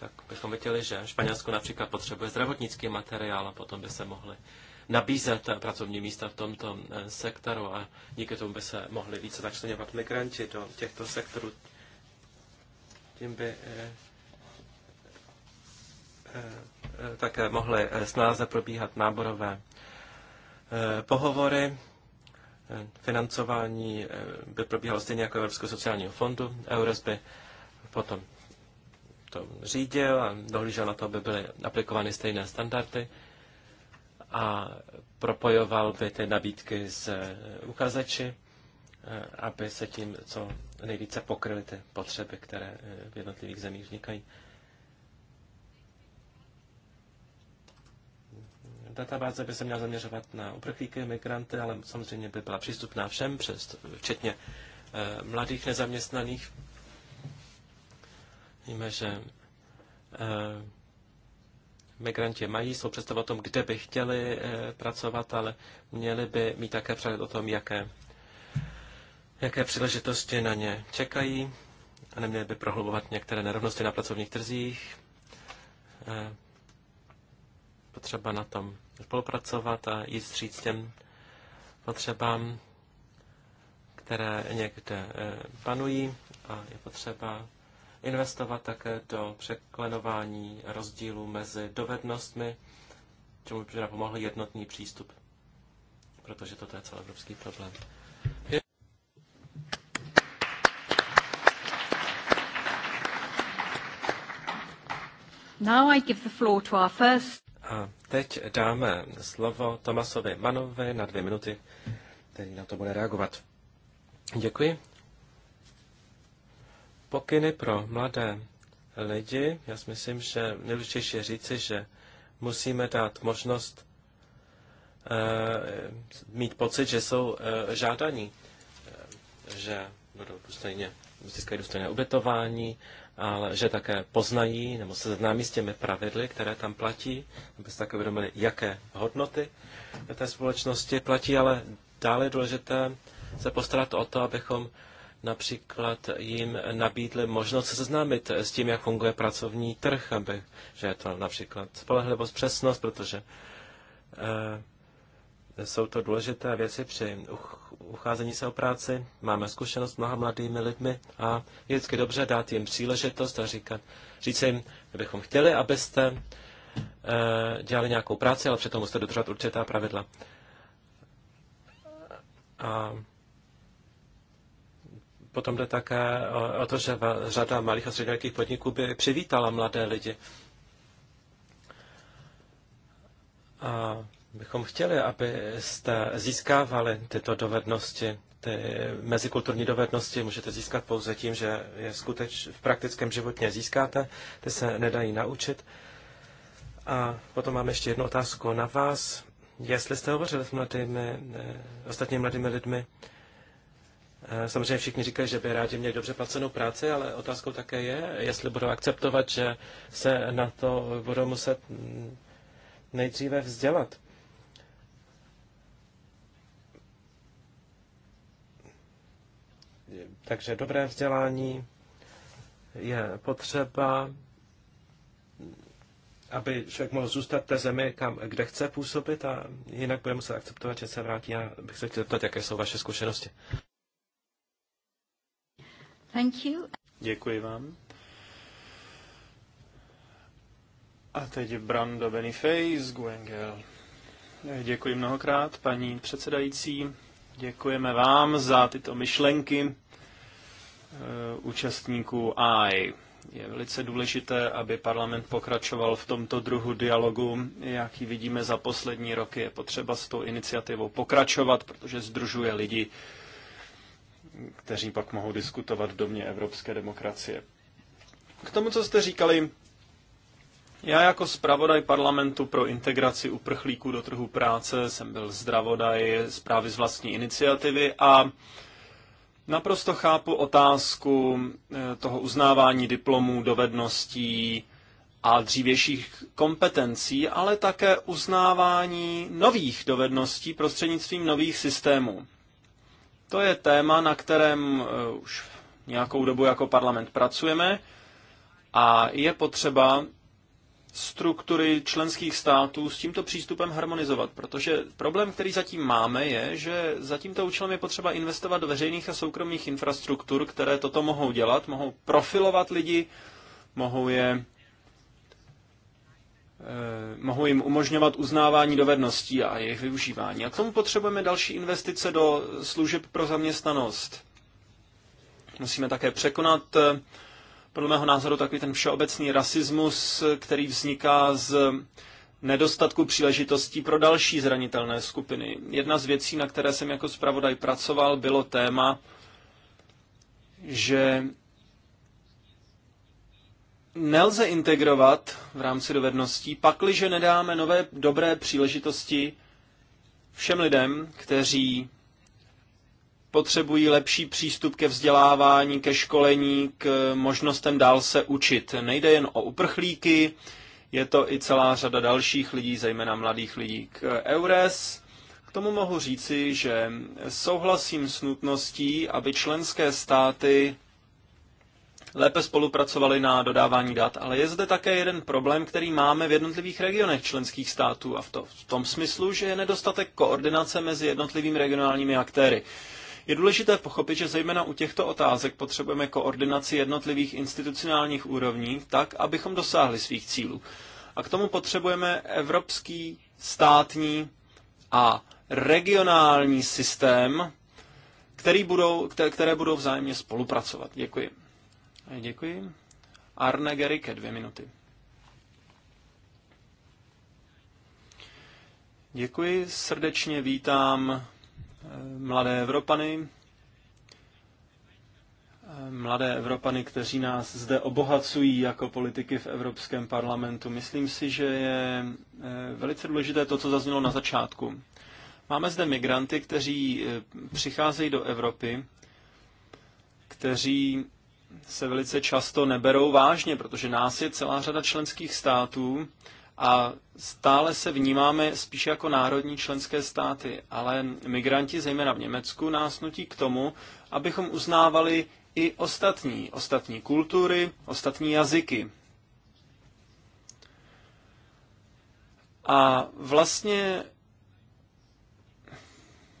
Tak bychom viděli, že Španělsko například potřebuje zdravotnický materiál a potom by se mohly nabízet pracovní místa v tomto eh, sektoru a díky tomu by se mohli více začlenovat migranti do těchto sektorů. Tím by Eh, eh, také mohly eh, snáze probíhat náborové pohovory. Financování by probíhalo stejně jako Evropského sociálního fondu. EURES by potom to řídil a dohlížel na to, aby byly aplikovány stejné standardy a propojoval by ty nabídky s uchazeči, aby se tím co nejvíce pokryly ty potřeby, které v jednotlivých zemích vznikají. databáze by se měla zaměřovat na uprchlíky, migranty, ale samozřejmě by byla přístupná všem, přes, včetně eh, mladých nezaměstnaných. Víme, že eh, migranti mají, jsou představ o tom, kde by chtěli eh, pracovat, ale měli by mít také přehled o tom, jaké, jaké příležitosti na ně čekají a neměli by prohlubovat některé nerovnosti na pracovních trzích. Potřeba na tom spolupracovat a jít stříc těm potřebám, které někde eh, panují a je potřeba investovat také do překlenování rozdílů mezi dovednostmi, čemu by pomohl jednotný přístup, protože toto je celoevropský problém. Now I give the floor to our first... A teď dáme slovo Tomasovi Manovi na dvě minuty, který na to bude reagovat. Děkuji. Pokyny pro mladé lidi. Já si myslím, že nejdůležitější je říci, že musíme dát možnost uh, mít pocit, že jsou uh, žádaní, uh, že budou důstojně, získají důstojné ubytování ale že také poznají nebo se seznámí s těmi pravidly, které tam platí, aby se také uvědomili, jaké hodnoty té společnosti platí, ale dále je důležité se postarat o to, abychom například jim nabídli možnost se seznámit s tím, jak funguje pracovní trh, aby, že je to například spolehlivost, přesnost, protože eh, jsou to důležité věci při ucházení se o práci. Máme zkušenost s mnoha mladými lidmi a je vždycky dobře dát jim příležitost a říkat, říct jim, bychom chtěli, abyste eh, dělali nějakou práci, ale přitom musíte dodržovat určitá pravidla. A potom jde také o to, že řada malých a středních podniků by přivítala mladé lidi. A bychom chtěli, abyste získávali tyto dovednosti, ty mezikulturní dovednosti můžete získat pouze tím, že je skuteč, v praktickém životě získáte, ty se nedají naučit. A potom mám ještě jednu otázku na vás. Jestli jste hovořili s mladými, ostatními mladými lidmi, eh, Samozřejmě všichni říkají, že by rádi měli dobře placenou práci, ale otázkou také je, jestli budou akceptovat, že se na to budou muset mm, nejdříve vzdělat. Takže dobré vzdělání je potřeba, aby člověk mohl zůstat té zemi, kam, kde chce působit a jinak bude muset akceptovat, že se vrátí. Já bych se chtěl zeptat, jaké jsou vaše zkušenosti. Thank you. Děkuji vám. A teď Brando Benifej z Guengel. Děkuji mnohokrát, paní předsedající. Děkujeme vám za tyto myšlenky Eh, účastníků AI. Je velice důležité, aby parlament pokračoval v tomto druhu dialogu, jaký vidíme za poslední roky. Je potřeba s tou iniciativou pokračovat, protože združuje lidi, kteří pak mohou diskutovat v domě evropské demokracie. K tomu, co jste říkali, já jako zpravodaj parlamentu pro integraci uprchlíků do trhu práce jsem byl zdravodaj zprávy z vlastní iniciativy a Naprosto chápu otázku eh, toho uznávání diplomů, dovedností a dřívějších kompetencí, ale také uznávání nových dovedností prostřednictvím nových systémů. To je téma, na kterém eh, už nějakou dobu jako parlament pracujeme a je potřeba struktury členských států s tímto přístupem harmonizovat, protože problém, který zatím máme, je, že za tímto účelem je potřeba investovat do veřejných a soukromých infrastruktur, které toto mohou dělat, mohou profilovat lidi, mohou je eh, mohou jim umožňovat uznávání dovedností a jejich využívání. A k tomu potřebujeme další investice do služeb pro zaměstnanost. Musíme také překonat eh, podle mého názoru takový ten všeobecný rasismus, který vzniká z nedostatku příležitostí pro další zranitelné skupiny. Jedna z věcí, na které jsem jako zpravodaj pracoval, bylo téma, že nelze integrovat v rámci dovedností, pakliže nedáme nové dobré příležitosti všem lidem, kteří potřebují lepší přístup ke vzdělávání, ke školení, k možnostem dál se učit. Nejde jen o uprchlíky, je to i celá řada dalších lidí, zejména mladých lidí. K EURES k tomu mohu říci, že souhlasím s nutností, aby členské státy lépe spolupracovali na dodávání dat, ale je zde také jeden problém, který máme v jednotlivých regionech členských států a v, to, v tom smyslu, že je nedostatek koordinace mezi jednotlivými regionálními aktéry. Je důležité pochopit, že zejména u těchto otázek potřebujeme koordinaci jednotlivých institucionálních úrovní tak, abychom dosáhli svých cílů. A k tomu potřebujeme evropský, státní a regionální systém, který budou, které budou vzájemně spolupracovat. Děkuji. Děkuji. Arne Gerike, dvě minuty. Děkuji, srdečně vítám mladé Evropany, mladé Evropany, kteří nás zde obohacují jako politiky v Evropském parlamentu. Myslím si, že je eh, velice důležité to, co zaznělo na začátku. Máme zde migranty, kteří eh, přicházejí do Evropy, kteří se velice často neberou vážně, protože nás je celá řada členských států, a stále se vnímáme spíše jako národní členské státy, ale migranti, zejména v Německu, nás nutí k tomu, abychom uznávali i ostatní, ostatní kultury, ostatní jazyky. A vlastně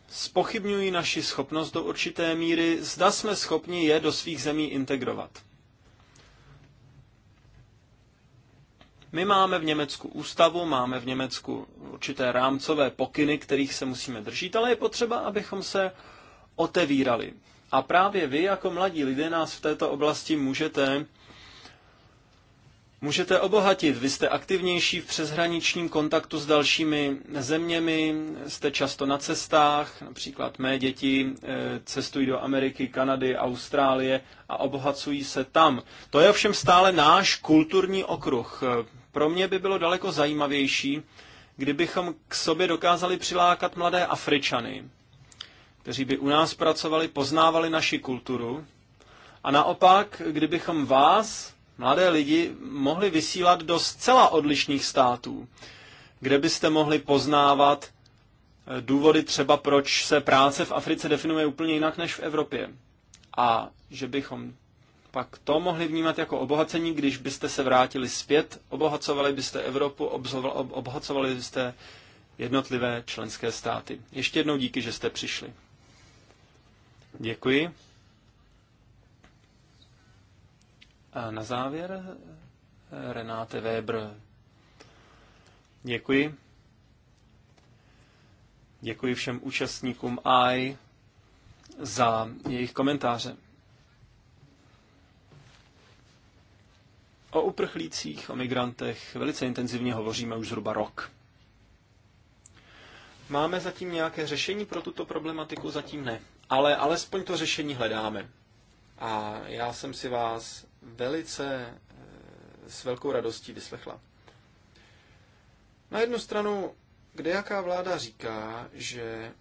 spochybňují naši schopnost do určité míry, zda jsme schopni je do svých zemí integrovat. My máme v Německu ústavu, máme v Německu určité rámcové pokyny, kterých se musíme držít, ale je potřeba, abychom se otevírali. A právě vy jako mladí lidé nás v této oblasti můžete Můžete obohatit, vy jste aktivnější v přeshraničním kontaktu s dalšími zeměmi, jste často na cestách, například mé děti eh, cestují do Ameriky, Kanady, Austrálie a obohacují se tam. To je ovšem stále náš kulturní okruh. Eh, pro mě by bylo daleko zajímavější, kdybychom k sobě dokázali přilákat mladé Afričany, kteří by u nás pracovali, poznávali naši kulturu. A naopak, kdybychom vás, mladé lidi, mohli vysílat do zcela odlišných států, kde byste mohli poznávat eh, důvody třeba, proč se práce v Africe definuje úplně jinak než v Evropě. A že bychom pak to mohli vnímat jako obohacení, když byste se vrátili zpět, obohacovali byste Evropu, obohacovali byste jednotlivé členské státy. Ještě jednou díky, že jste přišli. Děkuji. A na závěr eh, Renáte Weber. Děkuji. Děkuji všem účastníkům AI za jejich komentáře. O uprchlících, o migrantech velice intenzivně hovoříme už zhruba rok. Máme zatím nějaké řešení pro tuto problematiku? Zatím ne. Ale alespoň to řešení hledáme. A já jsem si vás velice eh, s velkou radostí vyslechla. Na jednu stranu, kde jaká vláda říká, že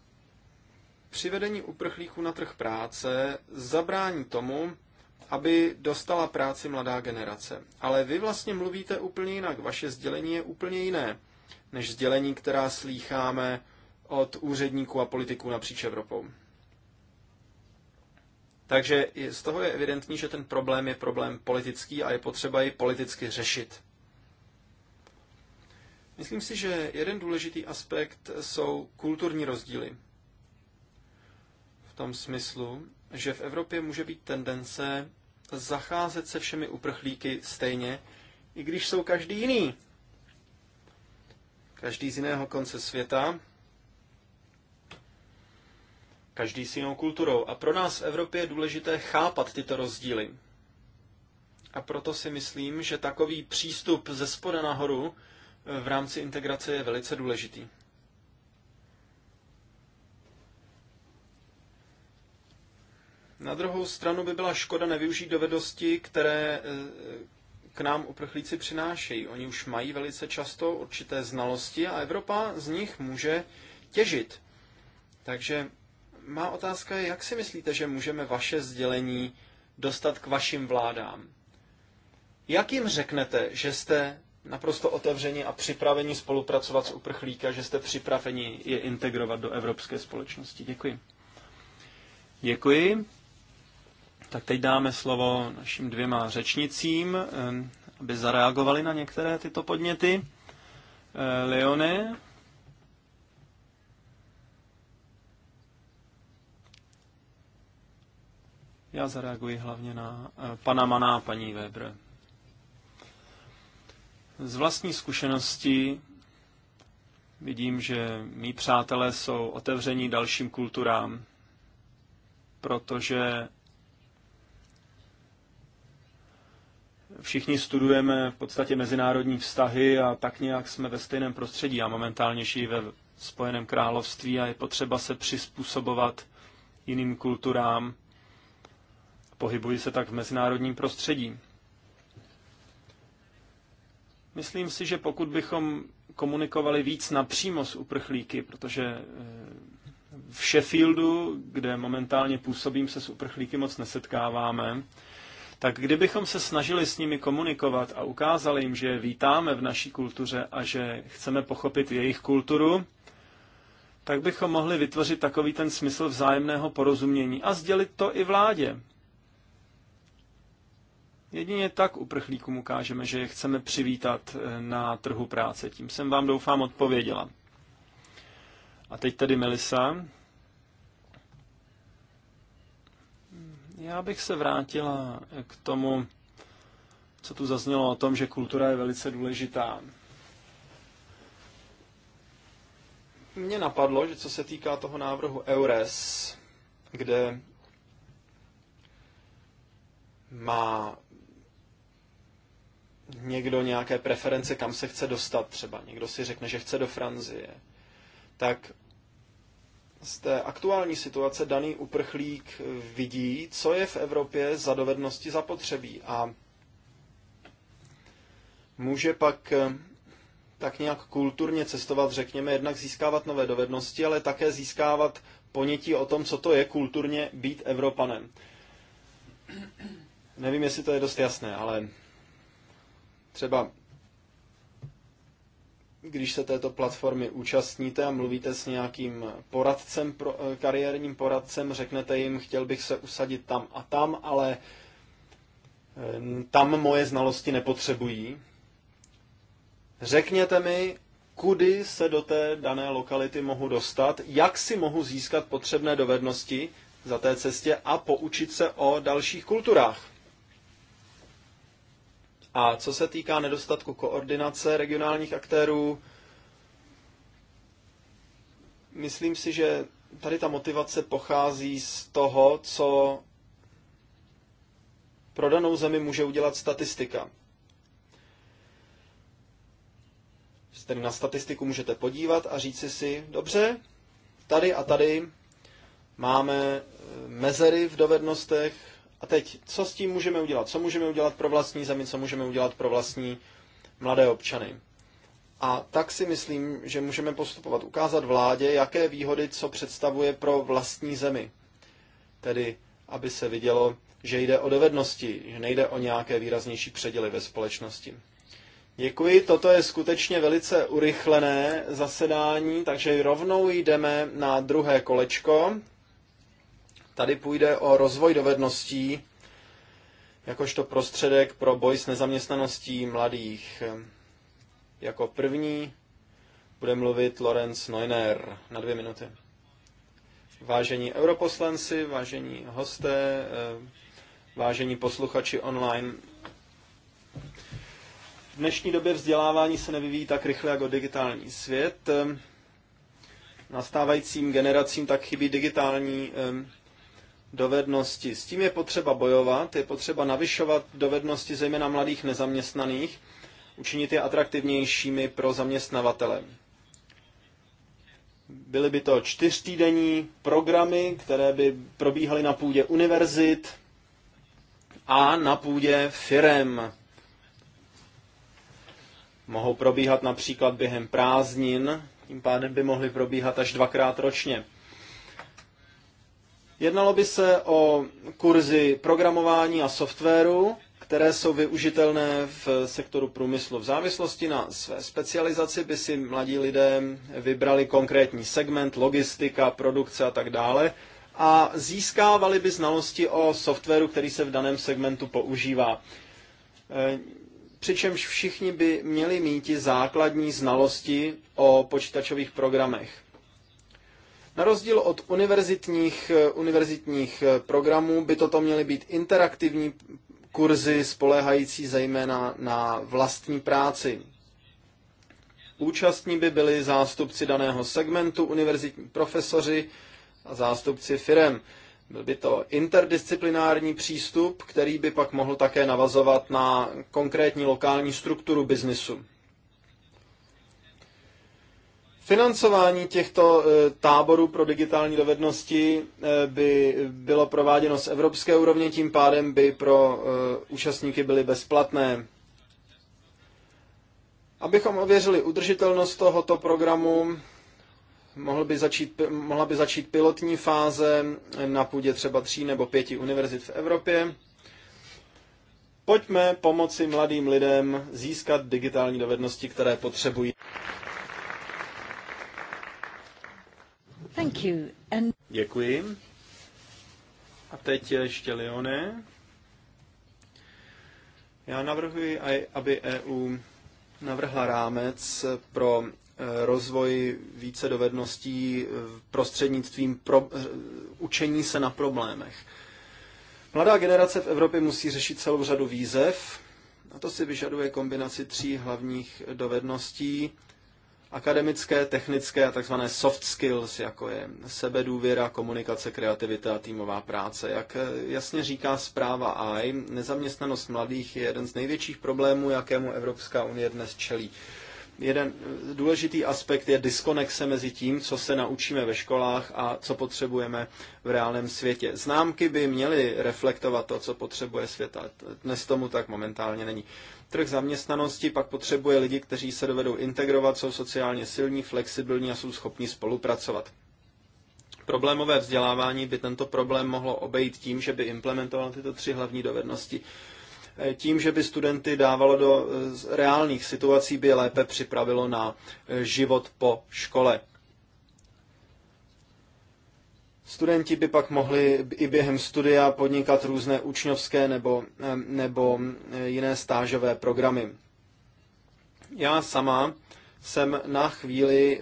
přivedení uprchlíků na trh práce zabrání tomu, aby dostala práci mladá generace. Ale vy vlastně mluvíte úplně jinak. Vaše sdělení je úplně jiné než sdělení, která slýcháme od úředníků a politiků napříč Evropou. Takže z toho je evidentní, že ten problém je problém politický a je potřeba ji politicky řešit. Myslím si, že jeden důležitý aspekt jsou kulturní rozdíly. V tom smyslu, že v Evropě může být tendence zacházet se všemi uprchlíky stejně, i když jsou každý jiný. Každý z jiného konce světa, každý s jinou kulturou. A pro nás v Evropě je důležité chápat tyto rozdíly. A proto si myslím, že takový přístup ze spoda nahoru v rámci integrace je velice důležitý. Na druhou stranu by byla škoda nevyužít dovednosti, které eh, k nám uprchlíci přinášejí. Oni už mají velice často určité znalosti a Evropa z nich může těžit. Takže má otázka je, jak si myslíte, že můžeme vaše sdělení dostat k vašim vládám? Jak jim řeknete, že jste naprosto otevřeni a připraveni spolupracovat s uprchlíky, že jste připraveni je integrovat do evropské společnosti? Děkuji. Děkuji. Tak teď dáme slovo našim dvěma řečnicím, ehm, aby zareagovali na některé tyto podněty. Eh, Leone. Já zareaguji hlavně na eh, pana Maná, paní Weber. Z vlastní zkušenosti vidím, že mý přátelé jsou otevření dalším kulturám, protože všichni studujeme v podstatě mezinárodní vztahy a tak nějak jsme ve stejném prostředí. Já momentálně žiji ve Spojeném království a je potřeba se přizpůsobovat jiným kulturám. Pohybuji se tak v mezinárodním prostředí. Myslím si, že pokud bychom komunikovali víc napřímo s uprchlíky, protože eh, v Sheffieldu, kde momentálně působím, se s uprchlíky moc nesetkáváme, tak kdybychom se snažili s nimi komunikovat a ukázali jim, že je vítáme v naší kultuře a že chceme pochopit jejich kulturu, tak bychom mohli vytvořit takový ten smysl vzájemného porozumění a sdělit to i vládě. Jedině tak uprchlíkům ukážeme, že je chceme přivítat eh, na trhu práce. Tím jsem vám doufám odpověděla. A teď tedy Melisa. Já bych se vrátila k tomu, co tu zaznělo o tom, že kultura je velice důležitá. Mně napadlo, že co se týká toho návrhu EURES, kde má někdo nějaké preference, kam se chce dostat třeba. Někdo si řekne, že chce do Francie. Tak z té aktuální situace daný uprchlík vidí, co je v Evropě za dovednosti zapotřebí a může pak eh, tak nějak kulturně cestovat, řekněme, jednak získávat nové dovednosti, ale také získávat ponětí o tom, co to je kulturně být Evropanem. Nevím, jestli to je dost jasné, ale třeba když se této platformy účastníte a mluvíte s nějakým poradcem, pro, eh, kariérním poradcem, řeknete jim, chtěl bych se usadit tam a tam, ale eh, tam moje znalosti nepotřebují. Řekněte mi, kudy se do té dané lokality mohu dostat, jak si mohu získat potřebné dovednosti za té cestě a poučit se o dalších kulturách. A co se týká nedostatku koordinace regionálních aktérů, myslím si, že tady ta motivace pochází z toho, co pro danou zemi může udělat statistika. Tedy na statistiku můžete podívat a říci si, dobře, tady a tady máme mezery v dovednostech, a teď, co s tím můžeme udělat? Co můžeme udělat pro vlastní zemi, co můžeme udělat pro vlastní mladé občany? A tak si myslím, že můžeme postupovat, ukázat vládě, jaké výhody co představuje pro vlastní zemi. Tedy, aby se vidělo, že jde o dovednosti, že nejde o nějaké výraznější předěly ve společnosti. Děkuji, toto je skutečně velice urychlené zasedání, takže rovnou jdeme na druhé kolečko. Tady půjde o rozvoj dovedností jakožto prostředek pro boj s nezaměstnaností mladých. Jako první bude mluvit Lorenz Neuner na dvě minuty. Vážení europoslanci, vážení hosté, eh, vážení posluchači online, v dnešní době vzdělávání se nevyvíjí tak rychle jako digitální svět. Eh, nastávajícím generacím tak chybí digitální eh, dovednosti. S tím je potřeba bojovat, je potřeba navyšovat dovednosti zejména mladých nezaměstnaných, učinit je atraktivnějšími pro zaměstnavatele. Byly by to čtyřtýdenní programy, které by probíhaly na půdě univerzit a na půdě firem. Mohou probíhat například během prázdnin, tím pádem by mohly probíhat až dvakrát ročně. Jednalo by se o kurzy programování a softwaru, které jsou využitelné v sektoru průmyslu. V závislosti na své specializaci by si mladí lidé vybrali konkrétní segment, logistika, produkce a tak dále a získávali by znalosti o softwaru, který se v daném segmentu používá. E, přičemž všichni by měli mít základní znalosti o počítačových programech. Na rozdíl od univerzitních, eh, univerzitních eh, programů by toto měly být interaktivní kurzy spoléhající zejména na vlastní práci. Účastní by byli zástupci daného segmentu, univerzitní profesoři a zástupci firem. Byl by to interdisciplinární přístup, který by pak mohl také navazovat na konkrétní lokální strukturu biznisu. Financování těchto eh, táborů pro digitální dovednosti eh, by bylo prováděno z evropské úrovně, tím pádem by pro eh, účastníky byly bezplatné. Abychom ověřili udržitelnost tohoto programu, mohl by začít, mohla by začít pilotní fáze na půdě třeba tří nebo pěti univerzit v Evropě. Pojďme pomoci mladým lidem získat digitální dovednosti, které potřebují. Thank you. And... Děkuji. A teď ještě Leone. Já navrhuji, aby EU navrhla rámec pro eh, rozvoj více dovedností eh, prostřednictvím pro, eh, učení se na problémech. Mladá generace v Evropě musí řešit celou řadu výzev, a to si vyžaduje kombinaci tří hlavních dovedností akademické, technické a takzvané soft skills, jako je sebedůvěra, komunikace, kreativita a týmová práce. Jak eh, jasně říká zpráva AI, nezaměstnanost mladých je jeden z největších problémů, jakému Evropská unie dnes čelí. Jeden důležitý aspekt je diskonexe mezi tím, co se naučíme ve školách a co potřebujeme v reálném světě. Známky by měly reflektovat to, co potřebuje svět, ale dnes tomu tak momentálně není. Trh zaměstnanosti pak potřebuje lidi, kteří se dovedou integrovat, jsou sociálně silní, flexibilní a jsou schopni spolupracovat. Problémové vzdělávání by tento problém mohlo obejít tím, že by implementoval tyto tři hlavní dovednosti Eh, tím, že by studenty dávalo do eh, reálných situací, by je lépe připravilo na eh, život po škole. Studenti by pak mohli i během studia podnikat různé učňovské nebo, nebo jiné stážové programy. Já sama jsem na chvíli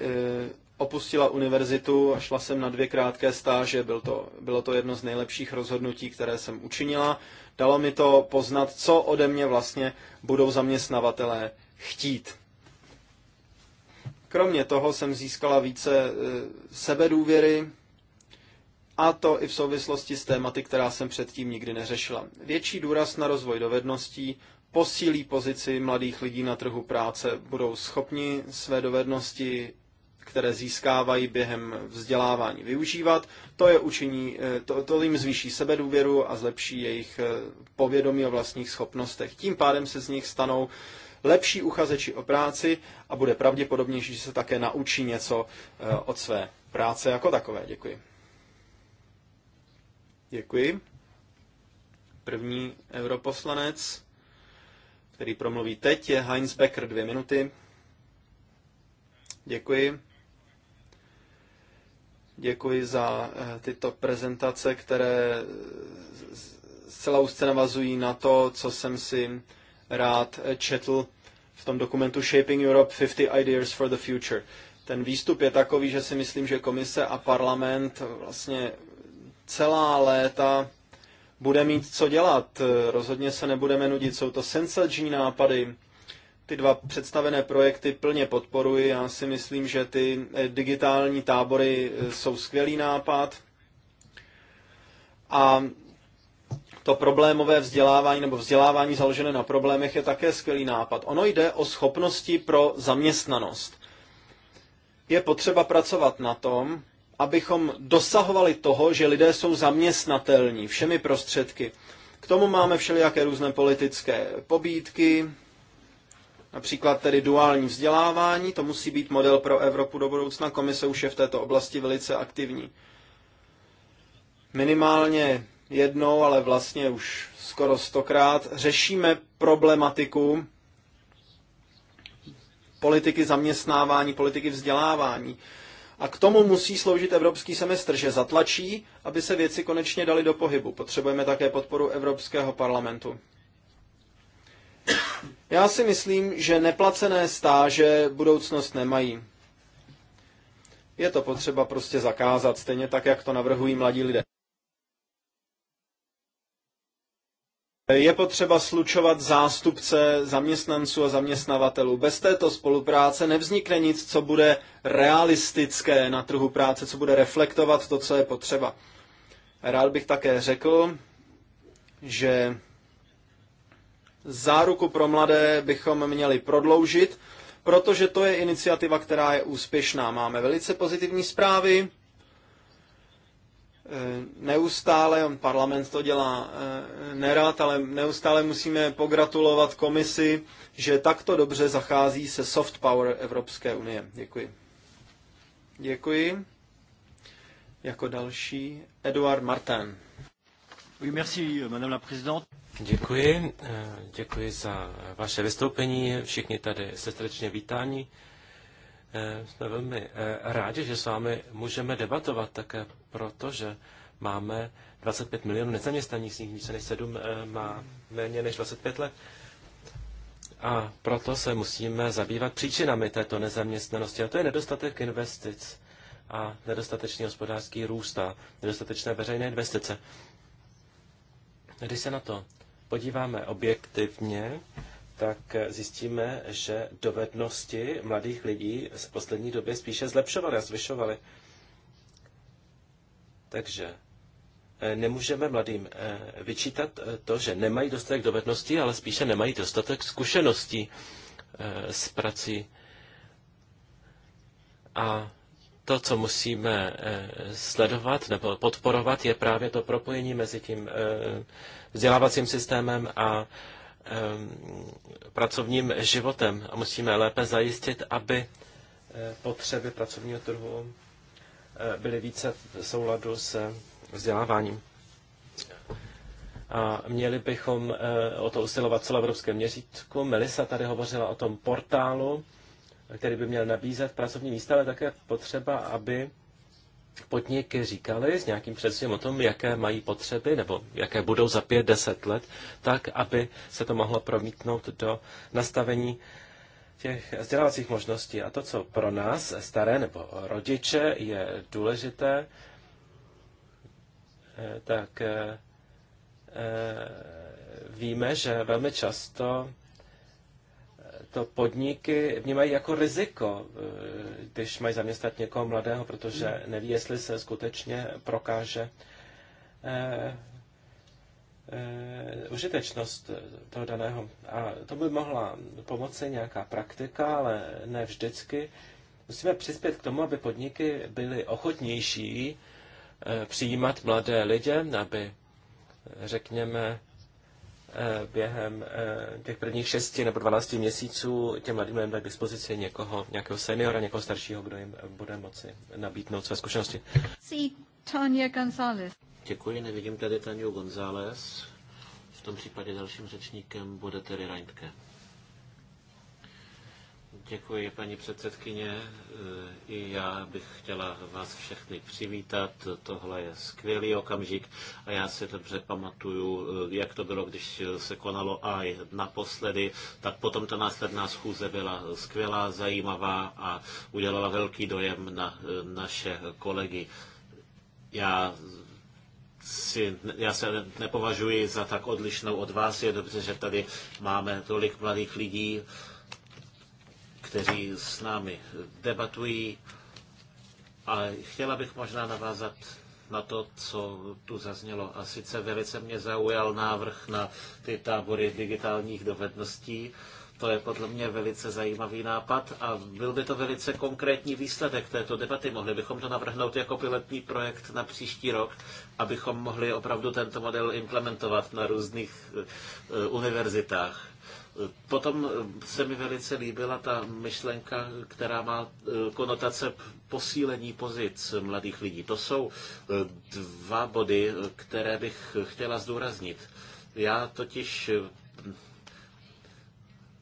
opustila univerzitu a šla jsem na dvě krátké stáže. Bylo to, bylo to jedno z nejlepších rozhodnutí, které jsem učinila. Dalo mi to poznat, co ode mě vlastně budou zaměstnavatelé chtít. Kromě toho jsem získala více e, sebedůvěry, a to i v souvislosti s tématy, která jsem předtím nikdy neřešila. Větší důraz na rozvoj dovedností posílí pozici mladých lidí na trhu práce, budou schopni své dovednosti které získávají během vzdělávání využívat. To, je učení, eh, to, to jim zvýší sebedůvěru a zlepší jejich eh, povědomí o vlastních schopnostech. Tím pádem se z nich stanou lepší uchazeči o práci a bude pravděpodobnější, že se také naučí něco eh, od své práce jako takové. Děkuji. Děkuji. První europoslanec, který promluví teď, je Heinz Becker, dvě minuty. Děkuji. Děkuji za eh, tyto prezentace, které eh, zcela úzce navazují na to, co jsem si rád eh, četl v tom dokumentu Shaping Europe 50 Ideas for the Future. Ten výstup je takový, že si myslím, že komise a parlament vlastně celá léta bude mít co dělat. Rozhodně se nebudeme nudit, jsou to sensační nápady, ty dva představené projekty plně podporuji. Já si myslím, že ty eh, digitální tábory eh, jsou skvělý nápad. A to problémové vzdělávání nebo vzdělávání založené na problémech je také skvělý nápad. Ono jde o schopnosti pro zaměstnanost. Je potřeba pracovat na tom, abychom dosahovali toho, že lidé jsou zaměstnatelní všemi prostředky. K tomu máme všelijaké různé politické pobídky, Například tedy duální vzdělávání, to musí být model pro Evropu do budoucna. Komise už je v této oblasti velice aktivní. Minimálně jednou, ale vlastně už skoro stokrát řešíme problematiku politiky zaměstnávání, politiky vzdělávání. A k tomu musí sloužit evropský semestr, že zatlačí, aby se věci konečně daly do pohybu. Potřebujeme také podporu Evropského parlamentu. Já si myslím, že neplacené stáže budoucnost nemají. Je to potřeba prostě zakázat, stejně tak, jak to navrhují mladí lidé. Je potřeba slučovat zástupce zaměstnanců a zaměstnavatelů. Bez této spolupráce nevznikne nic, co bude realistické na trhu práce, co bude reflektovat to, co je potřeba. Rád bych také řekl, že záruku pro mladé bychom měli prodloužit, protože to je iniciativa, která je úspěšná. Máme velice pozitivní zprávy, e, neustále, on parlament to dělá e, nerad, ale neustále musíme pogratulovat komisi, že takto dobře zachází se soft power Evropské unie. Děkuji. Děkuji. Jako další Eduard Martin. Oui, merci, madame la présidente. Děkuji. Eh, děkuji za vaše vystoupení. Všichni tady se srdečně vítání. Eh, jsme velmi eh, rádi, že s vámi můžeme debatovat také proto, že máme 25 milionů nezaměstnaných, z nich více než 7 má méně než 25 let. A proto se musíme zabývat příčinami této nezaměstnanosti. A to je nedostatek investic a nedostatečný hospodářský růst a nedostatečné veřejné investice. Když se na to podíváme objektivně, tak zjistíme, že dovednosti mladých lidí z poslední doby spíše zlepšovaly a zvyšovaly. Takže eh, nemůžeme mladým eh, vyčítat eh, to, že nemají dostatek dovedností, ale spíše nemají dostatek zkušeností s prací. A to, co musíme eh, sledovat nebo podporovat, je právě to propojení mezi tím eh, vzdělávacím systémem a eh, pracovním životem. A musíme lépe zajistit, aby potřeby pracovního trhu byly více v souladu s vzděláváním. A měli bychom o to usilovat celoevropské měřítku. Melisa tady hovořila o tom portálu který by měl nabízet pracovní místa, ale také potřeba, aby podniky říkali s nějakým představím o tom, jaké mají potřeby nebo jaké budou za pět deset let, tak, aby se to mohlo promítnout do nastavení těch vzdělávacích možností. A to, co pro nás, staré nebo rodiče, je důležité, eh, tak eh, eh, víme, že velmi často to podniky vnímají jako riziko, eh, když mají zaměstnat někoho mladého, protože hmm. neví, jestli se skutečně prokáže eh, eh, užitečnost toho daného. A to by mohla pomoci nějaká praktika, ale ne vždycky. Musíme přispět k tomu, aby podniky byly ochotnější přijímat mladé lidi, aby, řekněme, Eh, během eh, těch prvních šesti nebo dvanácti měsíců těm mladým lidem dát k dispozici někoho, nějakého seniora, někoho staršího, kdo jim eh, bude moci nabídnout své zkušenosti. González. Děkuji, nevidím tady Taniu González. V tom případě dalším řečníkem bude Terry Reintke. Děkuji, paní předsedkyně. E, I já bych chtěla vás všechny přivítat. Tohle je skvělý okamžik a já si dobře pamatuju, e, jak to bylo, když se konalo AI naposledy, tak potom ta následná schůze byla skvělá, zajímavá a udělala velký dojem na e, naše kolegy. Já si, já se nepovažuji za tak odlišnou od vás. Je dobře, že tady máme tolik mladých lidí, kteří s námi debatují. A chtěla bych možná navázat na to, co tu zaznělo. A sice velice mě zaujal návrh na ty tábory digitálních dovedností. To je podle mě velice zajímavý nápad a byl by to velice konkrétní výsledek této debaty. Mohli bychom to navrhnout jako pilotní projekt na příští rok, abychom mohli opravdu tento model implementovat na různých eh, univerzitách. Potom se mi velice líbila ta myšlenka, která má e, konotace posílení pozic mladých lidí. To jsou e, dva body, e, které bych chtěla zdůraznit. Já totiž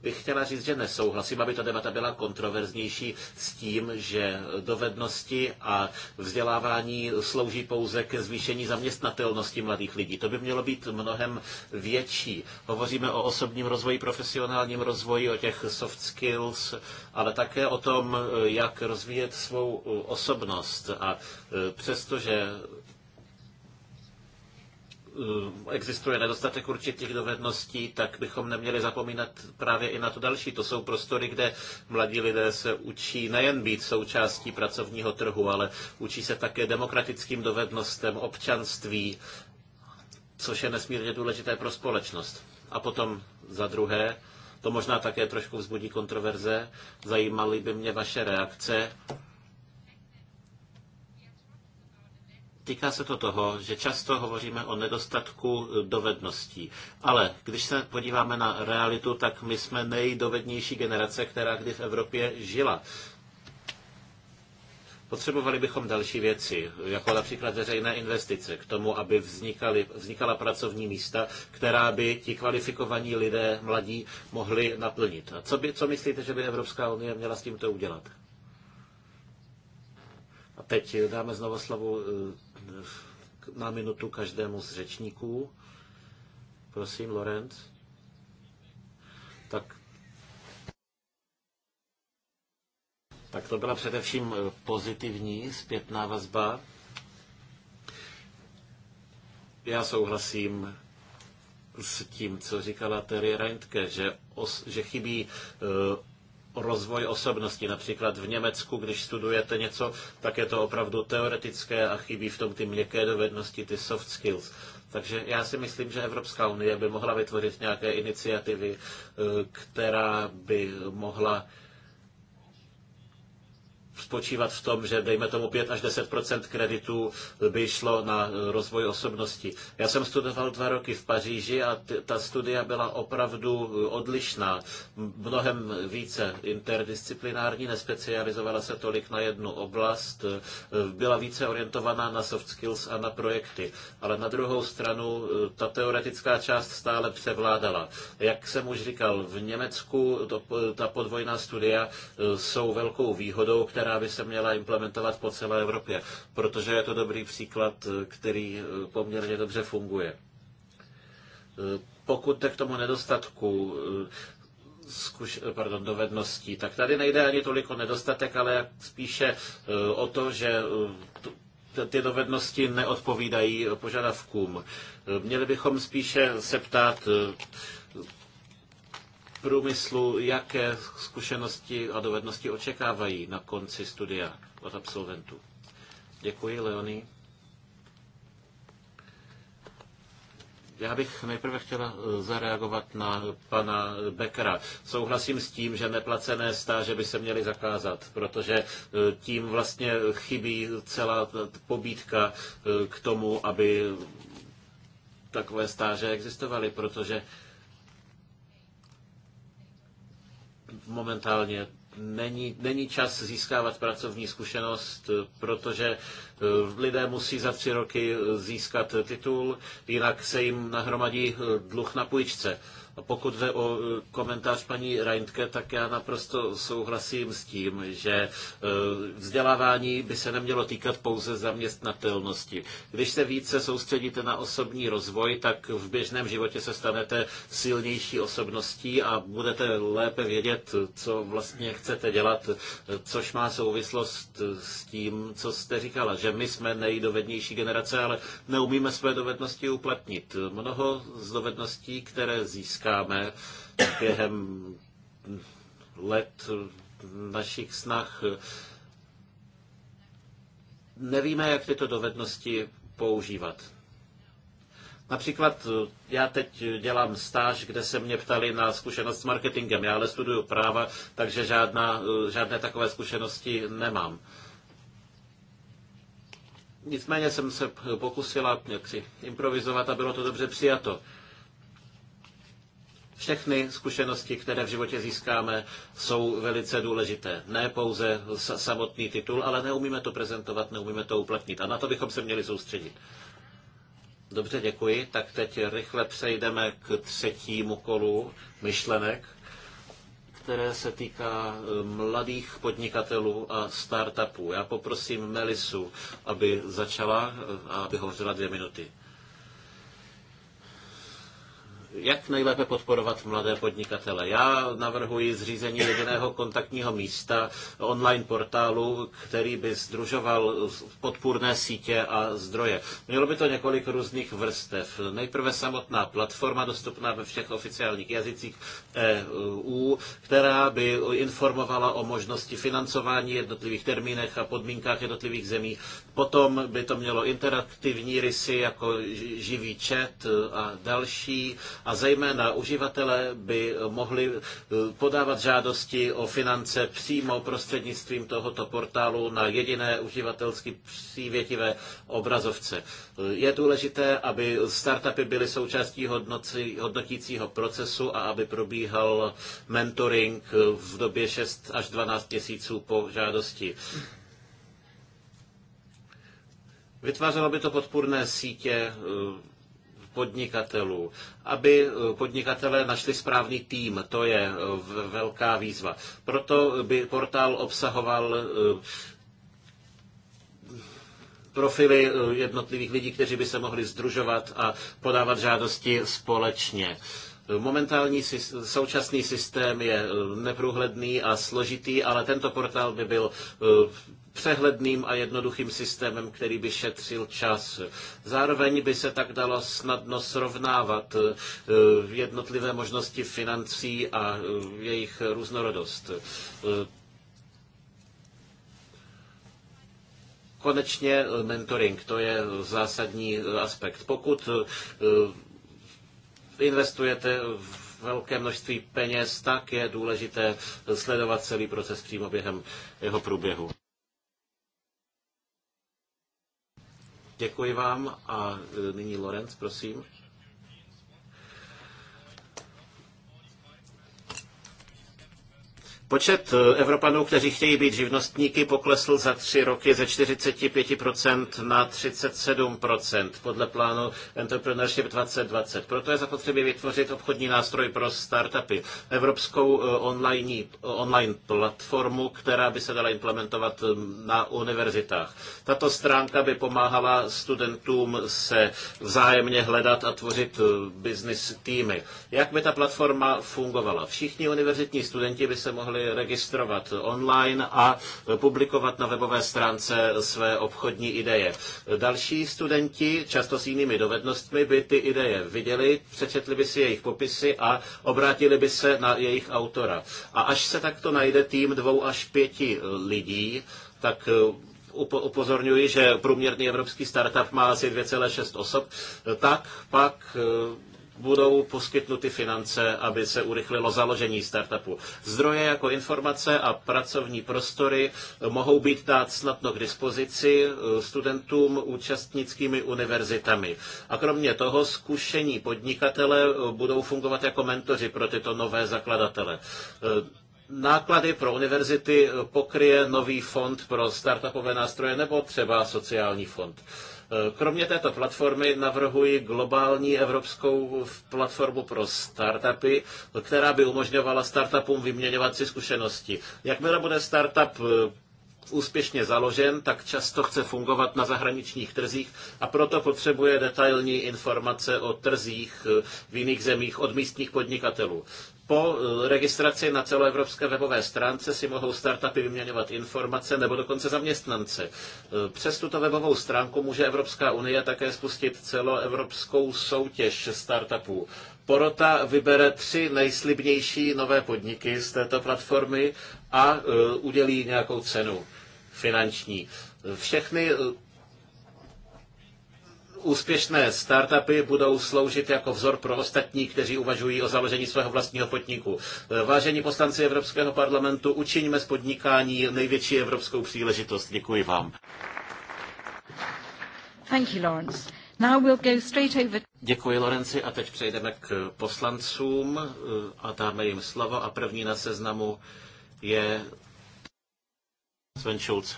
bych chtěla říct, že nesouhlasím, aby ta debata byla kontroverznější s tím, že dovednosti a vzdělávání slouží pouze ke zvýšení zaměstnatelnosti mladých lidí. To by mělo být mnohem větší. Hovoříme o osobním rozvoji, profesionálním rozvoji, o těch soft skills, ale také o tom, jak rozvíjet svou osobnost. A e, přestože Eh, existuje nedostatek určitých dovedností, tak bychom neměli zapomínat právě i na to další. To jsou prostory, kde mladí lidé se učí nejen být součástí pracovního trhu, ale učí se také demokratickým dovednostem, občanství, což je nesmírně důležité pro společnost. A potom za druhé, to možná také trošku vzbudí kontroverze, zajímaly by mě vaše reakce Týká se to toho, že často hovoříme o nedostatku eh, dovedností. Ale když se podíváme na realitu, tak my jsme nejdovednější generace, která kdy v Evropě žila. Potřebovali bychom další věci, jako například veřejné investice, k tomu, aby vznikaly, vznikala pracovní místa, která by ti kvalifikovaní lidé, mladí, mohli naplnit. A co, by, co myslíte, že by Evropská unie měla s tímto udělat? A teď eh, dáme znovu slovo eh, na minutu každému z řečníků. Prosím, Lorenz. Tak Tak to byla především eh, pozitivní zpětná vazba. Já souhlasím s tím, co říkala Terry Reintke, že, os, že chybí uh, rozvoj osobnosti. Například v Německu, když studujete něco, tak je to opravdu teoretické a chybí v tom ty měkké dovednosti, ty soft skills. Takže já si myslím, že Evropská unie by mohla vytvořit nějaké iniciativy, eh, která by mohla spočívat v tom, že dejme tomu 5 až 10 kreditů by šlo na eh, rozvoj osobnosti. Já jsem studoval dva roky v Paříži a ta studia byla opravdu eh, odlišná, mnohem více interdisciplinární, nespecializovala se tolik na jednu oblast, eh, byla více orientovaná na soft skills a na projekty. Ale na druhou stranu ta teoretická část stále převládala. Jak jsem už říkal, v Německu to, ta podvojná studia jsou velkou výhodou, která která by se měla implementovat po celé Evropě, protože je to dobrý příklad, který eh, poměrně dobře funguje. Eh, pokud jde k tomu nedostatku eh, zkuš, pardon, dovedností, tak tady nejde ani tolik o nedostatek, ale spíše o to, že ty dovednosti neodpovídají požadavkům. Měli bychom spíše se ptát, průmyslu, jaké zkušenosti a dovednosti očekávají na konci studia od absolventů. Děkuji, Leonie. Já bych nejprve chtěla eh, zareagovat na pana Beckera. Souhlasím s tím, že neplacené stáže by se měly zakázat, protože eh, tím vlastně chybí celá pobídka eh, k tomu, aby takové stáže existovaly, protože momentálně není, není čas získávat pracovní zkušenost, protože eh, lidé musí za tři roky eh, získat titul, jinak se jim nahromadí eh, dluh na půjčce. Pokud jde o e, komentář paní Reintke, tak já naprosto souhlasím s tím, že e, vzdělávání by se nemělo týkat pouze zaměstnatelnosti. Když se více soustředíte na osobní rozvoj, tak v běžném životě se stanete silnější osobností a budete lépe vědět, co vlastně chcete dělat, což má souvislost s tím, co jste říkala, že my jsme nejdovednější generace, ale neumíme své dovednosti uplatnit. Mnoho z dovedností, které získáváme získáme během let našich snah. Nevíme, jak tyto dovednosti používat. Například já teď dělám stáž, kde se mě ptali na zkušenost s marketingem. Já ale studuju práva, takže žádná, žádné takové zkušenosti nemám. Nicméně jsem se pokusila jaksi improvizovat a bylo to dobře přijato. Všechny zkušenosti, které v životě získáme, jsou velice důležité. Ne pouze samotný titul, ale neumíme to prezentovat, neumíme to uplatnit. A na to bychom se měli soustředit. Dobře, děkuji. Tak teď rychle přejdeme k třetímu kolu myšlenek, které se týká eh, mladých podnikatelů a startupů. Já poprosím Melisu, aby začala eh, a aby hovořila dvě minuty jak nejlépe podporovat mladé podnikatele. Já navrhuji zřízení jediného kontaktního místa, online portálu, který by združoval podpůrné sítě a zdroje. Mělo by to několik různých vrstev. Nejprve samotná platforma dostupná ve všech oficiálních jazycích EU, která by informovala o možnosti financování jednotlivých termínech a podmínkách jednotlivých zemí Potom by to mělo interaktivní rysy jako živý chat e, a další a zejména uživatelé by mohli e, podávat žádosti o finance přímo prostřednictvím tohoto portálu na jediné uživatelsky přívětivé obrazovce. E, je důležité, aby startupy byly součástí hodnoci, hodnotícího procesu a aby probíhal mentoring v době 6 až 12 měsíců po žádosti. Vytvářelo by to podpůrné sítě eh, podnikatelů, aby eh, podnikatelé našli správný tým. To je eh, velká výzva. Proto by portál obsahoval profily jednotlivých lidí, kteří by se mohli združovat a podávat žádosti společně. Momentální současný systém je neprůhledný a složitý, ale tento portál by byl přehledným a jednoduchým systémem, který by šetřil čas. Zároveň by se tak dalo snadno srovnávat eh, jednotlivé možnosti financí a eh, jejich různorodost. Eh, konečně mentoring, to je zásadní aspekt. Pokud investujete v velké množství peněz, tak je důležité sledovat celý proces přímo během jeho průběhu. Děkuji vám a e, nyní Lorenz, prosím. Počet eh, Evropanů, kteří chtějí být živnostníky, poklesl za tři roky ze 45% na 37% podle plánu Entrepreneurship 2020. Proto je zapotřebí vytvořit obchodní nástroj pro startupy, evropskou eh, online, online platformu, která by se dala implementovat eh, na univerzitách. Tato stránka by pomáhala studentům se vzájemně hledat a tvořit business týmy. Jak by ta platforma fungovala? Všichni univerzitní studenti by se mohli registrovat online a publikovat na webové stránce své obchodní ideje. Další studenti, často s jinými dovednostmi, by ty ideje viděli, přečetli by si jejich popisy a obrátili by se na jejich autora. A až se takto najde tým dvou až pěti lidí, tak eh, upozorňuji, že průměrný evropský startup má asi 2,6 osob, tak pak eh, budou poskytnuty finance, aby se urychlilo založení startupu. Zdroje jako informace a pracovní prostory mohou být dát snadno k dispozici eh, studentům účastnickými univerzitami. A kromě toho zkušení podnikatele eh, budou fungovat jako mentoři pro tyto nové zakladatele. Eh, náklady pro univerzity pokryje nový fond pro startupové nástroje nebo třeba sociální fond. Eh, kromě této platformy navrhuji globální evropskou platformu pro startupy, která by umožňovala startupům vyměňovat si zkušenosti. Jakmile bude startup eh, úspěšně založen, tak často chce fungovat na zahraničních trzích a proto potřebuje detailní informace o trzích eh, v jiných zemích od místních podnikatelů. Po eh, registraci na celoevropské webové stránce si mohou startupy vyměňovat informace nebo dokonce zaměstnance. Eh, přes tuto webovou stránku může Evropská unie také spustit celoevropskou soutěž startupů. Porota vybere tři nejslibnější nové podniky z této platformy a eh, udělí nějakou cenu finanční. Všechny úspěšné startupy budou sloužit jako vzor pro ostatní, kteří uvažují o založení svého vlastního podniku. Vážení poslanci Evropského parlamentu, učiňme z podnikání největší evropskou příležitost. Děkuji vám. Thank you, Lawrence. Now we'll go straight over... Děkuji, Lorenci, a teď přejdeme k poslancům eh, a dáme jim slovo. A první na seznamu je Sven Schulz.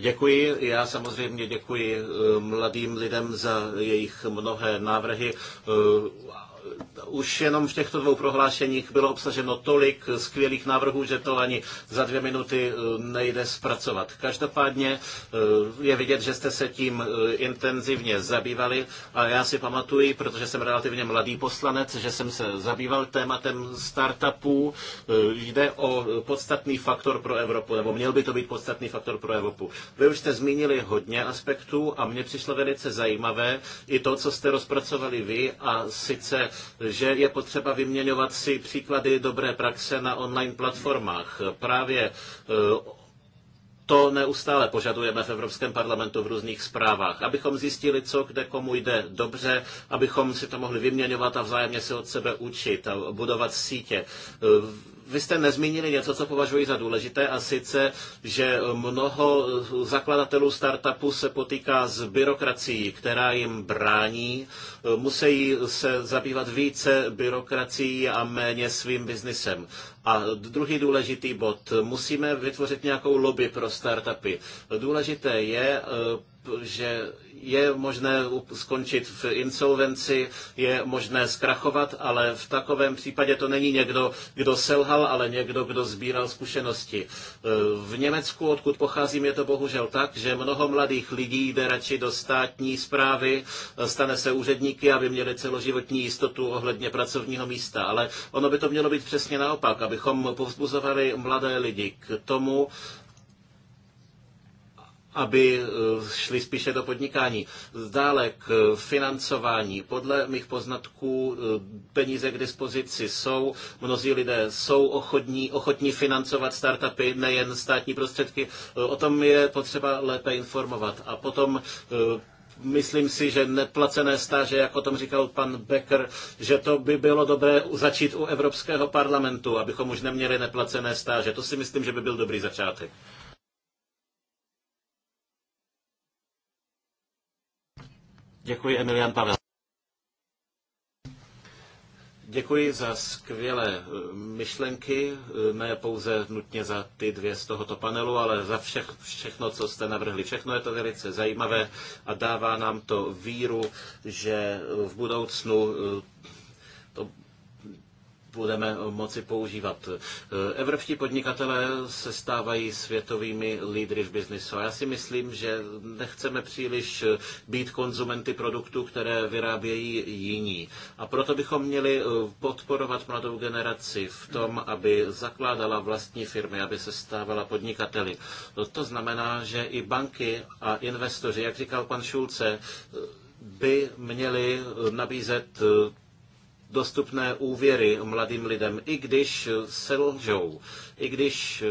Děkuji. Já samozřejmě děkuji eh, mladým lidem za jejich mnohé návrhy eh, už jenom v těchto dvou prohlášeních bylo obsaženo tolik skvělých návrhů, že to ani za dvě minuty e, nejde zpracovat. Každopádně e, je vidět, že jste se tím e, intenzivně zabývali a já si pamatuji, protože jsem relativně mladý poslanec, že jsem se zabýval tématem startupů. Jde o podstatný faktor pro Evropu, nebo měl by to být podstatný faktor pro Evropu. Vy už jste zmínili hodně aspektů a mně přišlo velice zajímavé i to, co jste rozpracovali vy a sice že je potřeba vyměňovat si příklady dobré praxe na online platformách. Právě eh, to neustále požadujeme v Evropském parlamentu v různých zprávách, abychom zjistili, co kde komu jde dobře, abychom si to mohli vyměňovat a vzájemně se od sebe učit a budovat sítě. Eh, vy jste nezmínili něco, co považuji za důležité, a sice, že mnoho zakladatelů startupů se potýká s byrokracií, která jim brání. Musí se zabývat více byrokracií a méně svým biznisem. A druhý důležitý bod. Musíme vytvořit nějakou lobby pro startupy. Důležité je, že je možné skončit v insolvenci, je možné zkrachovat, ale v takovém případě to není někdo, kdo selhal, ale někdo, kdo sbíral zkušenosti. E, v Německu, odkud pocházím, je to bohužel tak, že mnoho mladých lidí jde radši do státní zprávy, e, stane se úředníky, aby měli celoživotní jistotu ohledně pracovního místa. Ale ono by to mělo být přesně naopak, abychom povzbuzovali mladé lidi k tomu, aby eh, šli spíše do podnikání. Dále k eh, financování. Podle mých poznatků eh, peníze k dispozici jsou. Mnozí lidé jsou ochotní, ochotní financovat startupy, nejen státní prostředky. O tom je potřeba lépe informovat. A potom myslím si, že neplacené stáže, jak o tom říkal pan Becker, že to by bylo dobré začít u Evropského parlamentu, abychom už neměli neplacené stáže. To si myslím, že by byl dobrý začátek. Děkuji, Emilian Pavel. Děkuji za skvělé eh, myšlenky, eh, ne pouze nutně za ty dvě z tohoto panelu, ale za všechno, co jste navrhli. Všechno je to velice zajímavé a dává nám to víru, že v budoucnu eh, budeme moci používat. Evropští podnikatelé se stávají světovými lídry v biznisu a já si myslím, že nechceme příliš být konzumenty produktů, které vyrábějí jiní. A proto bychom měli eh, podporovat mladou generaci v tom, aby zakládala vlastní firmy, aby se stávala podnikateli. To znamená, že i banky a investoři, jak říkal pan Šulce, eh, by měli nabízet eh, dostupné úvěry mladým lidem, i když selžou, i když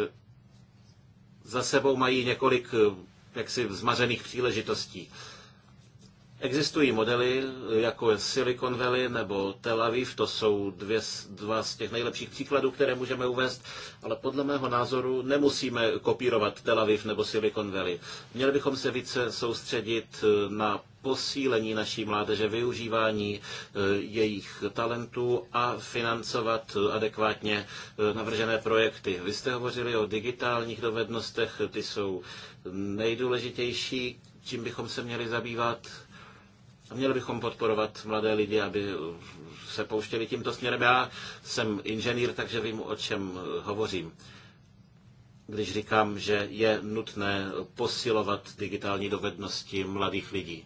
za sebou mají několik jaksi zmařených příležitostí. Existují modely jako Silicon Valley nebo Tel Aviv, to jsou dvě, dva z těch nejlepších příkladů, které můžeme uvést, ale podle mého názoru nemusíme kopírovat Tel Aviv nebo Silicon Valley. Měli bychom se více soustředit na posílení naší mládeže, využívání e, jejich talentů a financovat adekvátně e, navržené projekty. Vy jste hovořili o digitálních dovednostech, ty jsou nejdůležitější, čím bychom se měli zabývat. Měli bychom podporovat mladé lidi, aby se pouštěli tímto směrem. Já jsem inženýr, takže vím, o čem hovořím když říkám, že je nutné posilovat digitální dovednosti mladých lidí.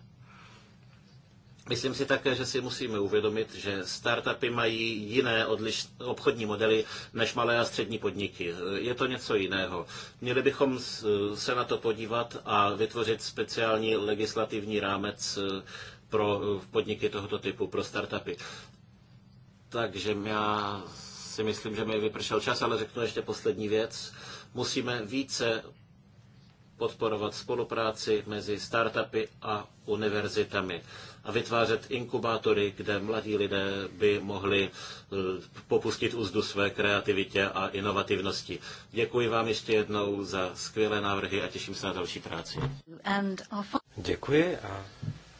Myslím si také, že si musíme uvědomit, že startupy mají jiné odliš- obchodní modely než malé a střední podniky. Je to něco jiného. Měli bychom se na to podívat a vytvořit speciální legislativní rámec eh, pro eh, podniky tohoto typu, pro startupy. Takže já si myslím, že mi vypršel čas, ale řeknu ještě poslední věc. Musíme více podporovat spolupráci mezi startupy a univerzitami a vytvářet inkubátory, kde mladí lidé by mohli eh, popustit úzdu své kreativitě a inovativnosti. Děkuji vám ještě jednou za skvělé návrhy a těším se na další práci. Děkuji a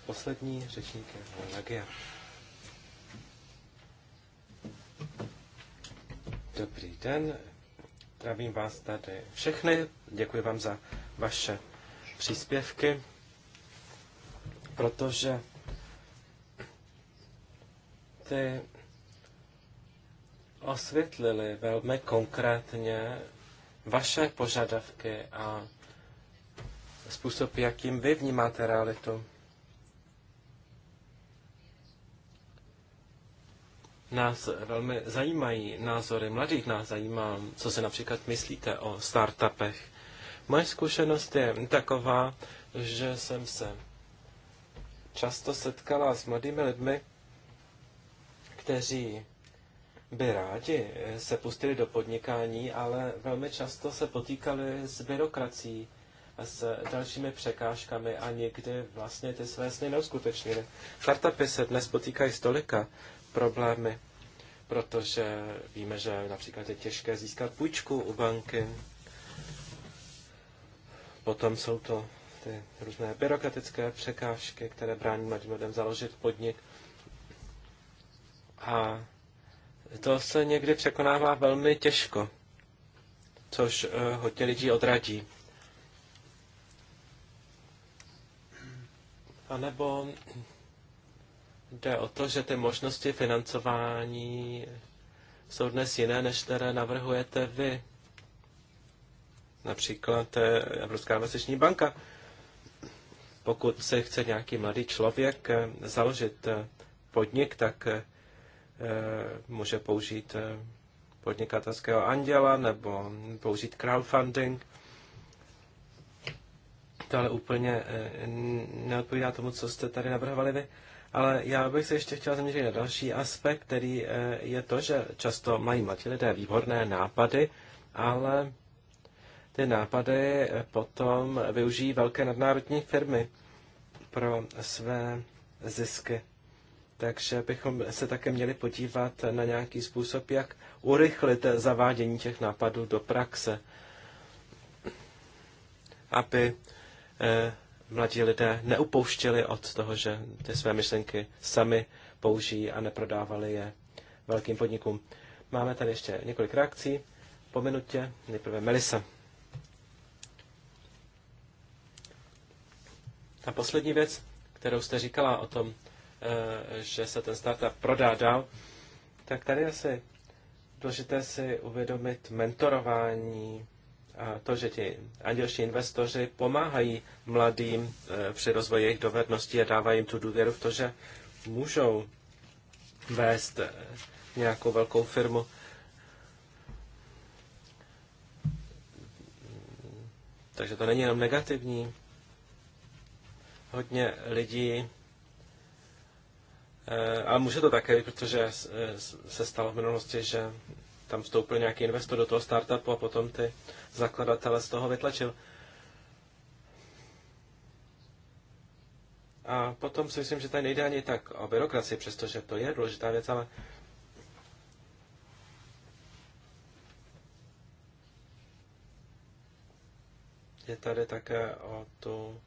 poslední řečník je Dobrý den, zdravím vás tady všechny, děkuji vám za vaše příspěvky, protože ty osvětlili velmi konkrétně vaše požadavky a způsob, jakým vy vnímáte realitu. Nás velmi zajímají názory mladých, nás zajímá, co se například myslíte o startupech. Moje zkušenost je taková, že jsem se často setkala s mladými lidmi, kteří by rádi se pustili do podnikání, ale velmi často se potýkali s byrokracií a s dalšími překážkami a nikdy vlastně ty své sny neuskutečnili. Startupy se dnes potýkají s tolika problémy, protože víme, že například je těžké získat půjčku u banky. Potom jsou to ty různé byrokratické překážky, které brání mladým lidem založit podnik. A to se někdy překonává velmi těžko, což eh, hodně lidí odradí. A nebo jde o to, že ty možnosti financování jsou dnes jiné, než které navrhujete vy. Například eh, Evropská investiční banka. Pokud se chce nějaký mladý člověk eh, založit podnik, tak Eh, může použít eh, podnikatelského anděla nebo použít crowdfunding. To ale úplně eh, neodpovídá tomu, co jste tady navrhovali vy. Ale já bych se ještě chtěl zaměřit na další aspekt, který je to, že často mají mladí lidé výborné nápady, ale ty nápady potom využijí velké nadnárodní firmy pro své zisky. Takže bychom se také měli podívat na nějaký způsob, jak urychlit zavádění těch nápadů do praxe, aby eh, mladí lidé neupouštěli od toho, že ty své myšlenky sami použijí a neprodávali je velkým podnikům. Máme tady ještě několik reakcí. Po minutě nejprve Melisa. Ta poslední věc, kterou jste říkala o tom Eh, že se ten startup prodá dál, tak tady asi důležité si uvědomit mentorování a to, že ti andělští investoři pomáhají mladým eh, při rozvoji jejich dovedností a dávají jim tu důvěru v to, že můžou vést eh, nějakou velkou firmu. Takže to není jenom negativní. Hodně lidí Eh, a může to také, protože eh, eh, se stalo v minulosti, že tam vstoupil nějaký investor do toho startupu a potom ty zakladatele z toho vytlačil. A potom si myslím, že tady nejde ani tak o byrokracii, přestože to je důležitá věc, ale je tady také o tu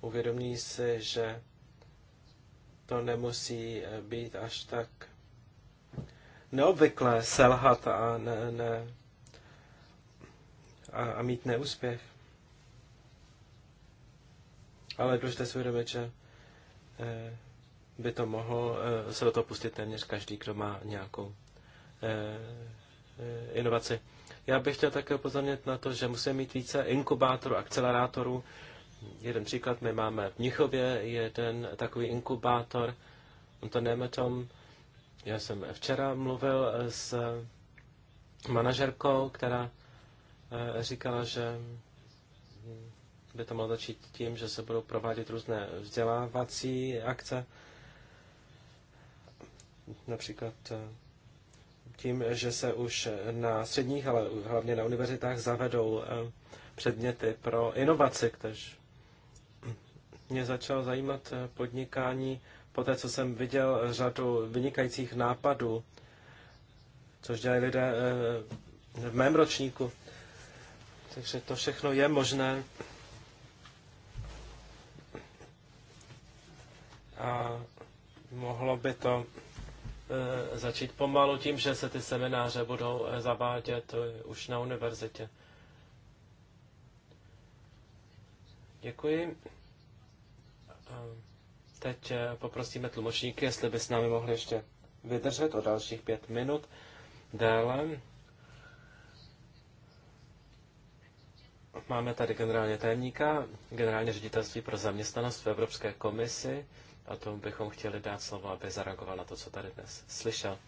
uvědomí si, že to nemusí eh, být až tak neobvyklé selhat a, ne, ne, a, a mít neúspěch. Ale důležité si uvědomit, že eh, by to mohlo eh, se do toho pustit téměř každý, kdo má nějakou inovaci. Já bych chtěl také upozornit na to, že musíme mít více inkubátorů, akcelerátorů, jeden příklad, my máme v Mnichově jeden takový inkubátor, on to tom. já jsem včera mluvil s manažerkou, která eh, říkala, že by to mohlo začít tím, že se budou provádět různé vzdělávací akce, například eh, tím, že se už na středních, ale hlavně na univerzitách zavedou eh, předměty pro inovaci, takže mě začalo zajímat eh, podnikání po té, co jsem viděl řadu vynikajících nápadů, což dělají lidé eh, v mém ročníku. Takže to všechno je možné. A mohlo by to eh, začít pomalu tím, že se ty semináře budou zavádět už na univerzitě. Děkuji. Teď eh, poprosíme tlumočníky, jestli by s námi mohli ještě vydržet o dalších pět minut déle. Máme tady generálně tajemníka, generálně ředitelství pro zaměstnanost v Evropské komisi a tomu bychom chtěli dát slovo, aby zareagoval na to, co tady dnes slyšel.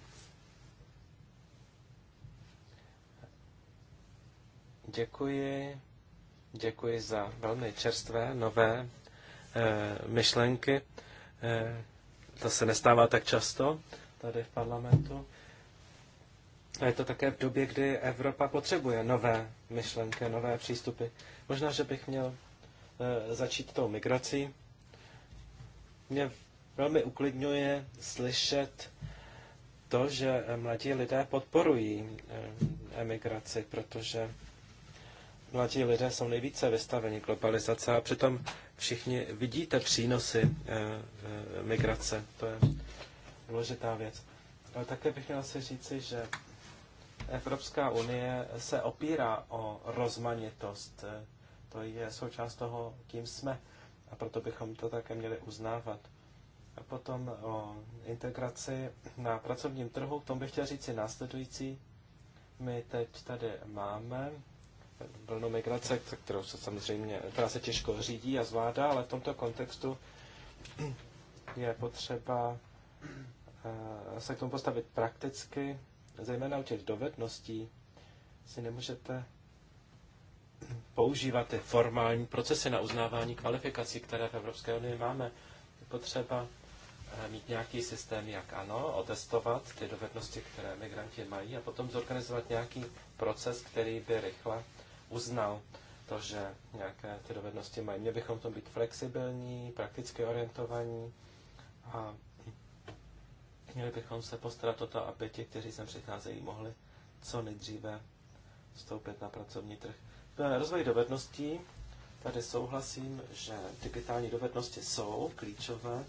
Děkuji. Děkuji za velmi čerstvé, nové Eh, myšlenky. Eh, to se nestává tak často tady v parlamentu. A je to také v době, kdy Evropa potřebuje nové myšlenky, nové přístupy. Možná, že bych měl eh, začít tou migrací. Mě velmi uklidňuje slyšet to, že mladí lidé podporují emigraci, protože mladí lidé jsou nejvíce vystaveni globalizace a přitom všichni vidíte přínosy eh, eh migrace. To je důležitá věc. Ale také bych měl si říci, že Evropská unie se opírá o rozmanitost. Eh, to je součást toho, kým jsme. A proto bychom to také měli uznávat. A potom o integraci na pracovním trhu, k tomu bych chtěl říci následující. My teď tady máme vlnu migrace, kterou se samozřejmě, která se těžko řídí a zvládá, ale v tomto kontextu je potřeba eh, se k tomu postavit prakticky, zejména u těch dovedností si nemůžete používat ty formální procesy na uznávání kvalifikací, které v Evropské unii máme. Je potřeba eh, mít nějaký systém, jak ano, otestovat ty dovednosti, které migranti mají a potom zorganizovat nějaký proces, který by rychle uznal to, že nějaké ty dovednosti mají. Měli bychom to být flexibilní, prakticky orientovaní a měli bychom se postarat o to, aby ti, kteří sem přicházejí, mohli co nejdříve vstoupit na pracovní trh. No rozvoj dovedností. Tady souhlasím, že digitální dovednosti jsou klíčové.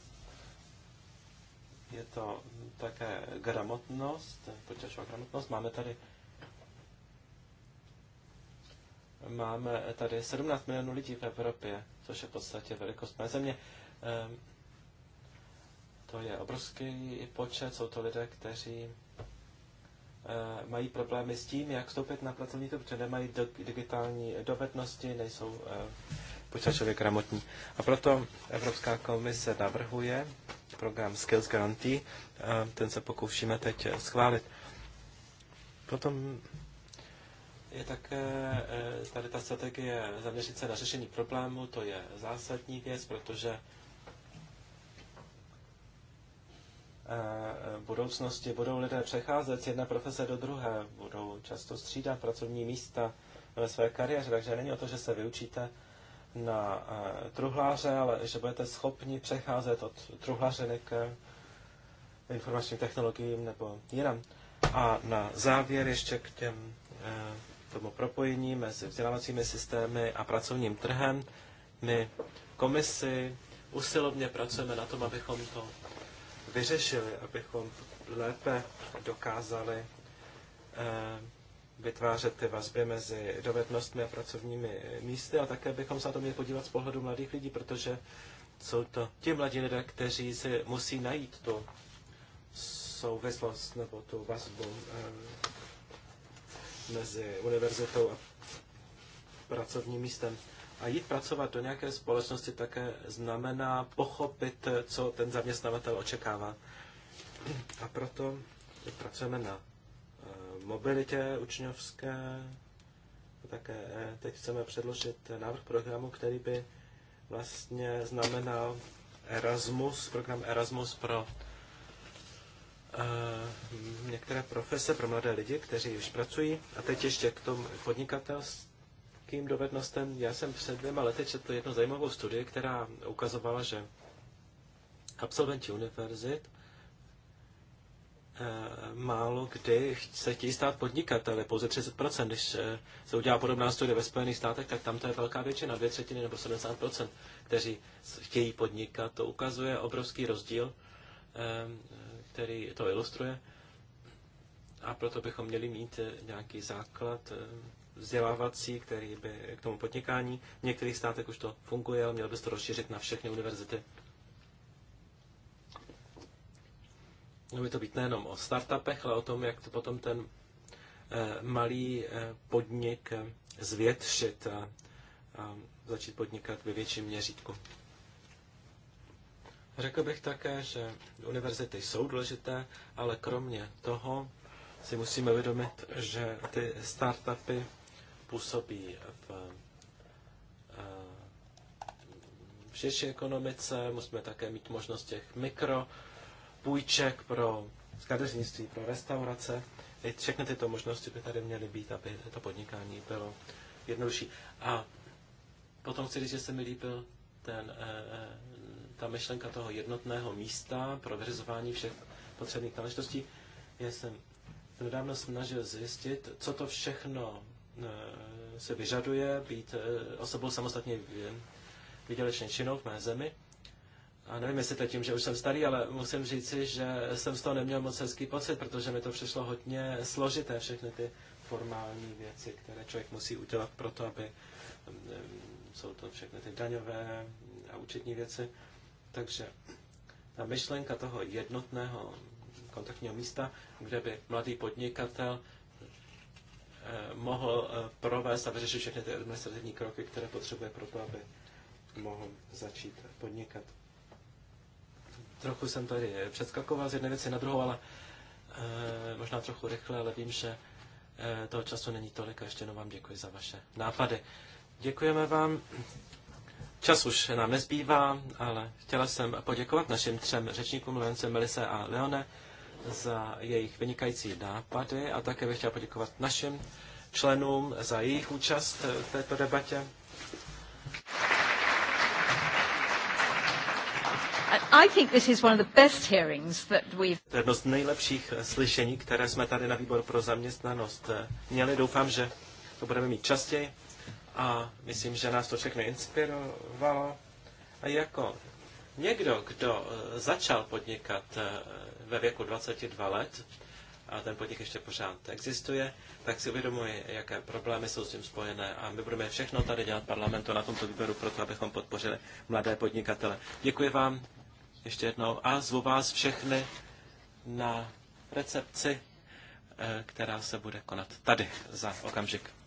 Je to také gramotnost, počítačová gramotnost. Máme tady Máme tady 17 milionů lidí v Evropě, což je v podstatě velikost mé země. Ehm, to je obrovský počet, jsou to lidé, kteří eh, mají problémy s tím, jak vstoupit na pracovní trh, protože nemají digitální dovednosti, nejsou eh, počítačově gramotní. A proto Evropská komise navrhuje program Skills Guarantee, eh, ten se pokoušíme teď schválit. Potom je také eh, tady ta strategie zaměřit se na řešení problému, to je zásadní věc, protože eh, v budoucnosti budou lidé přecházet z jedné profese do druhé, budou často střídat pracovní místa ve své kariéře, takže není o to, že se vyučíte na eh, truhláře, ale že budete schopni přecházet od truhlařiny k informačním technologiím nebo jinam. A na závěr ještě k těm tomu propojení mezi vzdělávacími systémy a pracovním trhem. My komisi usilovně pracujeme na tom, abychom to vyřešili, abychom lépe dokázali eh, vytvářet ty vazby mezi dovednostmi a pracovními místy a také bychom se na to měli podívat z pohledu mladých lidí, protože jsou to ti mladí lidé, kteří si musí najít tu souvislost nebo tu vazbu eh, mezi univerzitou a pracovním místem. A jít pracovat do nějaké společnosti také znamená pochopit, co ten zaměstnavatel očekává. A proto pracujeme na eh, mobilitě učňovské. Také eh, teď chceme předložit návrh programu, který by vlastně znamenal Erasmus, program Erasmus pro Eh, některé profese pro mladé lidi, kteří už pracují. A teď ještě k tomu podnikatelským dovednostem. Já jsem před dvěma lety četl jednu zajímavou studii, která ukazovala, že absolventi univerzit eh, málo kdy se chtějí stát podnikateli, pouze 30%. Když eh, se udělá podobná studie ve Spojených státech, tak tam to je velká většina, dvě třetiny nebo 70%, kteří chtějí podnikat. To ukazuje obrovský rozdíl který to ilustruje. A proto bychom měli mít eh, nějaký základ eh, vzdělávací, který by k tomu podnikání. V některých státech už to funguje, ale měl by se to rozšířit na všechny univerzity. Mělo by to být nejenom o startupech, ale o tom, jak to potom ten eh, malý podnik zvětšit a začít podnikat ve větším měřítku. Řekl bych také, že univerzity jsou důležité, ale kromě toho si musíme uvědomit, že ty startupy působí v, eh, v širší ekonomice, musíme také mít možnost těch mikropůjček pro skadeřnictví, pro restaurace. I všechny tyto možnosti by tady měly být, aby to podnikání bylo jednodušší. A potom chci říct, že se mi líbil ten eh, eh, ta myšlenka toho jednotného místa pro vyřizování všech potřebných náležitostí. Já jsem nedávno snažil zjistit, co to všechno e, se vyžaduje být e, osobou samostatně vydělečně činnou v mé zemi. A nevím, jestli to tím, že už jsem starý, ale musím říci, že jsem z toho neměl moc hezký pocit, protože mi to přišlo hodně složité, všechny ty formální věci, které člověk musí udělat pro to, aby e, jsou to všechny ty daňové a účetní věci. Takže ta myšlenka toho jednotného kontaktního místa, kde by mladý podnikatel eh, mohl eh, provést a vyřešit všechny ty administrativní kroky, které potřebuje pro to, aby mohl začít podnikat. Trochu jsem tady přeskakoval z jedné věci na druhou, ale eh, možná trochu rychle, ale vím, že toho času není tolik a ještě jenom vám děkuji za vaše nápady. Děkujeme vám. Čas už nám nezbývá, ale chtěla jsem poděkovat našim třem řečníkům, Lence, Melise a Leone, za jejich vynikající nápady a také bych chtěla poděkovat našim členům za jejich účast v této debatě. I think this is one of the best hearings that we've... jedno z nejlepších slyšení, které jsme tady na výboru pro zaměstnanost měli. Doufám, že to budeme mít častěji. A myslím, že nás to všechno inspirovalo. A jako někdo, kdo e, začal podnikat e, ve věku 22 let, a ten podnik ještě pořád existuje, tak si uvědomuji, jaké problémy jsou s tím spojené. A my budeme všechno tady dělat parlamentu na tomto výboru, proto abychom podpořili mladé podnikatele. Děkuji vám ještě jednou a zvu vás všechny na recepci, e, která se bude konat tady za okamžik.